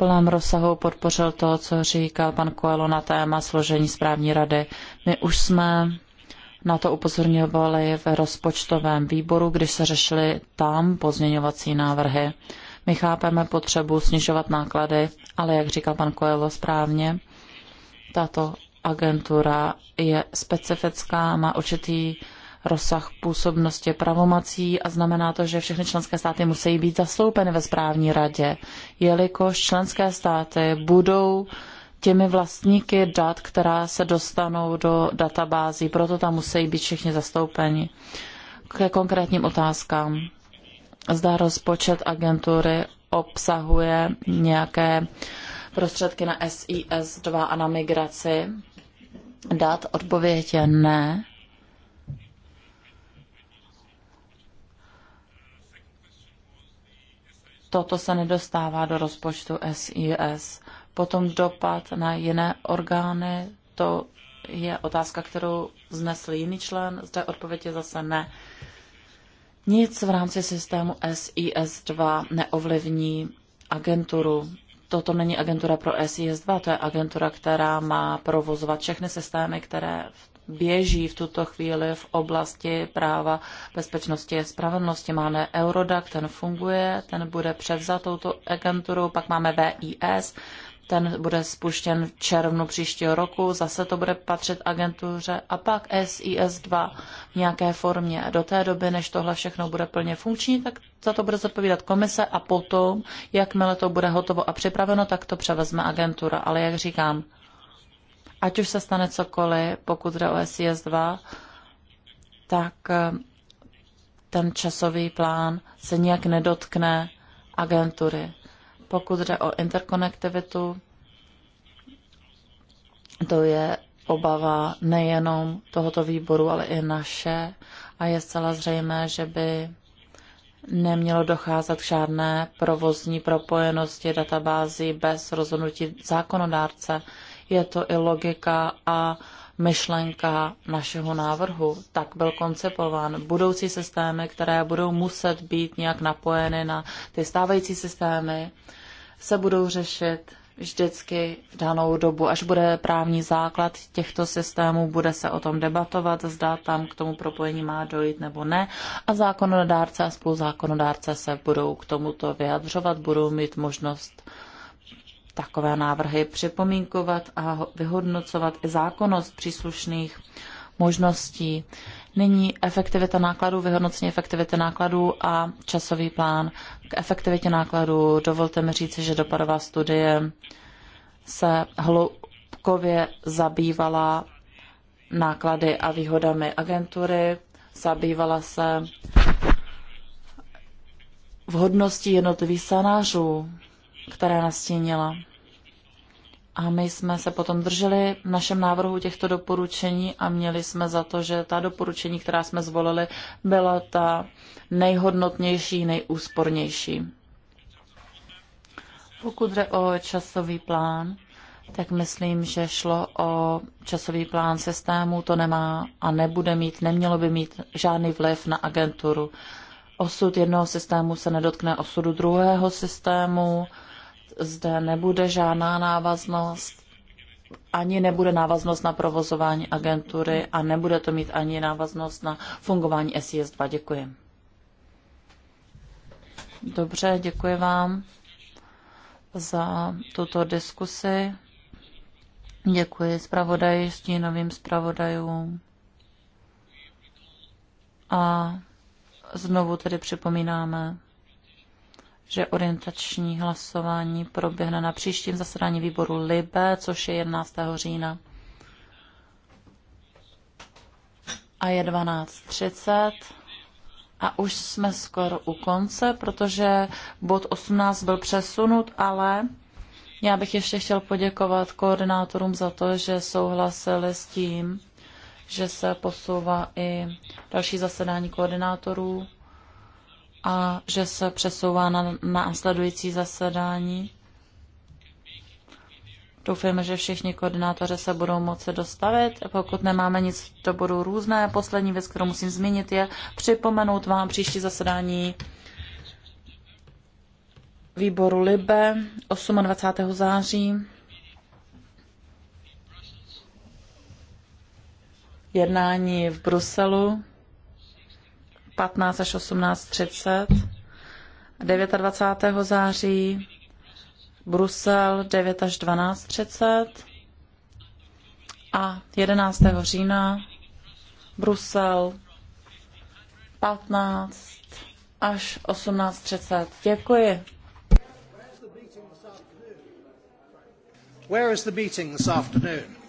plném rozsahu podpořil to, co říkal pan Koelo na téma složení správní rady. My už jsme na to upozorňovali v rozpočtovém výboru, když se řešili tam pozměňovací návrhy. My chápeme potřebu snižovat náklady, ale jak říkal pan Koelo správně, tato agentura je specifická, má určitý rozsah působnosti pravomocí a znamená to, že všechny členské státy musí být zastoupeny ve správní radě, jelikož členské státy budou těmi vlastníky dat, která se dostanou do databází, proto tam musí být všichni zastoupeni. Ke konkrétním otázkám. Zda rozpočet agentury obsahuje nějaké prostředky na SIS-2 a na migraci? Dát odpověď je ne. toto se nedostává do rozpočtu SIS. Potom dopad na jiné orgány, to je otázka, kterou znesl jiný člen, zde odpověď je zase ne. Nic v rámci systému SIS-2 neovlivní agenturu. Toto není agentura pro SIS-2, to je agentura, která má provozovat všechny systémy, které v běží v tuto chvíli v oblasti práva bezpečnosti a spravedlnosti. Máme Eurodac, ten funguje, ten bude převzat touto agenturou, pak máme VIS, ten bude spuštěn v červnu příštího roku, zase to bude patřit agentuře a pak SIS-2 v nějaké formě. Do té doby, než tohle všechno bude plně funkční, tak za to bude zodpovídat komise a potom, jakmile to bude hotovo a připraveno, tak to převezme agentura. Ale jak říkám, ať už se stane cokoliv, pokud jde o SIS 2, tak eh, ten časový plán se nijak nedotkne agentury. Pokud jde o interkonektivitu, to je obava nejenom tohoto výboru, ale i naše. A je zcela zřejmé, že by nemělo docházet k žádné provozní propojenosti databází bez rozhodnutí zákonodárce. Je to i logika a myšlenka našeho návrhu. Tak byl koncepován budoucí systémy, které budou muset být nějak napojeny na ty stávající systémy, se budou řešit vždycky v danou dobu, až bude právní základ těchto systémů, bude se o tom debatovat, zda tam k tomu propojení má dojít nebo ne. A zákonodárce a spoluzákonodárce se budou k tomuto vyjadřovat, budou mít možnost takové návrhy připomínkovat a vyhodnocovat i zákonnost příslušných možností. Nyní efektivita nákladů, vyhodnocení efektivity nákladů a časový plán. K efektivitě nákladů dovolte mi říci, že dopadová studie se hloubkově zabývala náklady a výhodami agentury, zabývala se vhodností jednotlivých scénářů které nastínila. A my jsme se potom drželi v našem návrhu těchto doporučení a měli jsme za to, že ta doporučení, která jsme zvolili, byla ta nejhodnotnější, nejúspornější. Pokud jde o časový plán, tak myslím, že šlo o časový plán systému, to nemá a nebude mít, nemělo by mít žádný vliv na agenturu. Osud jednoho systému se nedotkne osudu druhého systému, zde nebude žádná návaznost, ani nebude návaznost na provozování agentury a nebude to mít ani návaznost na fungování SIS-2. Děkuji. Dobře, děkuji vám za tuto diskusi. Děkuji zpravodaji, stínovým zpravodajům. A znovu tedy připomínáme, že orientační hlasování proběhne na příštím zasedání výboru LIBE, což je 11. října. A je 12.30. A už jsme skoro u konce, protože bod 18 byl přesunut, ale já bych ještě chtěl poděkovat koordinátorům za to, že souhlasili s tím, že se posouvá i další zasedání koordinátorů a že se přesouvá na následující zasedání. Doufejme, že všichni koordinátoři se budou moci dostavit. Pokud nemáme nic to budou různé, poslední věc, kterou musím zmínit, je připomenout vám příští zasedání výboru Libe 28. září. Jednání v Bruselu 15 až 18.30, 29. září Brusel 9 až 12.30 a 11. října Brusel 15 až 18.30. Děkuji. Where is the meeting this afternoon?